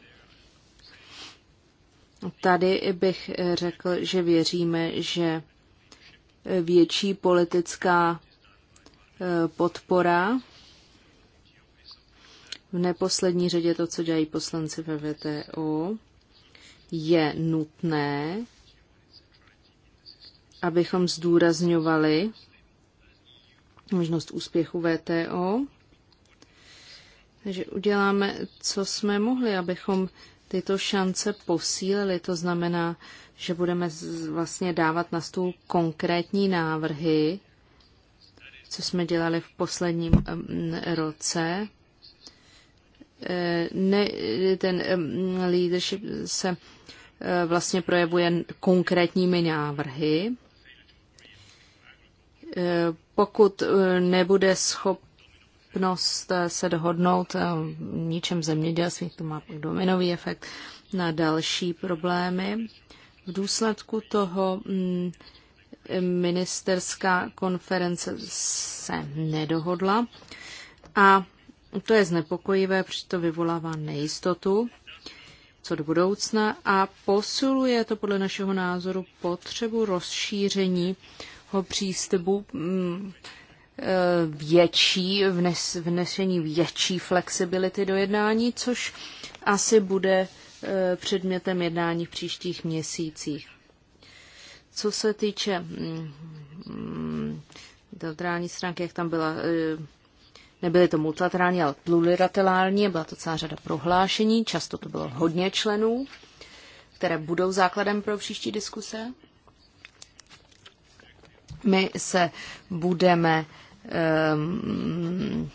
Tady bych řekl, že věříme, že větší politická podpora. V neposlední řadě to, co dělají poslanci ve VTO, je nutné, abychom zdůrazňovali možnost úspěchu VTO. Takže uděláme, co jsme mohli, abychom tyto šance posílili. To znamená, že budeme vlastně dávat na stůl konkrétní návrhy, co jsme dělali v posledním roce. Eh, ne, ten leadership se eh, vlastně projevuje konkrétními návrhy. Eh, pokud nebude schopnost se dohodnout v ničem zemědělství, to má dominový efekt na další problémy. V důsledku toho mm, ministerská konference se nedohodla a to je znepokojivé, protože to vyvolává nejistotu co do budoucna a posiluje to podle našeho názoru potřebu rozšíření přístupu mm, e, větší, vnesení větší flexibility do jednání, což asi bude e, předmětem jednání v příštích měsících. Co se týče mm, mm stránky, jak tam byla, e, nebyly to multilaterální, ale plurilaterální, byla to celá řada prohlášení, často to bylo hodně členů, které budou základem pro příští diskuse. My se budeme um,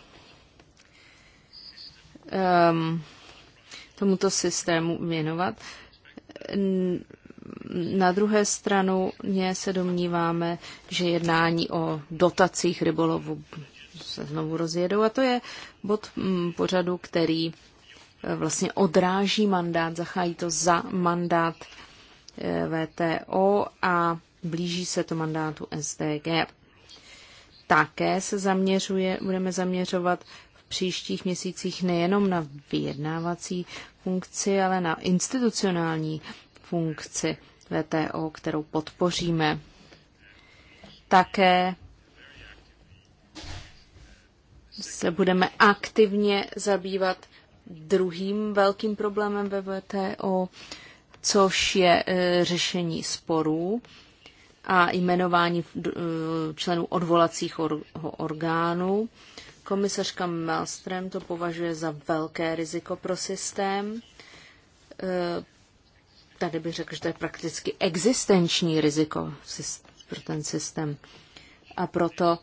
um, tomuto systému věnovat. Na druhé stranu mě se domníváme, že jednání o dotacích rybolovu se znovu rozjedou a to je bod mm, pořadu, který e, vlastně odráží mandát, zachází to za mandát e, VTO a blíží se to mandátu SDG. Také se zaměřuje, budeme zaměřovat v příštích měsících nejenom na vyjednávací funkci, ale na institucionální funkci VTO, kterou podpoříme. Také se budeme aktivně zabývat druhým velkým problémem ve VTO, což je e, řešení sporů a jmenování e, členů odvolacích orgánů. Komisařka Malström to považuje za velké riziko pro systém, e, tady bych řekl, že to je prakticky existenční riziko pro ten systém. A proto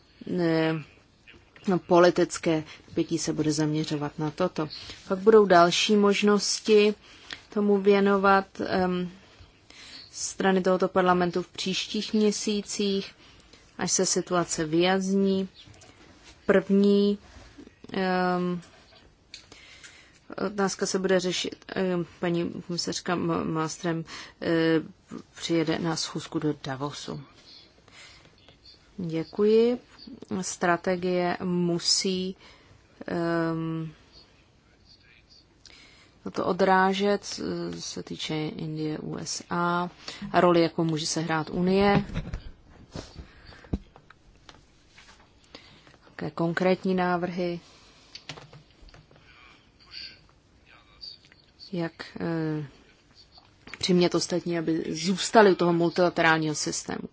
no, politické pětí se bude zaměřovat na toto. Pak budou další možnosti tomu věnovat um, strany tohoto parlamentu v příštích měsících, až se situace vyjazní. První um, Otázka se bude řešit. Eh, paní komisařka Mástrem eh, přijede na schůzku do Davosu. Děkuji. Strategie musí um, to odrážet, eh, se týče Indie, USA, a roli, jakou může se hrát Unie. Také konkrétní návrhy. jak eh, přimět ostatní, aby zůstali u toho multilaterálního systému.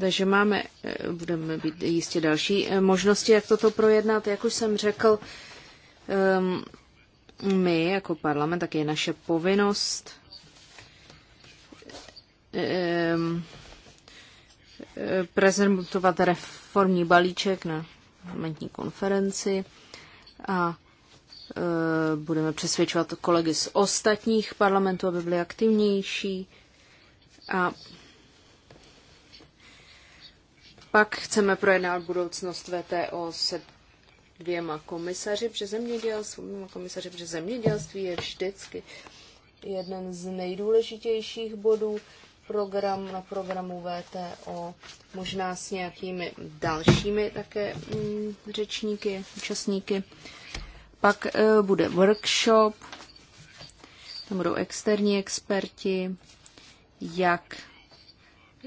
Takže máme, eh, budeme být jistě další eh, možnosti, jak toto projednat. Jak už jsem řekl, ehm, my jako parlament, tak je naše povinnost ehm, prezentovat reformní balíček na parlamentní konferenci a Eh, budeme přesvědčovat kolegy z ostatních parlamentů, aby byli aktivnější. A pak chceme projednat budoucnost VTO se dvěma komisaři pře zemědělství. Komisaři pře zemědělství je vždycky jeden z nejdůležitějších bodů program na programu VTO, možná s nějakými dalšími také mm, řečníky, účastníky. Pak eh, bude workshop, tam budou externí experti, jak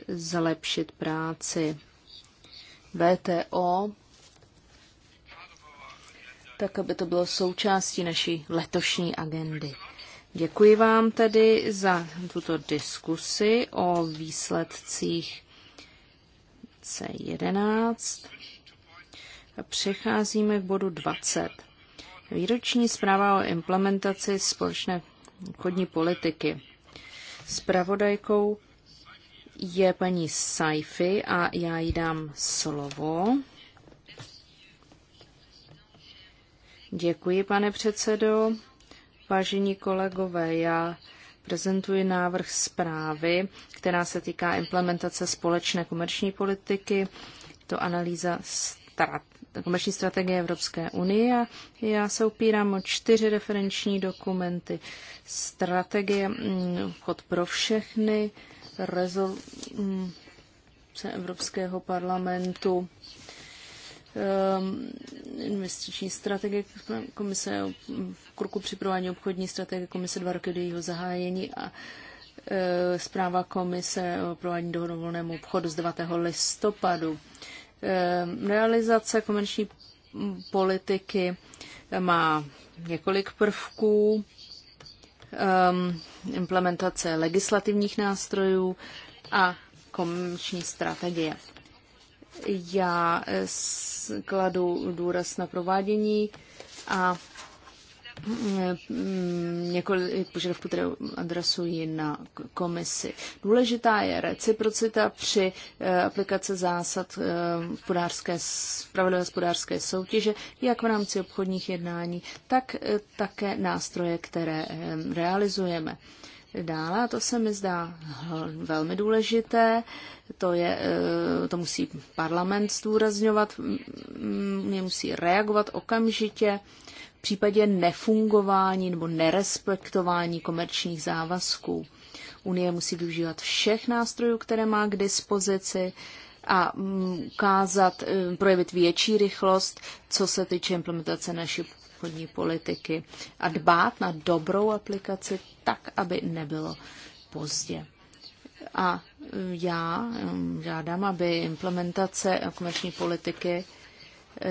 zlepšit práci VTO, tak aby to bylo součástí naší letošní agendy. Děkuji vám tedy za tuto diskusi o výsledcích C11. A přecházíme k bodu 20. Výroční zpráva o implementaci společné obchodní politiky. Spravodajkou je paní Saifi a já jí dám slovo. Děkuji, pane předsedo. Vážení kolegové, já prezentuji návrh zprávy, která se týká implementace společné komerční politiky. To analýza strat komerční strategie Evropské unie a já se opírám o čtyři referenční dokumenty. Strategie Vchod mm, pro všechny, rezoluce mm, Evropského parlamentu, ehm, investiční strategie komise v kruku připravování obchodní strategie komise dva roky do jejího zahájení a e, zpráva komise o provádění dohodovolnému obchodu z 9. listopadu. Ehm, realizace komerční politiky má několik prvků. Ehm, implementace legislativních nástrojů a komerční strategie. Já eh, kladu důraz na provádění a Mm, několik požadavků, které adresují na komisi. Důležitá je reciprocita při eh, aplikace zásad eh, hospodářské, hospodářské soutěže, jak v rámci obchodních jednání, tak eh, také nástroje, které realizujeme. Dále, a to se mi zdá velmi důležité, to, je, to musí parlament zdůrazňovat, mm, mm, musí reagovat okamžitě, v případě nefungování nebo nerespektování komerčních závazků. Unie musí využívat všech nástrojů, které má k dispozici a mm, ukázat, eh, projevit větší rychlost, co se týče implementace naší obchodní politiky a dbát na dobrou aplikaci tak, aby nebylo pozdě. A eh, já mm, žádám, aby implementace komerční politiky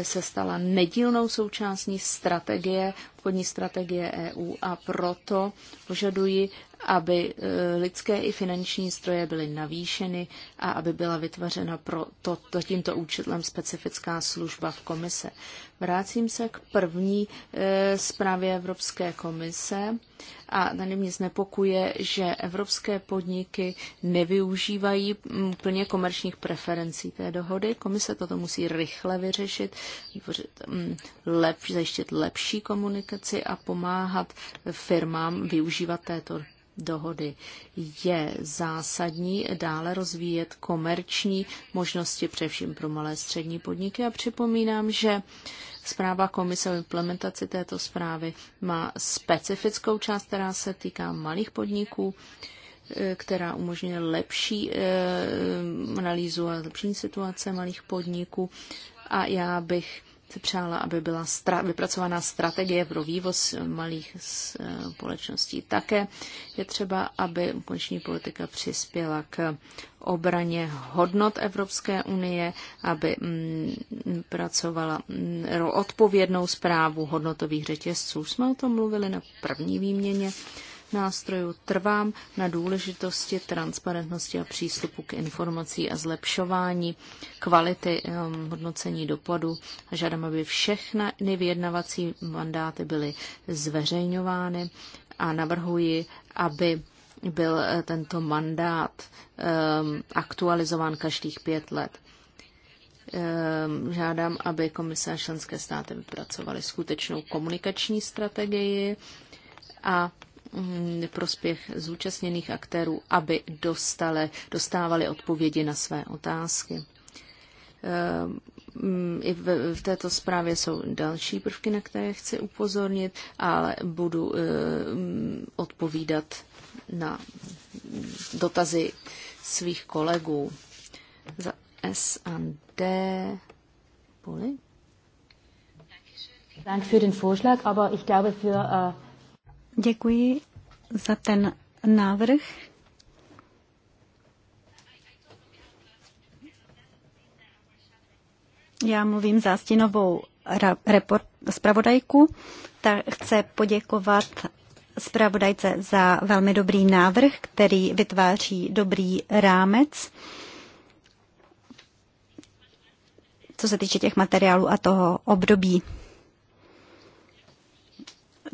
se stala nedílnou součástí strategie, obchodní strategie EU a proto požaduji aby e, lidské i finanční stroje byly navýšeny a aby byla vytvořena pro to, to tímto účetlem specifická služba v komise. Vrácím se k první e, zprávě Evropské komise a tady mě znepokuje, že evropské podniky nevyužívají plně komerčních preferencí té dohody. Komise toto musí rychle vyřešit, vytvořit, lep, zajištět lepší komunikaci a pomáhat firmám využívat této dohody. Je zásadní dále rozvíjet komerční možnosti, především pro malé střední podniky. A připomínám, že zpráva komise o implementaci této zprávy má specifickou část, která se týká malých podniků eh, která umožňuje lepší eh, analýzu a lepší situace malých podniků. A já bych se přála, aby byla stra- vypracovaná strategie pro vývoz malých eh, společností. Také je třeba, aby konční politika přispěla k obraně hodnot Evropské unie, aby mm, pracovala mm, odpovědnou zprávu hodnotových řetězců. Jsme o tom mluvili na první výměně nástrojů trvám na důležitosti transparentnosti a přístupu k informací a zlepšování kvality um, hodnocení dopadu. Žádám, aby všechny vyjednavací mandáty byly zveřejňovány a navrhuji, aby byl eh, tento mandát um, aktualizován každých pět let ehm, žádám, aby komise a členské státy vypracovaly skutečnou komunikační strategii a Mm, prospěch zúčastněných aktérů, aby dostali, dostávali odpovědi na své otázky. Eh, mm, I v, této zprávě jsou další prvky, na které chci upozornit, ale budu eh, mm, odpovídat na dotazy svých kolegů za S&D. Poli? Dank für den Vorschlag, aber ich glaube für uh Děkuji za ten návrh. Já mluvím za stinovou report, zpravodajku, tak chce poděkovat zpravodajce za velmi dobrý návrh, který vytváří dobrý rámec. co se týče těch materiálů a toho období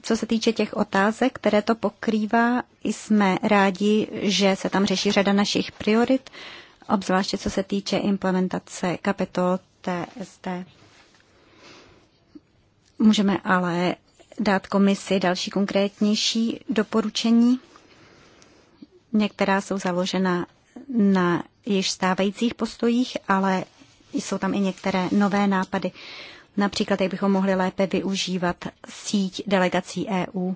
co se týče těch otázek, které to pokrývá, jsme rádi, že se tam řeší řada našich priorit, obzvláště co se týče implementace kapitol TST. Můžeme ale dát komisi další konkrétnější doporučení. Některá jsou založena na již stávajících postojích, ale jsou tam i některé nové nápady. Například, jak bychom mohli lépe využívat síť delegací EU.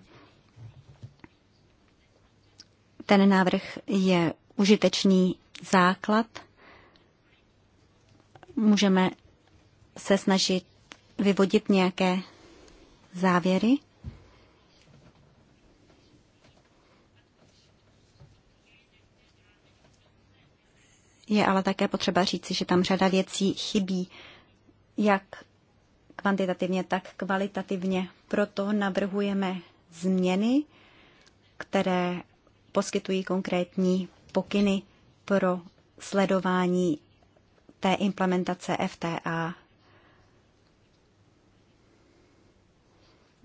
Ten návrh je užitečný základ. Můžeme se snažit vyvodit nějaké závěry. Je ale také potřeba říci, že tam řada věcí chybí, jak kvantitativně, tak kvalitativně. Proto navrhujeme změny, které poskytují konkrétní pokyny pro sledování té implementace FTA.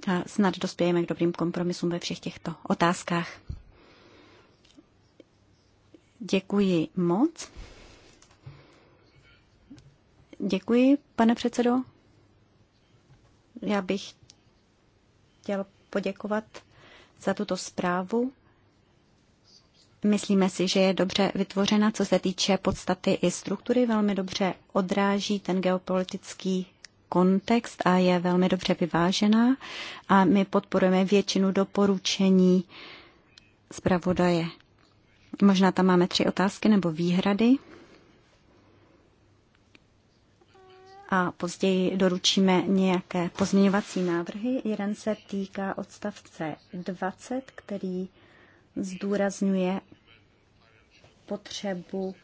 A snad dospějeme k dobrým kompromisům ve všech těchto otázkách. Děkuji moc. Děkuji, pane předsedo. Já bych chtěl poděkovat za tuto zprávu. Myslíme si, že je dobře vytvořena, co se týče podstaty i struktury, velmi dobře odráží ten geopolitický kontext a je velmi dobře vyvážená a my podporujeme většinu doporučení zpravodaje. Možná tam máme tři otázky nebo výhrady. a později doručíme nějaké pozměňovací návrhy. Jeden se týká odstavce 20, který zdůrazňuje potřebu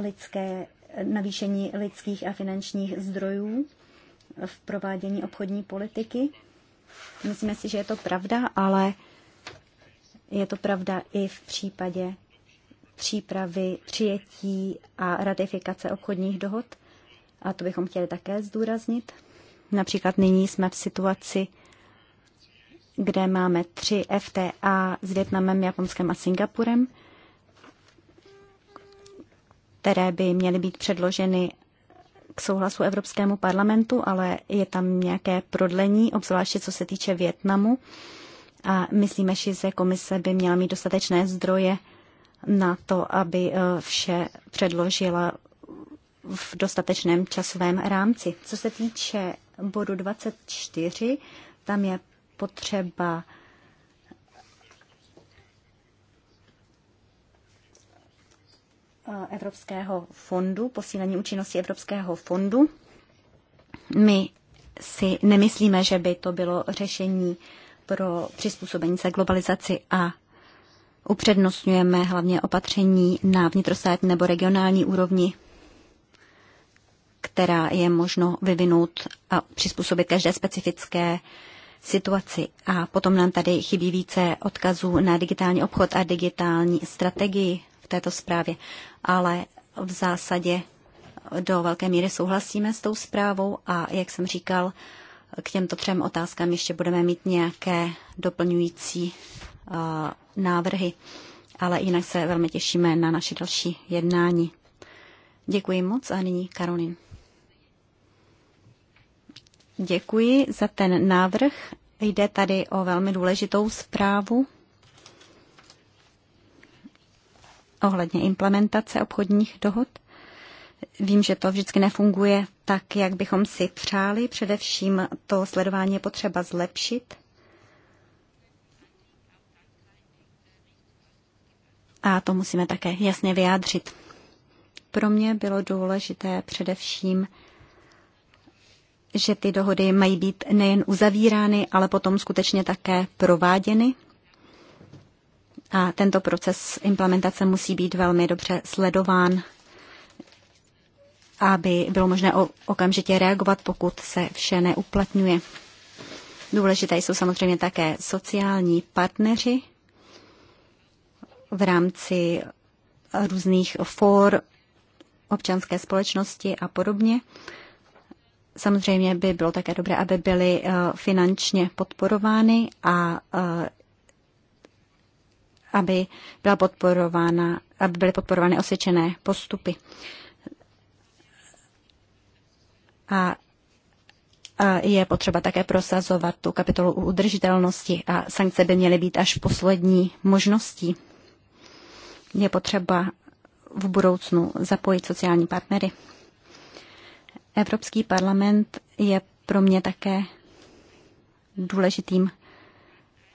lidské, navýšení lidských a finančních zdrojů v provádění obchodní politiky. Myslíme si, že je to pravda, ale je to pravda i v případě přípravy, přijetí a ratifikace obchodních dohod – a to bychom chtěli také zdůraznit. Například nyní jsme v situaci, kde máme tři FTA s Větnamem, Japonskem a Singapurem, které by měly být předloženy k souhlasu Evropskému parlamentu, ale je tam nějaké prodlení, obzvláště co se týče Větnamu. A myslíme, že komise by měla mít dostatečné zdroje na to, aby eh, vše předložila v dostatečném časovém rámci. Co se týče bodu 24, tam je potřeba eh, Evropského fondu, posílení účinnosti Evropského fondu. My si nemyslíme, že by to bylo řešení pro přizpůsobení se globalizaci a upřednostňujeme hlavně opatření na vnitrostátní nebo regionální úrovni která je možno vyvinout a přizpůsobit každé specifické situaci. A potom nám tady chybí více odkazů na digitální obchod a digitální strategii v této zprávě. Ale v zásadě do velké míry souhlasíme s tou zprávou a, jak jsem říkal, k těmto třem otázkám ještě budeme mít nějaké doplňující uh, návrhy, ale jinak se velmi těšíme na naše další jednání. Děkuji moc a nyní Karolin. Děkuji za ten návrh. Jde tady o velmi důležitou zprávu ohledně implementace obchodních dohod. Vím, že to vždycky nefunguje tak, jak bychom si přáli. Především to sledování je potřeba zlepšit. A to musíme také jasně vyjádřit. Pro mě bylo důležité především že ty dohody mají být nejen uzavírány, ale potom skutečně také prováděny. A tento proces implementace musí být velmi dobře sledován, aby bylo možné okamžitě reagovat, pokud se vše neuplatňuje. Důležité jsou samozřejmě také sociální partneři v rámci různých for občanské společnosti a podobně. Samozřejmě by bylo také dobré, aby byly eh, finančně podporovány a eh, aby, byla podporována, aby byly podporovány osvědčené postupy. A je potřeba také prosazovat tu kapitolu udržitelnosti a sankce by měly být až poslední možností. Je potřeba v budoucnu zapojit sociální partnery. Evropský parlament je pro mě také důležitým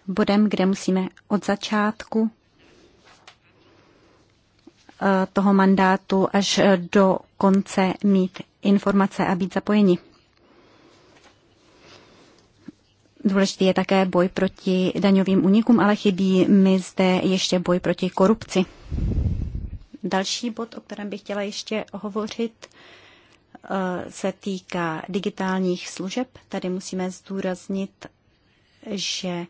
bodem, kde musíme od začátku eh, toho mandátu až do konce mít informace a být zapojeni. Důležitý je také boj proti daňovým unikům, ale chybí mi zde ještě boj proti korupci. Další bod, o kterém bych chtěla ještě hovořit, Eh, se týká digitálních služeb, tady musíme zdůraznit, že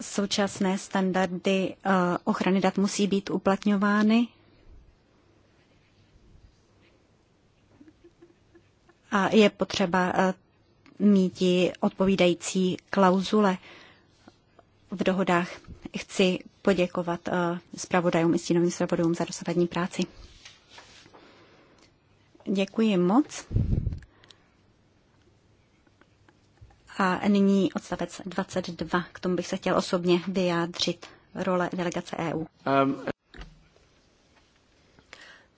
současné standardy eh, ochrany dat musí být uplatňovány a je potřeba eh, mít odpovídající klauzule v dohodách. Chci poděkovat zpravodajům i stínovým zpravodajům za dosavadní práci. Děkuji moc. A nyní odstavec 22. K tomu bych se chtěl osobně vyjádřit role delegace EU. Um,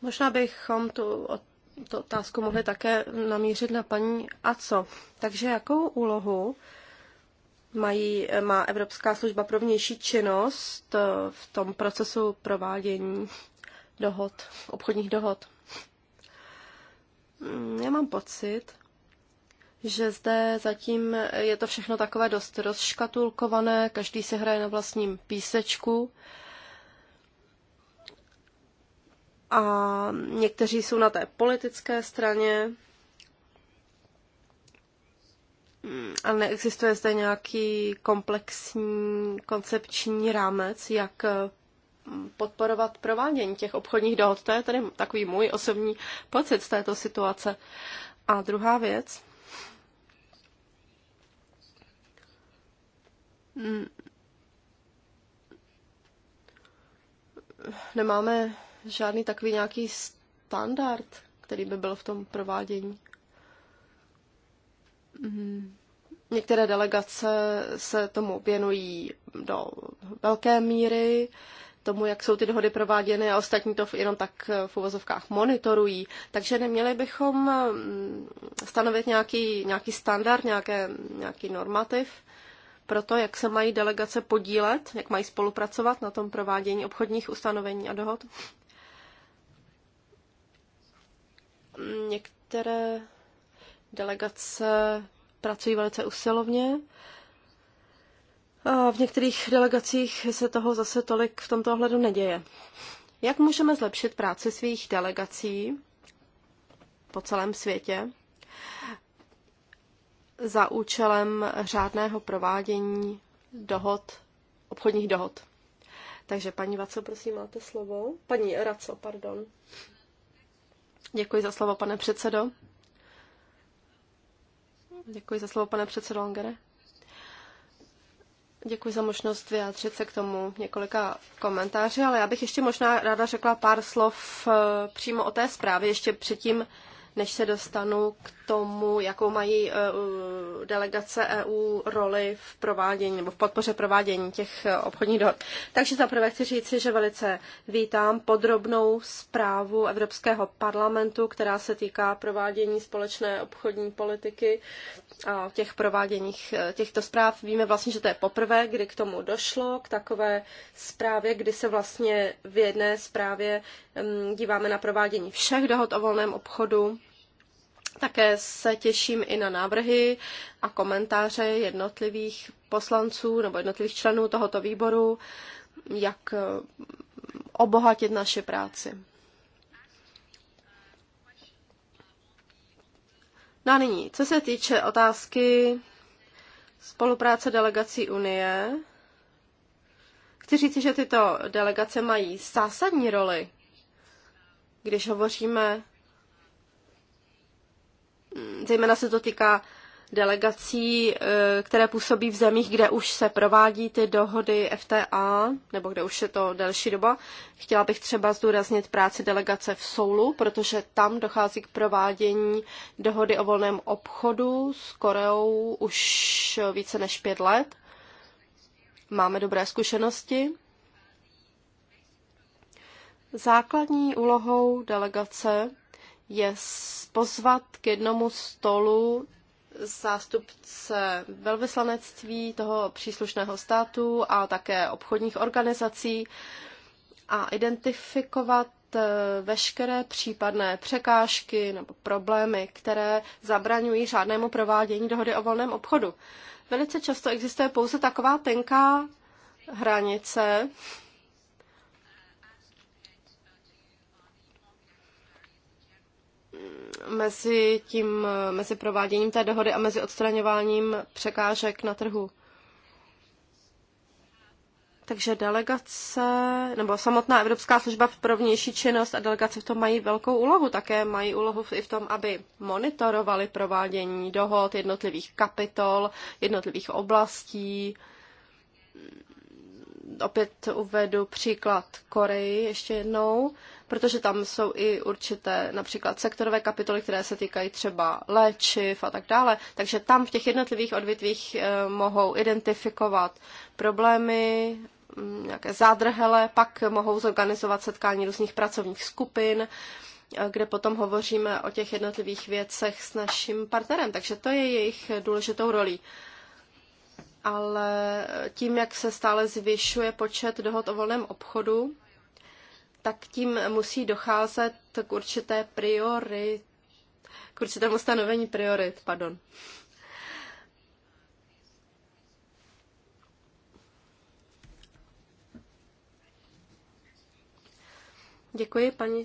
Možná bychom tu, tu otázku mohli také namířit na paní co? Takže jakou úlohu mají, má Evropská služba pro vnější činnost eh, v tom procesu provádění dohod, obchodních dohod? Mm, já mám pocit, že zde zatím je to všechno takové dost rozškatulkované, každý se hraje na vlastním písečku. A někteří jsou na té politické straně, mm, a neexistuje zde nějaký komplexní koncepční rámec, jak podporovat provádění těch obchodních dohod. To je tedy takový můj osobní pocit z této situace. A druhá věc. Hmm. Nemáme žádný takový nějaký standard, který by byl v tom provádění. Hmm. Některé delegace se tomu věnují do velké míry, tomu, jak jsou ty dohody prováděny a ostatní to jenom tak eh, v uvozovkách monitorují. Takže neměli bychom mm, stanovit nějaký, nějaký standard, nějaké, nějaký normativ pro to, jak se mají delegace podílet, jak mají spolupracovat na tom provádění obchodních ustanovení a dohod. Některé delegace pracují velice usilovně v některých delegacích se toho zase tolik v tomto ohledu neděje. Jak můžeme zlepšit práci svých delegací po celém světě za účelem řádného provádění dohod, obchodních dohod? Takže paní Vaco, prosím, máte slovo. Paní Raco, pardon. Děkuji za slovo, pane předsedo. Děkuji za slovo, pane předsedo Langere. Děkuji za možnost vyjádřit se k tomu několika komentáři, ale já bych ještě možná ráda řekla pár slov eh, přímo o té zprávě, ještě předtím, než se dostanu k tomu, jakou mají eh, delegace EU roli v provádění nebo v podpoře provádění těch eh, obchodních dohod. Takže zaprvé chci říci, že velice vítám podrobnou zprávu Evropského parlamentu, která se týká provádění společné obchodní politiky a těch prováděních eh, těchto zpráv. Víme vlastně, že to je poprvé, kdy k tomu došlo, k takové zprávě, kdy se vlastně v jedné zprávě mm, díváme na provádění všech dohod o volném obchodu také se těším i na návrhy a komentáře jednotlivých poslanců nebo jednotlivých členů tohoto výboru, jak eh, obohatit naše práci. No a nyní, co se týče otázky spolupráce delegací Unie, chci říct, že tyto delegace mají zásadní roli, když hovoříme zejména se to týká delegací, eh, které působí v zemích, kde už se provádí ty dohody FTA, nebo kde už je to delší doba. Chtěla bych třeba zdůraznit práci delegace v Soulu, protože tam dochází k provádění dohody o volném obchodu s Koreou už více než pět let. Máme dobré zkušenosti. Základní úlohou delegace je pozvat k jednomu stolu zástupce velvyslanectví toho příslušného státu a také obchodních organizací a identifikovat eh, veškeré případné překážky nebo problémy, které zabraňují řádnému provádění dohody o volném obchodu. Velice často existuje pouze taková tenká hranice, mezi, tím, mezi prováděním té dohody a mezi odstraňováním překážek na trhu. Takže delegace, nebo samotná Evropská služba pro vnější činnost a delegace v tom mají velkou úlohu. Také mají úlohu i v tom, aby monitorovali provádění dohod jednotlivých kapitol, jednotlivých oblastí. Opět uvedu příklad Koreji ještě jednou protože tam jsou i určité například sektorové kapitoly, které se týkají třeba léčiv a tak dále. Takže tam v těch jednotlivých odvětvích eh, mohou identifikovat problémy, mm, nějaké zádrhele, pak mohou zorganizovat setkání různých pracovních skupin, eh, kde potom hovoříme o těch jednotlivých věcech s naším partnerem. Takže to je jejich důležitou rolí. Ale tím, jak se stále zvyšuje počet dohod o volném obchodu, tak tím musí docházet k určité priorit, k určitému stanovení priorit, pardon. Děkuji, paní,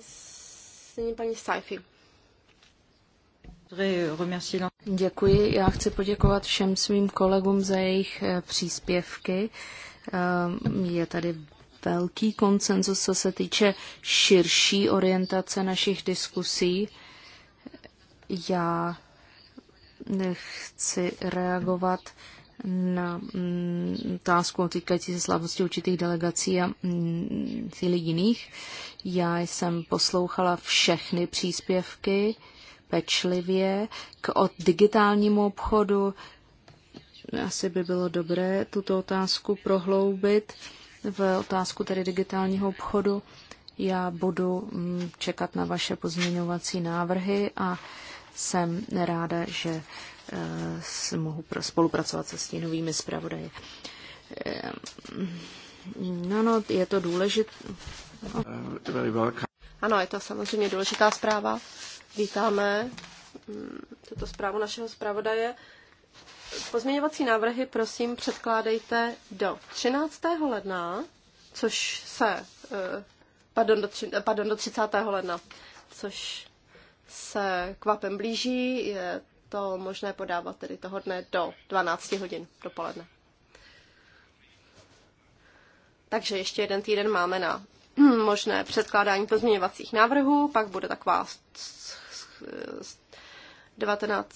paní Saifi. Děkuji. Já chci poděkovat všem svým kolegům za jejich eh, příspěvky. Ehm, je tady velký konsenzus, co se týče širší orientace našich diskusí. Já chci reagovat na mm, otázku týkající se slavnosti určitých delegací a chvíli mm, jiných. Já jsem poslouchala všechny příspěvky pečlivě k od digitálnímu obchodu. Asi by bylo dobré tuto otázku prohloubit v otázku tedy digitálního obchodu. Já budu mm, čekat na vaše pozměňovací návrhy a jsem ráda, že e, mohu spolupracovat se stínovými zpravodaji. E, no, no, je to důležité. No. Ano, je to samozřejmě důležitá zpráva. Vítáme mm, tuto zprávu našeho zpravodaje. Pozměňovací návrhy prosím předkládejte do 13. ledna, což se, pardon, do, pardon, do 30. ledna, což se kvapem blíží, je to možné podávat tedy toho dne do 12 hodin dopoledne. Takže ještě jeden týden máme na možné předkládání pozměňovacích návrhů, pak bude taková 19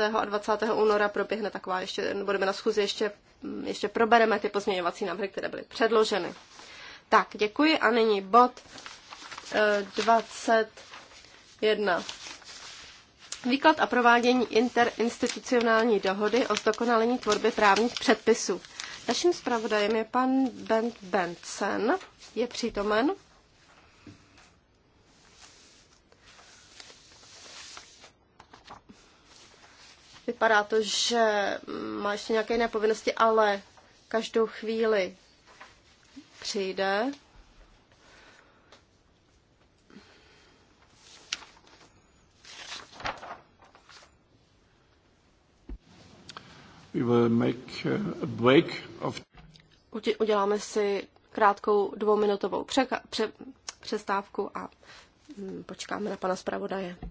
a 20. února proběhne taková ještě, budeme na schůzi ještě, ještě probereme ty pozměňovací návrhy, které byly předloženy. Tak, děkuji a nyní bod 21. Eh, Výklad a provádění interinstitucionální dohody o zdokonalení tvorby právních předpisů. Naším zpravodajem je pan Bent Bentsen. Je přítomen? Vypadá to, že má ještě nějaké jiné povinnosti, ale každou chvíli přijde. We will make uh, a break of... Uděláme si krátkou dvouminutovou pře- přestávku a mm, počkáme na pana zpravodaje. [laughs]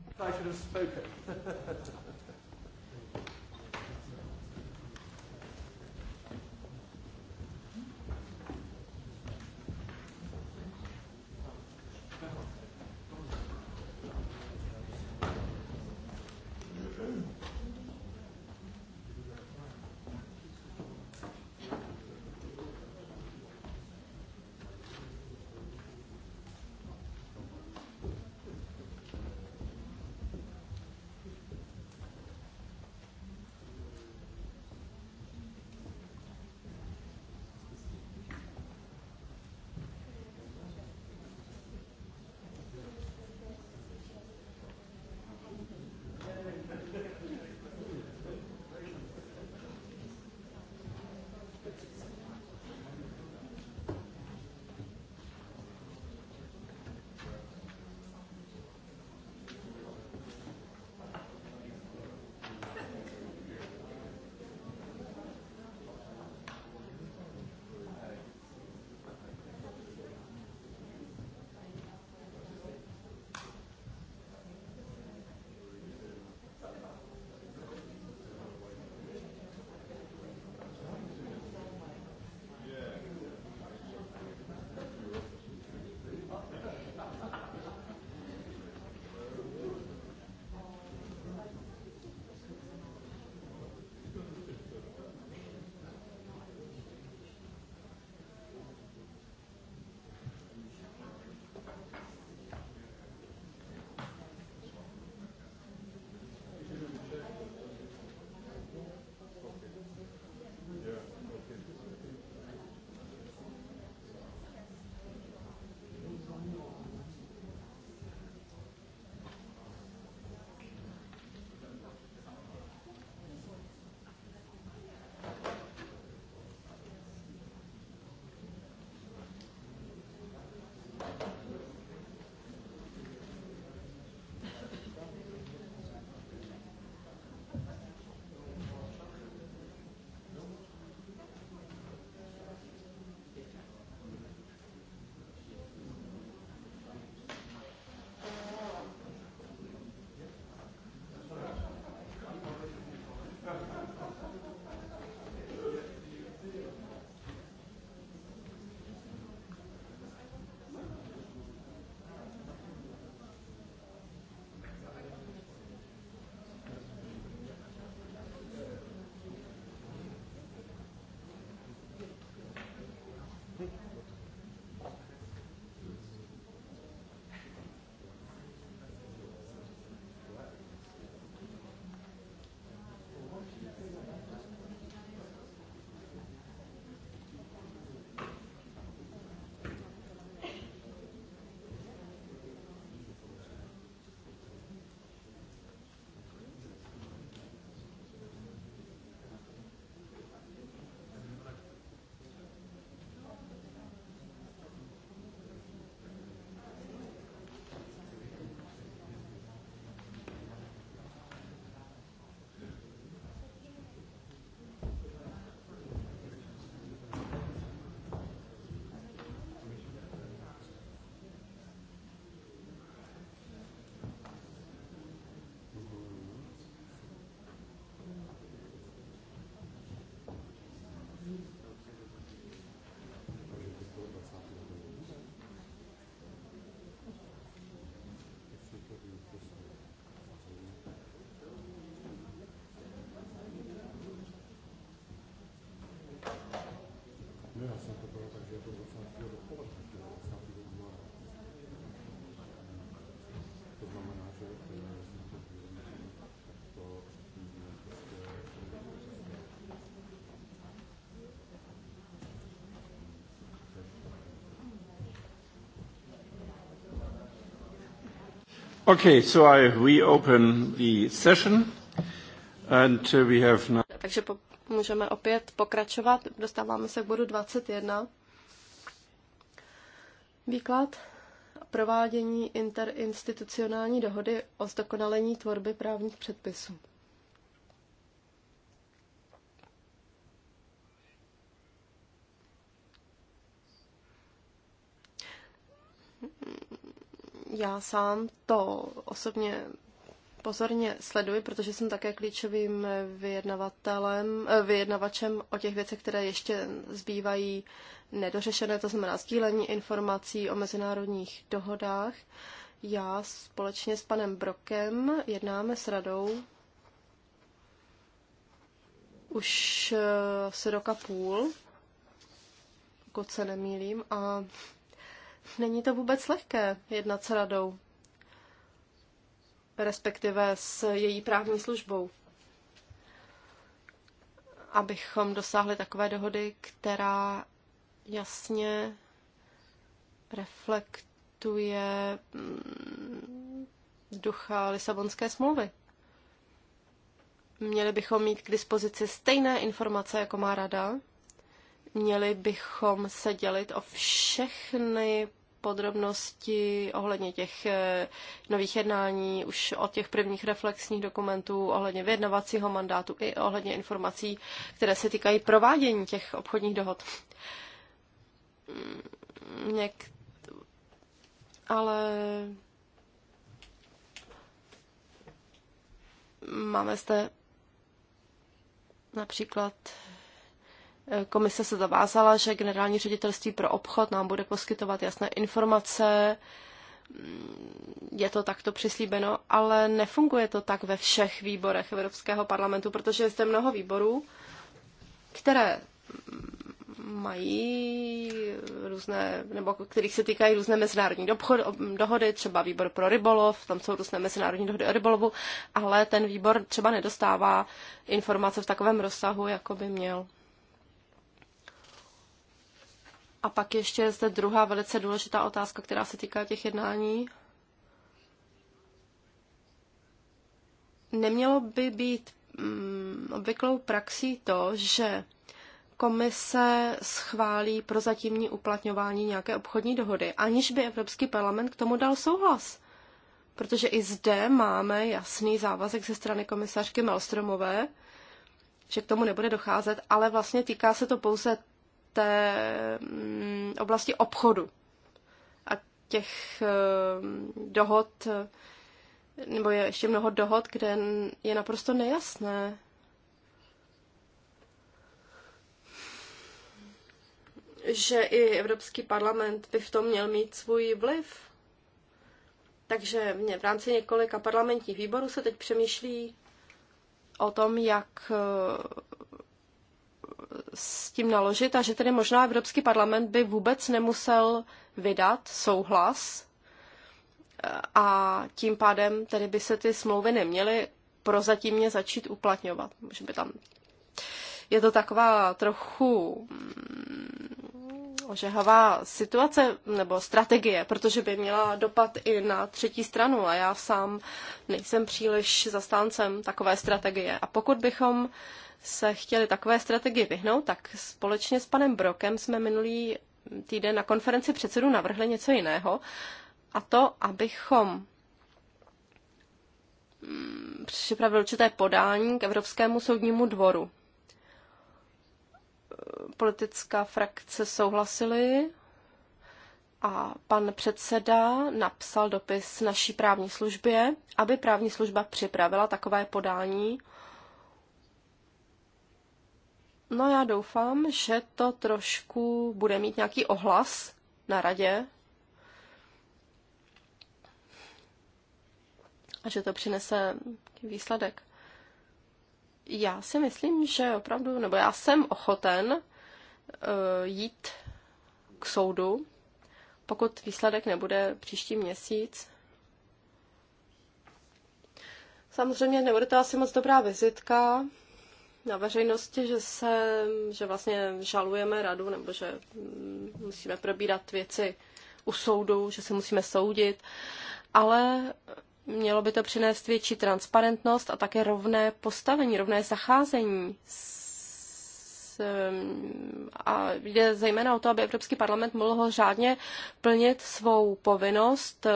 Okay, so I reopen the session and uh, we have now... Takže po, můžeme opět pokračovat. Dostáváme se k bodu 21. Výklad provádění interinstitucionální dohody o zdokonalení tvorby právních předpisů. Já sám to osobně pozorně sleduji, protože jsem také klíčovým vyjednavatelem, eh, vyjednavačem o těch věcech, které ještě zbývají nedořešené, to znamená sdílení informací o mezinárodních dohodách. Já společně s panem Brokem jednáme s radou už asi eh, roka půl, pokud se nemýlím, a není to vůbec lehké jednat s radou respektive s její právní službou, abychom dosáhli takové dohody, která jasně reflektuje mm, ducha Lisabonské smlouvy. Měli bychom mít k dispozici stejné informace, jako má rada. Měli bychom se dělit o všechny podrobnosti ohledně těch eh, nových jednání, už od těch prvních reflexních dokumentů, ohledně vyjednavacího mandátu i ohledně informací, které se týkají provádění těch obchodních dohod. Mm, něk... Ale máme zde například Komise se zavázala, že generální ředitelství pro obchod nám bude poskytovat jasné informace, je to takto přislíbeno, ale nefunguje to tak ve všech výborech Evropského parlamentu, protože je zde mnoho výborů, které mají různé, nebo kterých se týkají různé mezinárodní dochod, dohody, třeba výbor pro rybolov, tam jsou různé mezinárodní dohody o rybolovu, ale ten výbor třeba nedostává informace v takovém rozsahu, jako by měl. A pak ještě zde druhá velice důležitá otázka, která se týká těch jednání. Nemělo by být mm, obvyklou praxí to, že komise schválí prozatímní uplatňování nějaké obchodní dohody, aniž by Evropský parlament k tomu dal souhlas. Protože i zde máme jasný závazek ze strany komisařky Malstromové, že k tomu nebude docházet, ale vlastně týká se to pouze té mm, oblasti obchodu a těch eh, dohod, nebo je ještě mnoho dohod, kde je naprosto nejasné, že i Evropský parlament by v tom měl mít svůj vliv. Takže mě v rámci několika parlamentních výborů se teď přemýšlí o tom, jak eh, s tím naložit a že tedy možná Evropský parlament by vůbec nemusel vydat souhlas eh, a tím pádem tedy by se ty smlouvy neměly prozatímně začít uplatňovat. možná by tam... Je to taková trochu mm, ožehavá situace nebo strategie, protože by měla dopad i na třetí stranu a já sám nejsem příliš zastáncem takové strategie. A pokud bychom se chtěli takové strategii vyhnout, tak společně s panem Brokem jsme minulý týden na konferenci předsedů navrhli něco jiného, a to, abychom mm, připravili určité podání k Evropskému soudnímu dvoru. Politická frakce souhlasili a pan předseda napsal dopis naší právní službě, aby právní služba připravila takové podání No já doufám, že to trošku bude mít nějaký ohlas na radě a že to přinese výsledek. Já si myslím, že opravdu, nebo já jsem ochoten uh, jít k soudu, pokud výsledek nebude příští měsíc. Samozřejmě nebude to asi moc dobrá vizitka, na veřejnosti, že, se, že vlastně žalujeme radu nebo že mm, musíme probírat věci u soudu, že se musíme soudit, ale mělo by to přinést větší transparentnost a také rovné postavení, rovné zacházení a jde zejména o to, aby Evropský parlament mohl řádně plnit svou povinnost eh,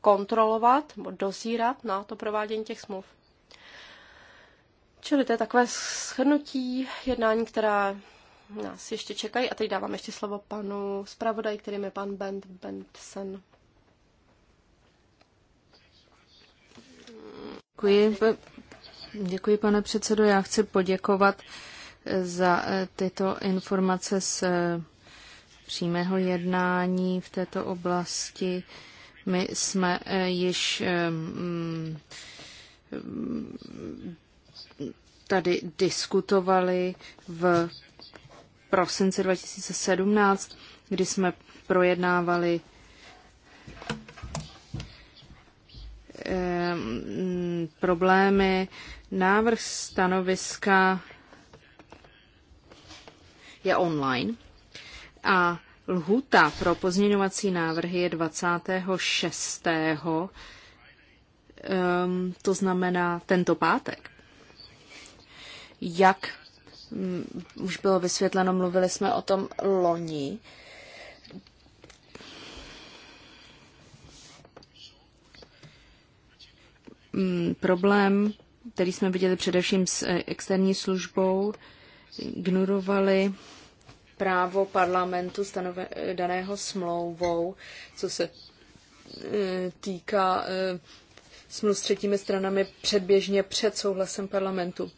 kontrolovat nebo dozírat na to provádění těch smluv. Čili to je takové shrnutí jednání, která nás ještě čekají. A teď dávám ještě slovo panu zpravodaj, kterým je pan Bent Bentsen. Děkuji, děkuji, pane předsedo. Já chci poděkovat za eh, tyto informace z eh, přímého jednání v této oblasti. My jsme eh, již mm, tady diskutovali v prosinci 2017, kdy jsme projednávali ehm, problémy. Návrh stanoviska je online a lhuta pro pozměňovací návrhy je 26. Ehm, to znamená tento pátek jak mm, už bylo vysvětleno, mluvili jsme o tom loni. Mm, problém, který jsme viděli především s eh, externí službou, ignorovali právo parlamentu stanove, daného smlouvou, co se eh, týká smluv eh, s třetími stranami předběžně před souhlasem parlamentu.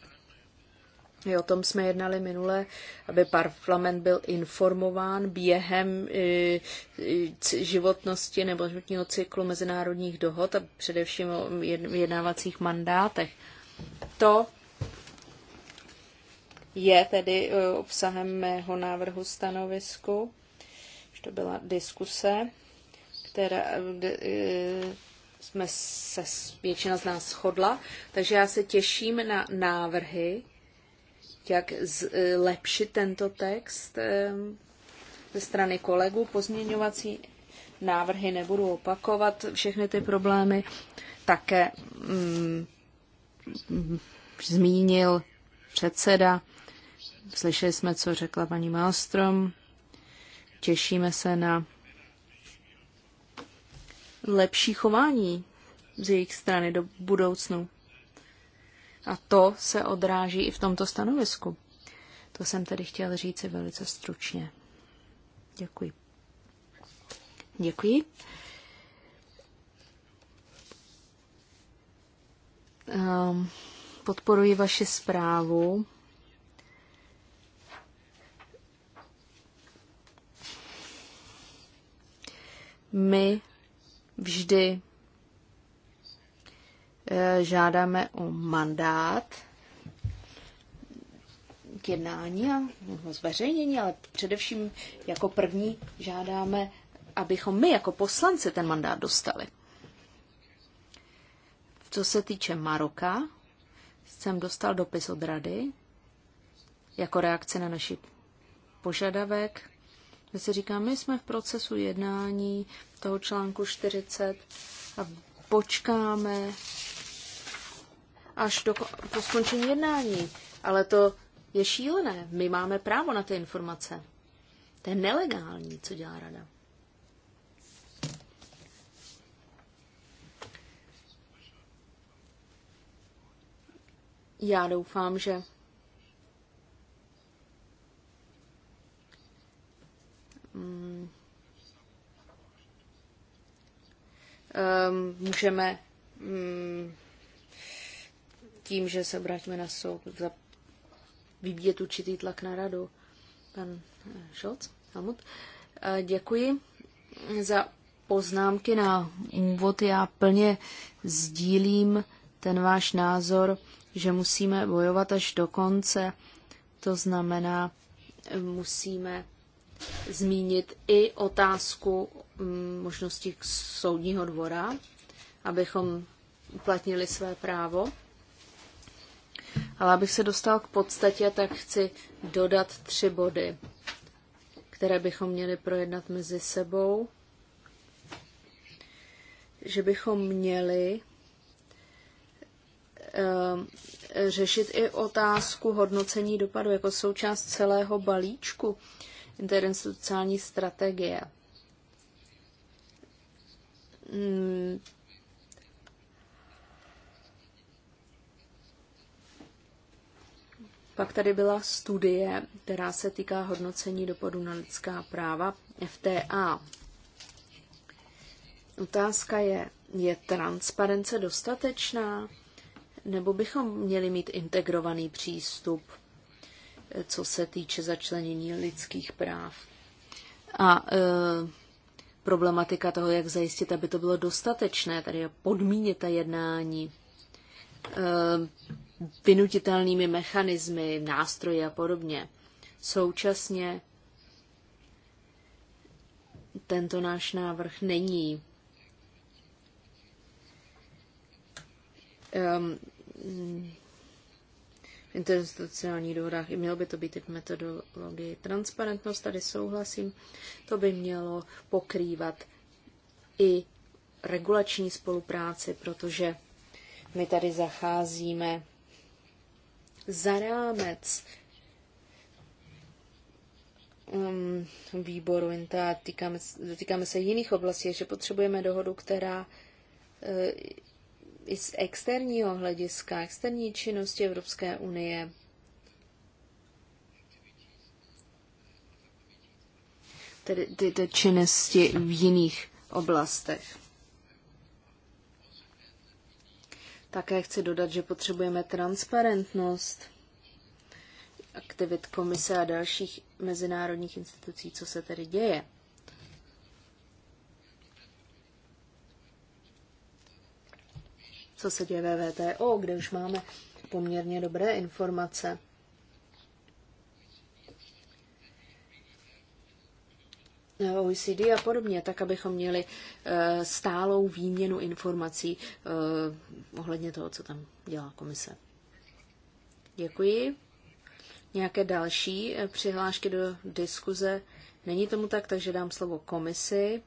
My o tom jsme jednali minule, aby parlament byl informován během eh, eh, životnosti nebo životního cyklu mezinárodních dohod a především o jednávacích mandátech. To je tedy eh, obsahem mého návrhu stanovisku. že to byla diskuse, která jsme se většina z nás shodla, takže já se těším na návrhy jak zlepšit tento text ehm, ze strany kolegů. Pozměňovací návrhy nebudu opakovat, všechny ty problémy také mm, zmínil předseda. Slyšeli jsme, co řekla paní Malstrom. Těšíme se na lepší chování z jejich strany do budoucnu. A to se odráží i v tomto stanovisku. To jsem tedy chtěl říci velice stručně. Děkuji. Děkuji. Ehm, podporuji vaši zprávu. My vždy Eh, žádáme o mandát k jednání a zveřejnění, ale především jako první žádáme, abychom my jako poslanci ten mandát dostali. Co se týče Maroka, jsem dostal dopis od rady jako reakce na naši požadavek. My si říkáme, my jsme v procesu jednání toho článku 40 a počkáme až do, po skončení jednání. Ale to je šílené. My máme právo na ty informace. To je nelegální, co dělá rada. Já doufám, že um, můžeme um, tím, že se obrátíme na soud, za vybíjet určitý tlak na radu. Pan Šolc, eh, Helmut. Eh, děkuji za poznámky na úvod. Já plně sdílím ten váš názor, že musíme bojovat až do konce. To znamená, musíme zmínit i otázku mm, možnosti soudního dvora, abychom uplatnili své právo. Ale abych se dostal k podstatě, tak chci dodat tři body, které bychom měli projednat mezi sebou. Že bychom měli ehm, řešit i otázku hodnocení dopadu jako součást celého balíčku interinstitucionální strategie. Hmm, Pak tady byla studie, která se týká hodnocení dopadu na lidská práva FTA. Otázka je, je transparence dostatečná, nebo bychom měli mít integrovaný přístup, co se týče začlenění lidských práv? A e, problematika toho, jak zajistit, aby to bylo dostatečné, tady je podmíněta jednání. E, vynutitelnými mechanismy, nástroji a podobně. Současně tento náš návrh není um, v interinstitucionálních dohodách i mělo by to být i v metodologii. Transparentnost, tady souhlasím, to by mělo pokrývat i regulační spolupráci, protože my tady zacházíme za rámec um, výboru INTA, týkáme, se jiných oblastí, že potřebujeme dohodu, která uh, i z externího hlediska, externí činnosti Evropské unie tedy ty, ty činnosti v jiných oblastech. Také chci dodat, že potřebujeme transparentnost aktivit komise a dalších mezinárodních institucí, co se tedy děje. Co se děje ve VTO, kde už máme poměrně dobré informace OECD a podobně, tak abychom měli eh, stálou výměnu informací eh, ohledně toho, co tam dělá komise. Děkuji. Nějaké další eh, přihlášky do diskuze? Není tomu tak, takže dám slovo komisi.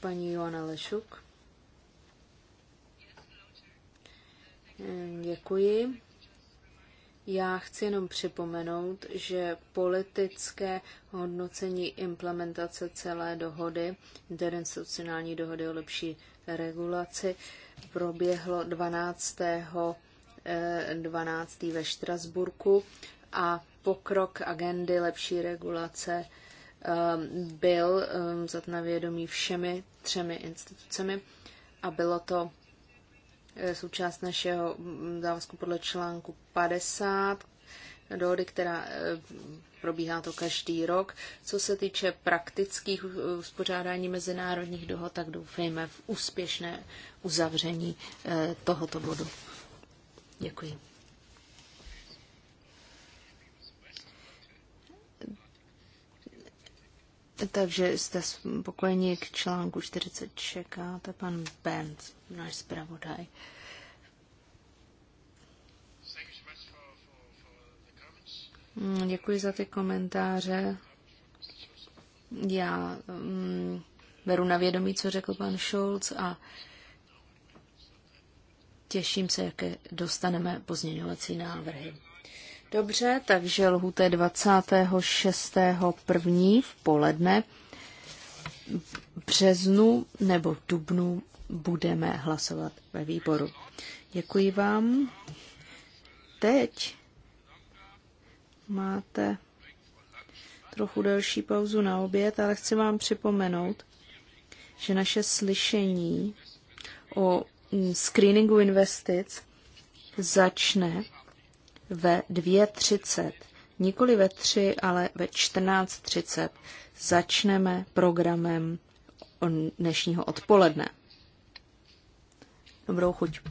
Paní Joana Lešuk. Děkuji. Já chci jenom připomenout, že politické hodnocení implementace celé dohody, interinstitucionální dohody o lepší regulaci, proběhlo 12. 12. Eh, ve Štrasburku a pokrok agendy lepší regulace eh, byl eh, za na vědomí všemi třemi institucemi a bylo to Eh, součást našeho mm, závazku podle článku 50 dohody, která eh, probíhá to každý rok. Co se týče praktických uspořádání mezinárodních dohod, tak doufejme v úspěšné uzavření eh, tohoto bodu. Děkuji. Takže jste spokojeni k článku 40, čekáte pan Benz, náš zpravodaj. Hmm, děkuji za ty komentáře. Já mm, beru na vědomí, co řekl pan Scholz a těším se, jaké dostaneme pozměňovací návrhy. Dobře, takže lhůta je 26.1. v poledne. březnu nebo dubnu budeme hlasovat ve výboru. Děkuji vám. Teď máte trochu delší pauzu na oběd, ale chci vám připomenout, že naše slyšení o screeningu investic začne ve 2.30. Nikoli ve 3, ale ve 14.30 začneme programem dnešního odpoledne. Dobrou chuť.